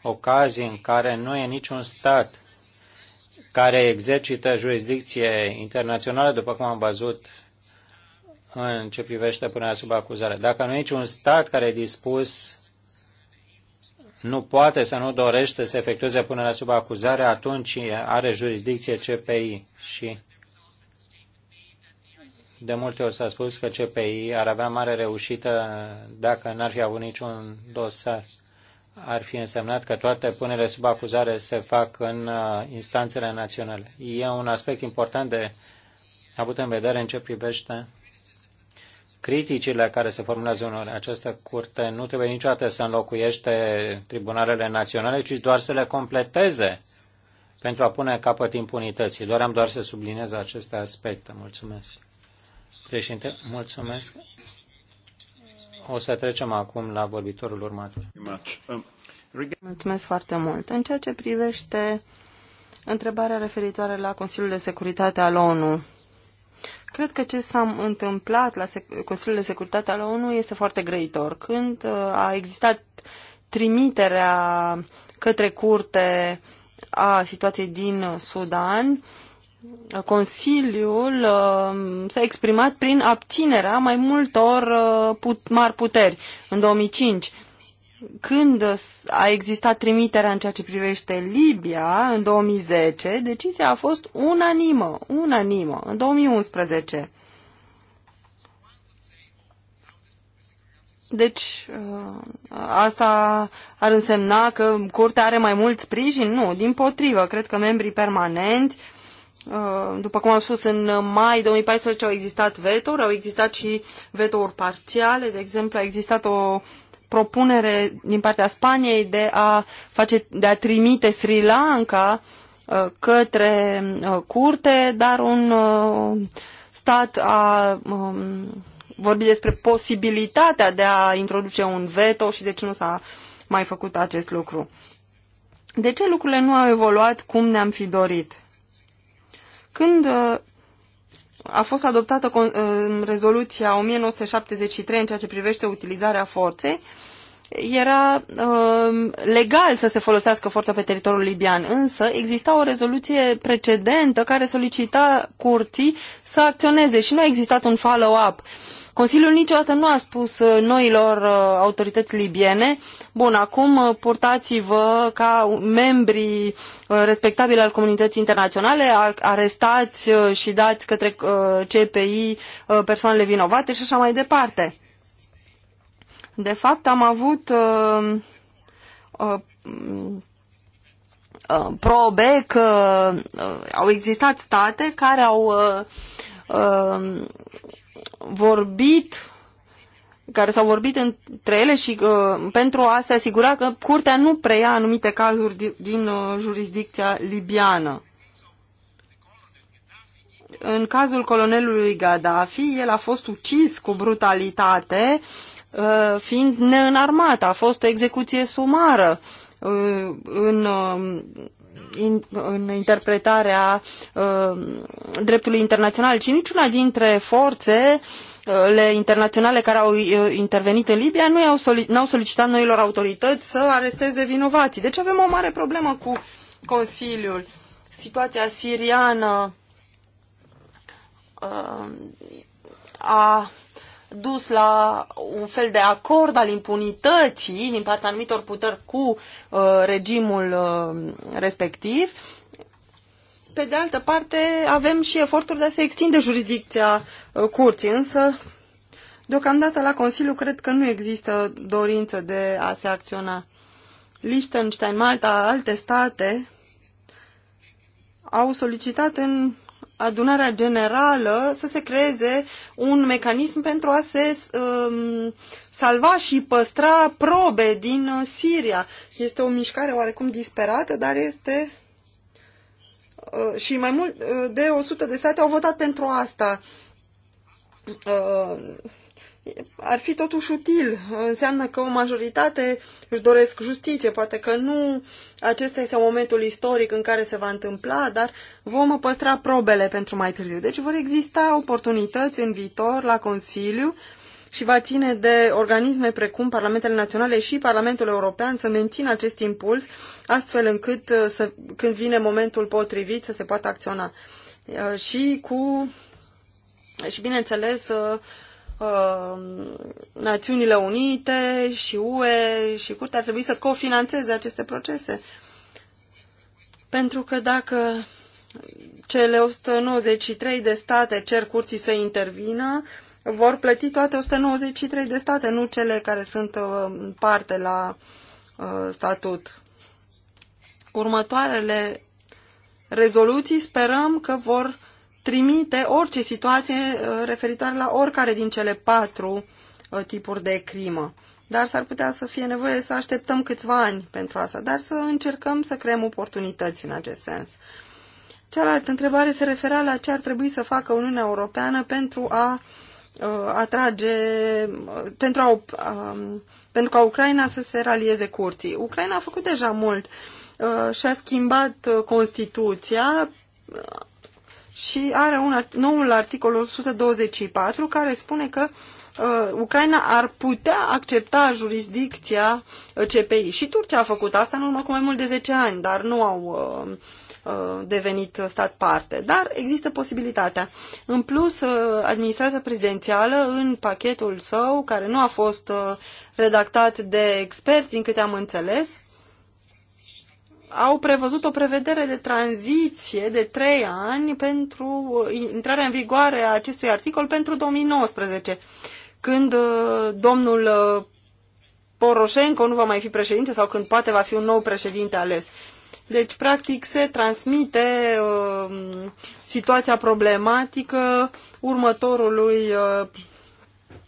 ocazii în care nu e niciun stat care exercită jurisdicție internațională, după cum am văzut în ce privește punerea sub acuzare. Dacă nu e niciun stat care e dispus nu poate să nu dorește să efectueze punerea sub acuzare, atunci are jurisdicție CPI și de multe ori s-a spus că CPI ar avea mare reușită dacă n-ar fi avut niciun dosar ar fi însemnat că toate punele sub acuzare se fac în uh, instanțele naționale. E un aspect important de avut în vedere în ce privește criticile care se formulează în Această curte nu trebuie niciodată să înlocuiește tribunalele naționale, ci doar să le completeze pentru a pune capăt impunității. Doar am doar să subliniez aceste aspecte. Mulțumesc. Președinte, mulțumesc. O să trecem acum la vorbitorul următor.
Mulțumesc foarte mult. În ceea ce privește întrebarea referitoare la Consiliul de Securitate al ONU, Cred că ce s-a întâmplat la Consiliul de Securitate al ONU este foarte grăitor. Când uh, a existat trimiterea către curte a situației din Sudan, Consiliul uh, s-a exprimat prin abținerea mai multor uh, mari puteri în 2005. Când a existat trimiterea în ceea ce privește Libia în 2010, decizia a fost unanimă, unanimă, în 2011. Deci, uh, asta ar însemna că curtea are mai mult sprijin? Nu, din potrivă. Cred că membrii permanenți Uh, după cum am spus, în mai 2014 au existat vetouri, au existat și vetouri parțiale. De exemplu, a existat o propunere din partea Spaniei de a, face, de a trimite Sri Lanka uh, către uh, curte, dar un stat a um, vorbit despre posibilitatea de a introduce un veto și de ce nu s-a mai făcut acest lucru. De ce lucrurile nu au evoluat cum ne-am fi dorit? Când uh, a fost adoptată uh, rezoluția 1973 în ceea ce privește utilizarea forței, era uh, legal să se folosească forța pe teritoriul libian, însă exista o rezoluție precedentă care solicita curții să acționeze și nu a existat un follow-up. Uh, Consiliul niciodată nu a spus uh, noilor uh, autorități libiene, bun, acum uh, purtați-vă ca membrii respectabili al comunității internaționale, arestați și dați către CPI persoanele vinovate și așa mai departe. De fapt, am avut probe că au existat state care au vorbit care s-au vorbit între ele și uh, pentru a se asigura că curtea nu preia anumite cazuri din, din uh, jurisdicția libiană. În cazul colonelului Gaddafi, el a fost ucis cu brutalitate, uh, fiind neînarmat. A fost o execuție sumară uh, în uh, in, în interpretarea uh, dreptului internațional, ci niciuna dintre forțe uh, le internaționale care au uh, intervenit în Libia nu au soli- au solicitat noilor autorități să aresteze vinovații. Deci avem o mare problemă cu Consiliul. Situația siriană uh, a dus la un fel de acord al impunității din partea anumitor puteri cu uh, regimul uh, respectiv. Pe de altă parte, avem și eforturi de a se extinde jurisdicția uh, curții, însă deocamdată la Consiliu cred că nu există dorință de a se acționa. Liechtenstein, Malta, alte state au solicitat în adunarea generală să se creeze un mecanism pentru a se um, salva și păstra probe din uh, Siria. Este o mișcare oarecum disperată, dar este uh, și mai mult uh, de 100 de state au votat pentru asta. Uh, ar fi totuși util. Înseamnă că o majoritate își doresc justiție. Poate că nu acesta este momentul istoric în care se va întâmpla, dar vom păstra probele pentru mai târziu. Deci vor exista oportunități în viitor la Consiliu și va ține de organisme precum Parlamentele Naționale și Parlamentul European să mențină acest impuls, astfel încât uh, să, când vine momentul potrivit să se poată acționa. Uh, și cu și bineînțeles uh, Um, Națiunile Unite și UE și Curtea ar trebui să cofinanțeze aceste procese. Pentru că dacă cele 193 de state cer curții să intervină, vor plăti toate 193 de state, nu cele care sunt uh, parte la uh, statut. Următoarele rezoluții sperăm că vor trimite orice situație uh, referitoare la oricare din cele patru uh, tipuri de crimă. Dar s-ar putea să fie nevoie să așteptăm câțiva ani pentru asta, dar să încercăm să creăm oportunități în acest sens. Cealaltă întrebare se refera la ce ar trebui să facă Uniunea Europeană pentru a uh, atrage, pentru, a, um, pentru ca Ucraina să se ralieze curții. Ucraina a făcut deja mult și a schimbat Constituția și are un noul articol 124 care spune că uh, Ucraina ar putea accepta jurisdicția uh, CPI. Și Turcia a făcut asta în urmă cu mai mult de 10 ani, dar nu au uh, uh, devenit stat parte. Dar există posibilitatea. În plus, uh, administrația prezidențială în pachetul său, care nu a fost redactat de experți, din câte am înțeles, au prevăzut o prevedere de tranziție de trei ani pentru uh, intrarea în vigoare a acestui articol pentru 2019, când uh, domnul uh, Poroșenco nu va mai fi președinte sau când poate va fi un nou președinte ales. Deci, practic, se transmite uh, situația problematică următorului uh,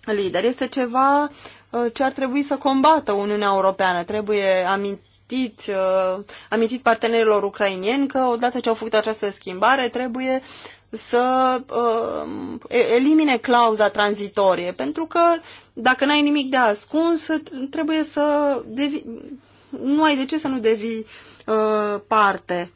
lider. Este ceva uh, ce ar trebui să combată Uniunea Europeană. Trebuie amintit uh, amintit partenerilor ucrainieni că odată ce au făcut această schimbare trebuie să uh, elimine clauza tranzitorie, pentru că dacă n-ai nimic de ascuns, trebuie să devii, nu ai de ce să nu devii uh, parte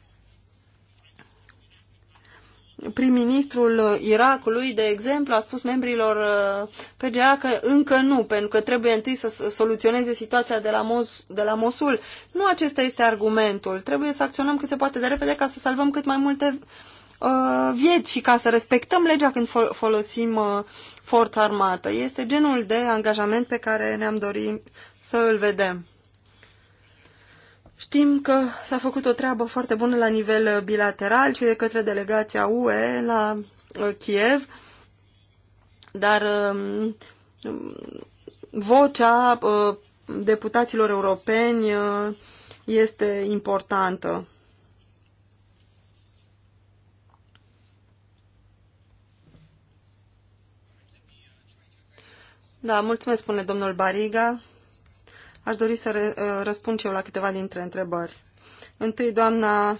prim-ministrul Irakului, de exemplu, a spus membrilor uh, PGA că încă nu, pentru că trebuie întâi să soluționeze situația de la, Mos- de la Mosul. Nu acesta este argumentul. Trebuie să acționăm cât se poate de repede ca să salvăm cât mai multe uh, vieți și ca să respectăm legea când fol- folosim uh, forța armată. Este genul de angajament pe care ne-am dorit să îl vedem. Știm că s-a făcut o treabă foarte bună la nivel bilateral și de către delegația UE la uh, Kiev, dar um, vocea uh, deputaților europeni uh, este importantă. Da, mulțumesc, spune domnul Bariga. Aș dori să uh, răspund și eu la câteva dintre întrebări. Întâi, doamna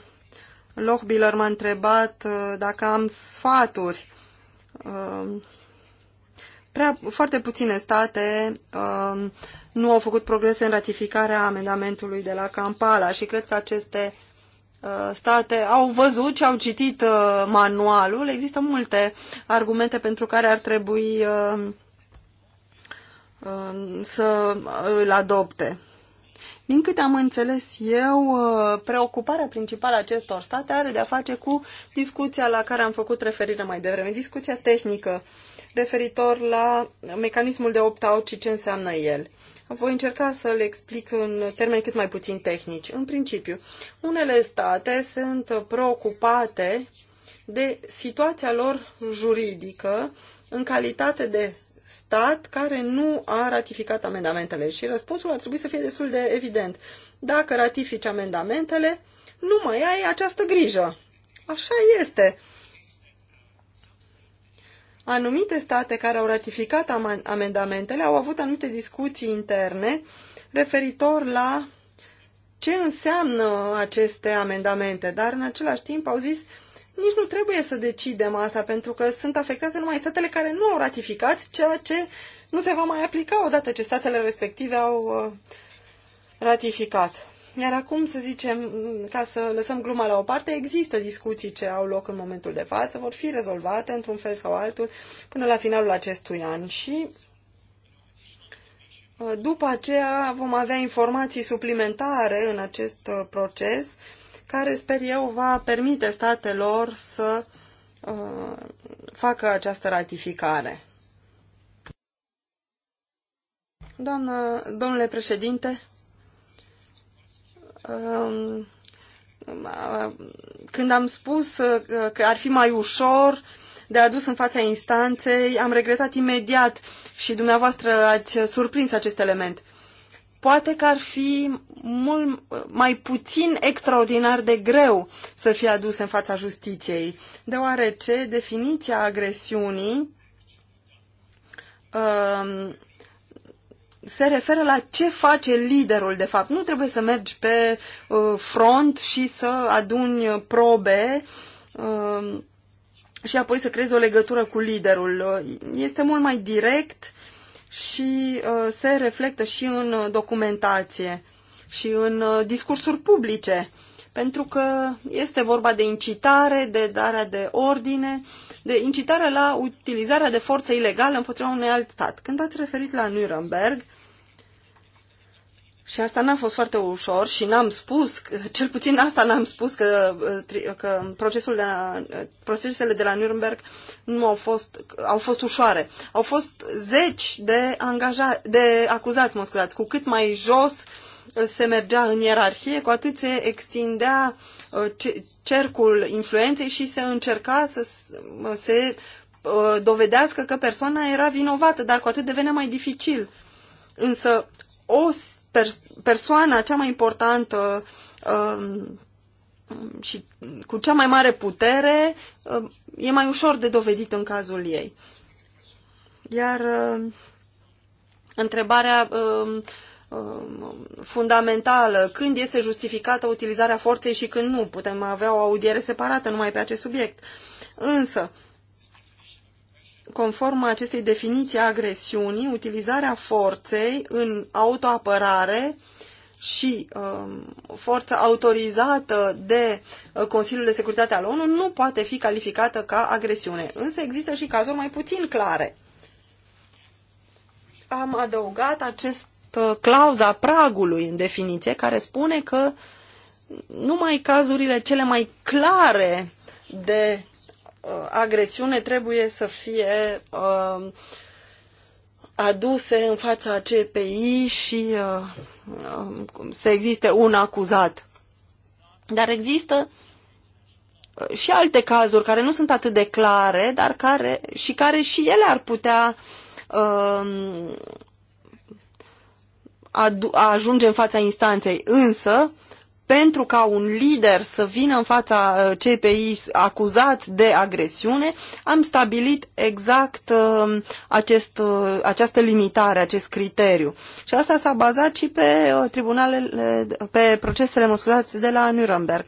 Lohbiller m-a întrebat uh, dacă am sfaturi. Uh, prea, foarte puține state nu au făcut progrese în ratificarea amendamentului de la Kampala și cred că aceste state au văzut și au citit manualul. Există multe argumente pentru care ar trebui Uh, să îl adopte. Din câte am înțeles eu, uh, preocuparea principală a acestor state are de a face cu discuția la care am făcut referire mai devreme, discuția tehnică referitor la mecanismul de opt-out și ce înseamnă el. Voi încerca să-l explic în termeni cât mai puțin tehnici. În principiu, unele state sunt preocupate de situația lor juridică în calitate de stat care nu a ratificat amendamentele și răspunsul ar trebui să fie destul de evident. Dacă ratifici amendamentele, nu mai ai această grijă. Așa este. Anumite state care au ratificat amendamentele au avut anumite discuții interne referitor la ce înseamnă aceste amendamente, dar în același timp au zis nici nu trebuie să decidem asta, pentru că sunt afectate numai statele care nu au ratificat, ceea ce nu se va mai aplica odată ce statele respective au uh, ratificat. Iar acum, să zicem, ca să lăsăm gluma la o parte, există discuții ce au loc în momentul de față, vor fi rezolvate într-un fel sau altul până la finalul acestui an și uh, după aceea vom avea informații suplimentare în acest uh, proces care sper eu va permite statelor să uh, facă această ratificare. Doamnă, domnule președinte, um, când am spus uh, că ar fi mai ușor de adus în fața instanței, am regretat imediat și dumneavoastră ați surprins acest element poate că ar fi mult mai puțin extraordinar de greu să fie adus în fața justiției, deoarece definiția agresiunii um, se referă la ce face liderul, de fapt. Nu trebuie să mergi pe uh, front și să aduni probe uh, și apoi să creezi o legătură cu liderul. Este mult mai direct și uh, se reflectă și în documentație și în uh, discursuri publice, pentru că este vorba de incitare, de darea de ordine, de incitare la utilizarea de forță ilegală împotriva unui alt stat. Când ați referit la Nuremberg, și asta n-a fost foarte ușor și n-am spus, [LAUGHS] cel puțin asta n-am spus, că, uh, că procesul de la, uh, procesele de la Nuremberg nu au fost, au fost ușoare. Au fost zeci de, angaja, de acuzați, mă scuzați, cu cât mai jos uh, se mergea în ierarhie, cu atât se extindea cercul influenței și se încerca să se dovedească că persoana era vinovată, dar cu atât devenea mai dificil. Însă o persoana cea mai importantă um, și cu cea mai mare putere um, e mai ușor de dovedit în cazul ei. Iar um, întrebarea fundamentală, când este justificată utilizarea forței și când nu. Putem avea o audiere separată numai pe acest subiect. Însă, conform acestei definiții a agresiunii, utilizarea forței în autoapărare și uh, um, forța autorizată de uh, Consiliul de Securitate al ONU nu poate fi calificată ca agresiune. Însă există și cazuri mai puțin clare. Am adăugat acest uh, clauza pragului în definiție care spune că numai cazurile cele mai clare de Uh, agresiune trebuie să fie uh, aduse în fața CPI și uh, um, să existe un acuzat. Dar există uh, și alte cazuri care nu sunt atât de clare, dar care, și care și ele ar putea uh, um, a ajunge în fața instanței. Însă, pentru ca un lider să vină în fața uh, CPI acuzat de agresiune, am stabilit exact um, acest, uh, această limitare, acest criteriu. Și asta s-a bazat și pe uh, tribunalele, pe procesele măsurate de la Nuremberg.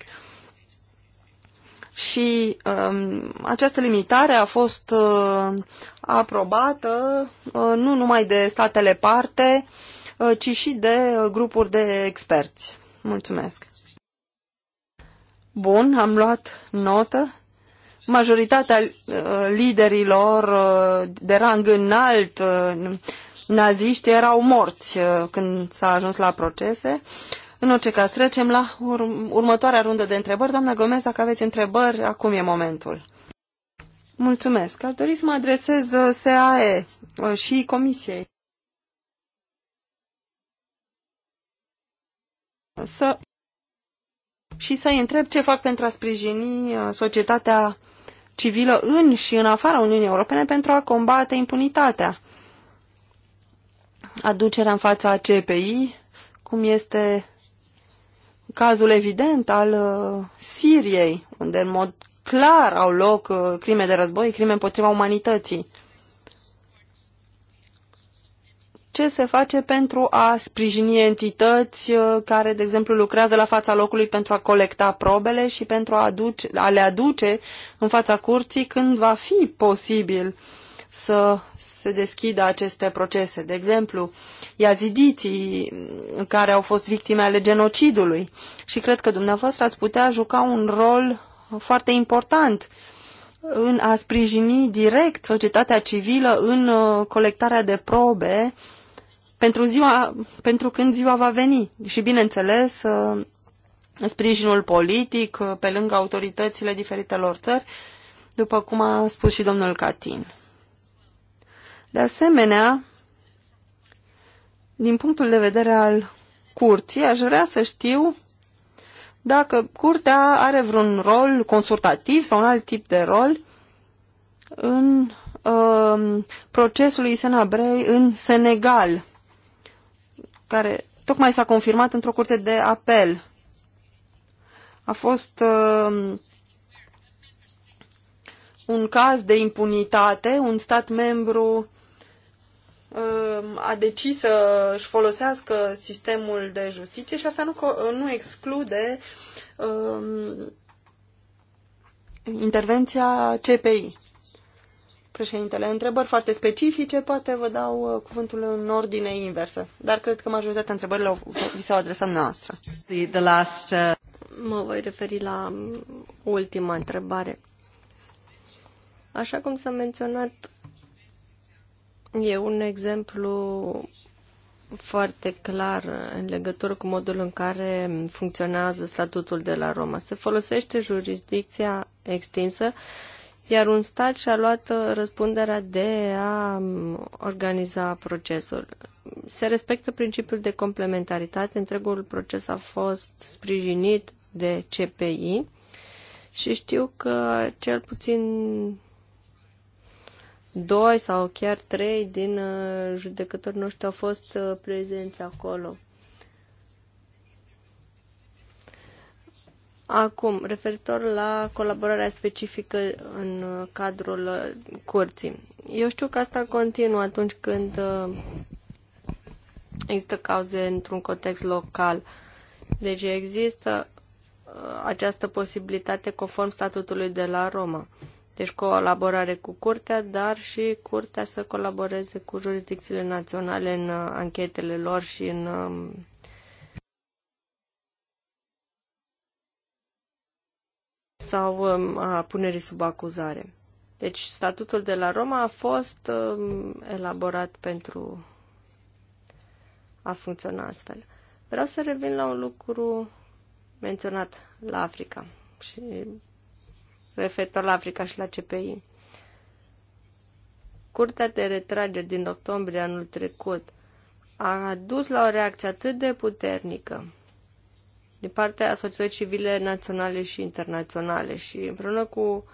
Și um, această limitare a fost uh, aprobată uh, nu numai de statele parte, uh, ci și de uh, grupuri de experți. Mulțumesc! Bun, am luat notă. Majoritatea uh, liderilor uh, de rang înalt uh, naziști erau morți când s-a ajuns la procese. În orice caz, trecem la urm următoarea rundă de întrebări. Doamna Gomez, dacă aveți întrebări, acum e momentul. Mulțumesc. Ar dori să mă adresez SAE și Comisiei. Să și să-i întreb ce fac pentru a sprijini uh, societatea civilă în și în afara Uniunii Europene pentru a combate impunitatea. Aducerea în fața CPI, cum este cazul evident al uh, Siriei, unde în mod clar au loc uh, crime de război, crime împotriva umanității ce se face pentru a sprijini entități uh, care, de exemplu, lucrează la fața locului pentru a colecta probele și pentru a, aduce, a le aduce în fața curții când va fi posibil să se deschidă aceste procese. De exemplu, iazidiții mm, care au fost victime ale genocidului și cred că dumneavoastră ați putea juca un rol foarte important în a sprijini direct societatea civilă în uh, colectarea de probe pentru, ziua, pentru când ziua va veni. Și, bineînțeles, ă, sprijinul politic ă, pe lângă autoritățile diferitelor țări, după cum a spus și domnul Catin. De asemenea, din punctul de vedere al curții, aș vrea să știu dacă curtea are vreun rol consultativ sau un alt tip de rol în uh, procesul lui în Senegal care tocmai s-a confirmat într-o curte de apel. A fost uh, un caz de impunitate, un stat membru uh, a decis să-și folosească sistemul de justiție și asta nu, uh, nu exclude uh, intervenția CPI. Președintele, întrebări foarte specifice, poate vă dau uh, cuvântul în ordine inversă, dar cred că majoritatea întrebărilor vi s-au adresat noastră. The, the last, uh... Mă voi referi la mm, ultima întrebare.
Așa cum s-a menționat, e un exemplu foarte clar în legătură cu modul în care funcționează statutul de la Roma. Se folosește jurisdicția extinsă iar un stat și-a luat uh, răspunderea de a um, organiza procesul. Se respectă principiul de complementaritate, întregul proces a fost sprijinit de CPI și știu că cel puțin doi sau chiar trei din uh, judecători noștri au fost uh, prezenți acolo. Acum, referitor la colaborarea specifică în cadrul curții. Eu știu că asta continuă atunci când uh, există cauze într-un context local. Deci există uh, această posibilitate conform statutului de la Roma. Deci colaborare cu curtea, dar și curtea să colaboreze cu jurisdicțiile naționale în uh, anchetele lor și în um, sau um, a punerii sub acuzare. Deci statutul de la Roma a fost um, elaborat pentru a funcționa astfel. Vreau să revin la un lucru menționat la Africa și referitor la Africa și la CPI. Curtea de retrageri din octombrie anul trecut a dus la o reacție atât de puternică de partea societății civile naționale și internaționale și împreună cu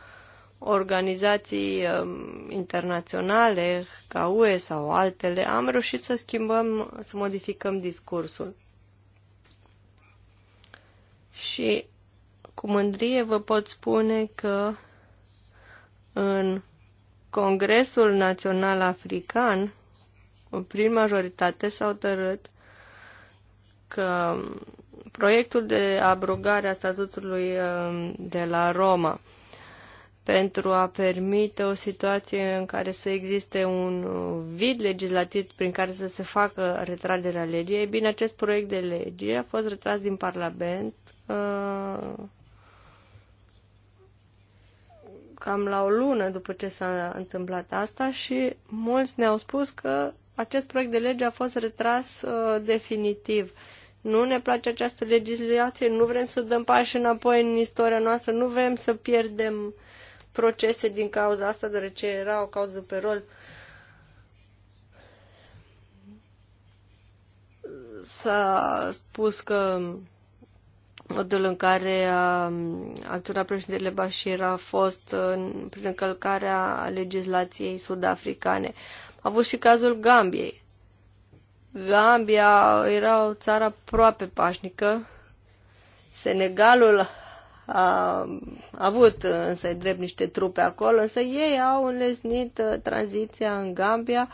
organizații um, internaționale ca UE sau altele, am reușit să schimbăm, să modificăm discursul. Și cu mândrie vă pot spune că în Congresul Național African, prin majoritate s-au tărât că proiectul de abrogare a statutului um, de la Roma pentru a permite o situație în care să existe un uh, vid legislativ prin care să se facă retragerea legii. Ei bine, acest proiect de lege a fost retras din Parlament uh, cam la o lună după ce s-a întâmplat asta și mulți ne-au spus că acest proiect de lege a fost retras uh, definitiv. Uh, nu ne place această legislație, nu vrem să dăm pași înapoi în istoria noastră, nu vrem să pierdem procese din cauza asta, deoarece era o cauză pe rol. S-a spus că modul în care a acționat președintele Bashir a fost uh, prin încălcarea legislației sud-africane. A avut și cazul Gambiei. Gambia era o țară aproape pașnică. Senegalul a, avut însă drept niște trupe acolo, însă ei au înlesnit uh, tranziția în Gambia.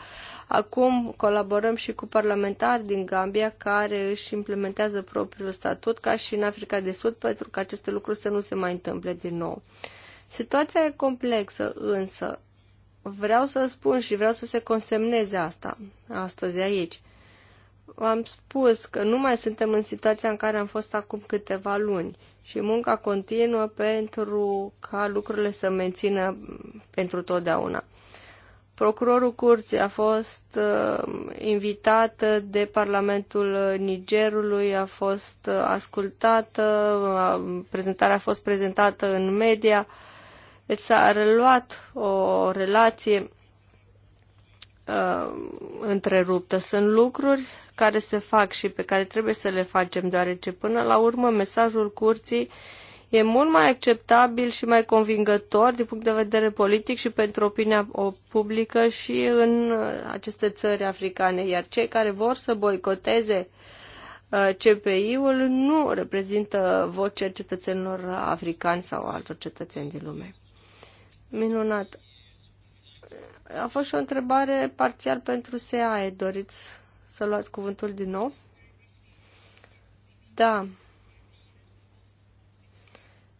Acum colaborăm și cu parlamentari din Gambia care își implementează propriul statut ca și în Africa de Sud pentru că aceste lucruri să nu se mai întâmple din nou. Situația e complexă, însă vreau să spun și vreau să se consemneze asta astăzi aici – v am spus că nu mai suntem în situația în care am fost acum câteva luni și munca continuă pentru ca lucrurile să mențină mm, pentru totdeauna. Procurorul curții a fost uh, invitată de Parlamentul Nigerului, a fost uh, ascultată, uh, prezentarea a fost prezentată în media, deci s-a reluat o relație uh, întreruptă. Sunt lucruri care se fac și pe care trebuie să le facem, deoarece până la urmă mesajul curții e mult mai acceptabil și mai convingător din punct de vedere politic și pentru opinia publică și în uh, aceste țări africane. Iar cei care vor să boicoteze uh, CPI-ul nu reprezintă vocea cetățenilor africani sau altor cetățeni din lume. Minunat. A fost și o întrebare parțial pentru SEAE. Doriți să luați cuvântul din nou? Da.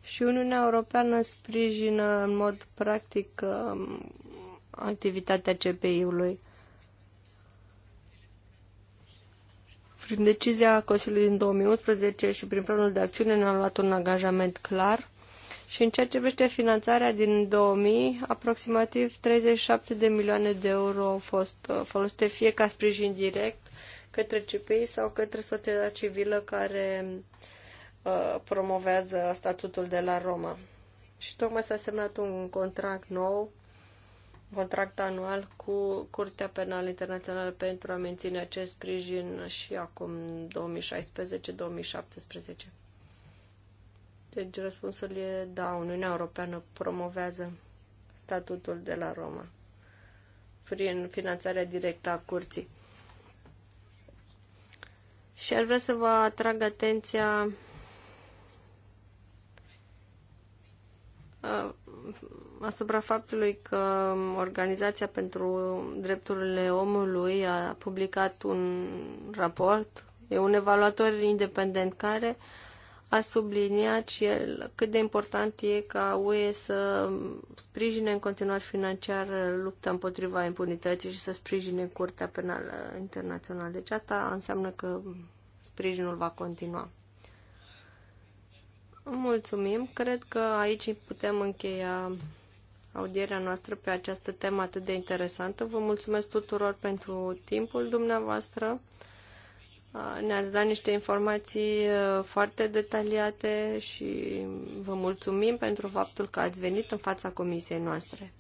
Și Uniunea Europeană sprijină în mod practic um, activitatea CPI-ului. Prin decizia Consiliului din 2011 și prin planul de acțiune ne-am luat un angajament clar și în ceea ce privește finanțarea din 2000, aproximativ 37 de milioane de euro au fost uh, folosite fie ca sprijin direct către CPI sau către societatea civilă care uh, promovează statutul de la Roma. Și tocmai s-a semnat un contract nou, un contract anual cu Curtea Penală Internațională pentru a menține acest sprijin și acum 2016-2017. Deci răspunsul e da, Uniunea Europeană promovează statutul de la Roma prin finanțarea directă a curții. Și ar vrea să vă atrag atenția asupra faptului că Organizația pentru Drepturile Omului a publicat un raport, e un evaluator independent care uh, a subliniat și el cât de important e ca UE să sprijine în continuare financiar lupta împotriva impunității și să sprijine Curtea Penală Internațională. Deci asta înseamnă că sprijinul va continua. Mulțumim. Cred că aici putem încheia audierea noastră pe această temă atât de interesantă. Vă mulțumesc tuturor pentru timpul dumneavoastră. Ne-ați dat niște informații uh, foarte detaliate și vă mulțumim pentru faptul că ați venit în fața comisiei noastre.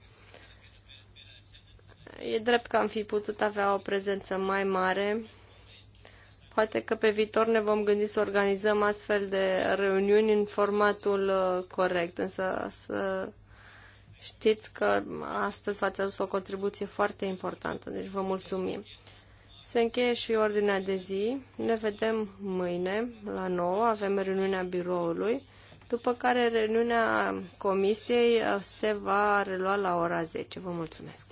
E drept că am fi putut avea o prezență mai mare. Poate că pe viitor ne vom gândi să organizăm astfel de reuniuni în formatul uh, corect, însă să știți că astăzi v-ați adus o contribuție foarte importantă, deci vă mulțumim. Se încheie și ordinea de zi. Ne vedem mâine la 9, avem reuniunea biroului, după care reuniunea comisiei uh, se va relua la ora 10. Vă mulțumesc!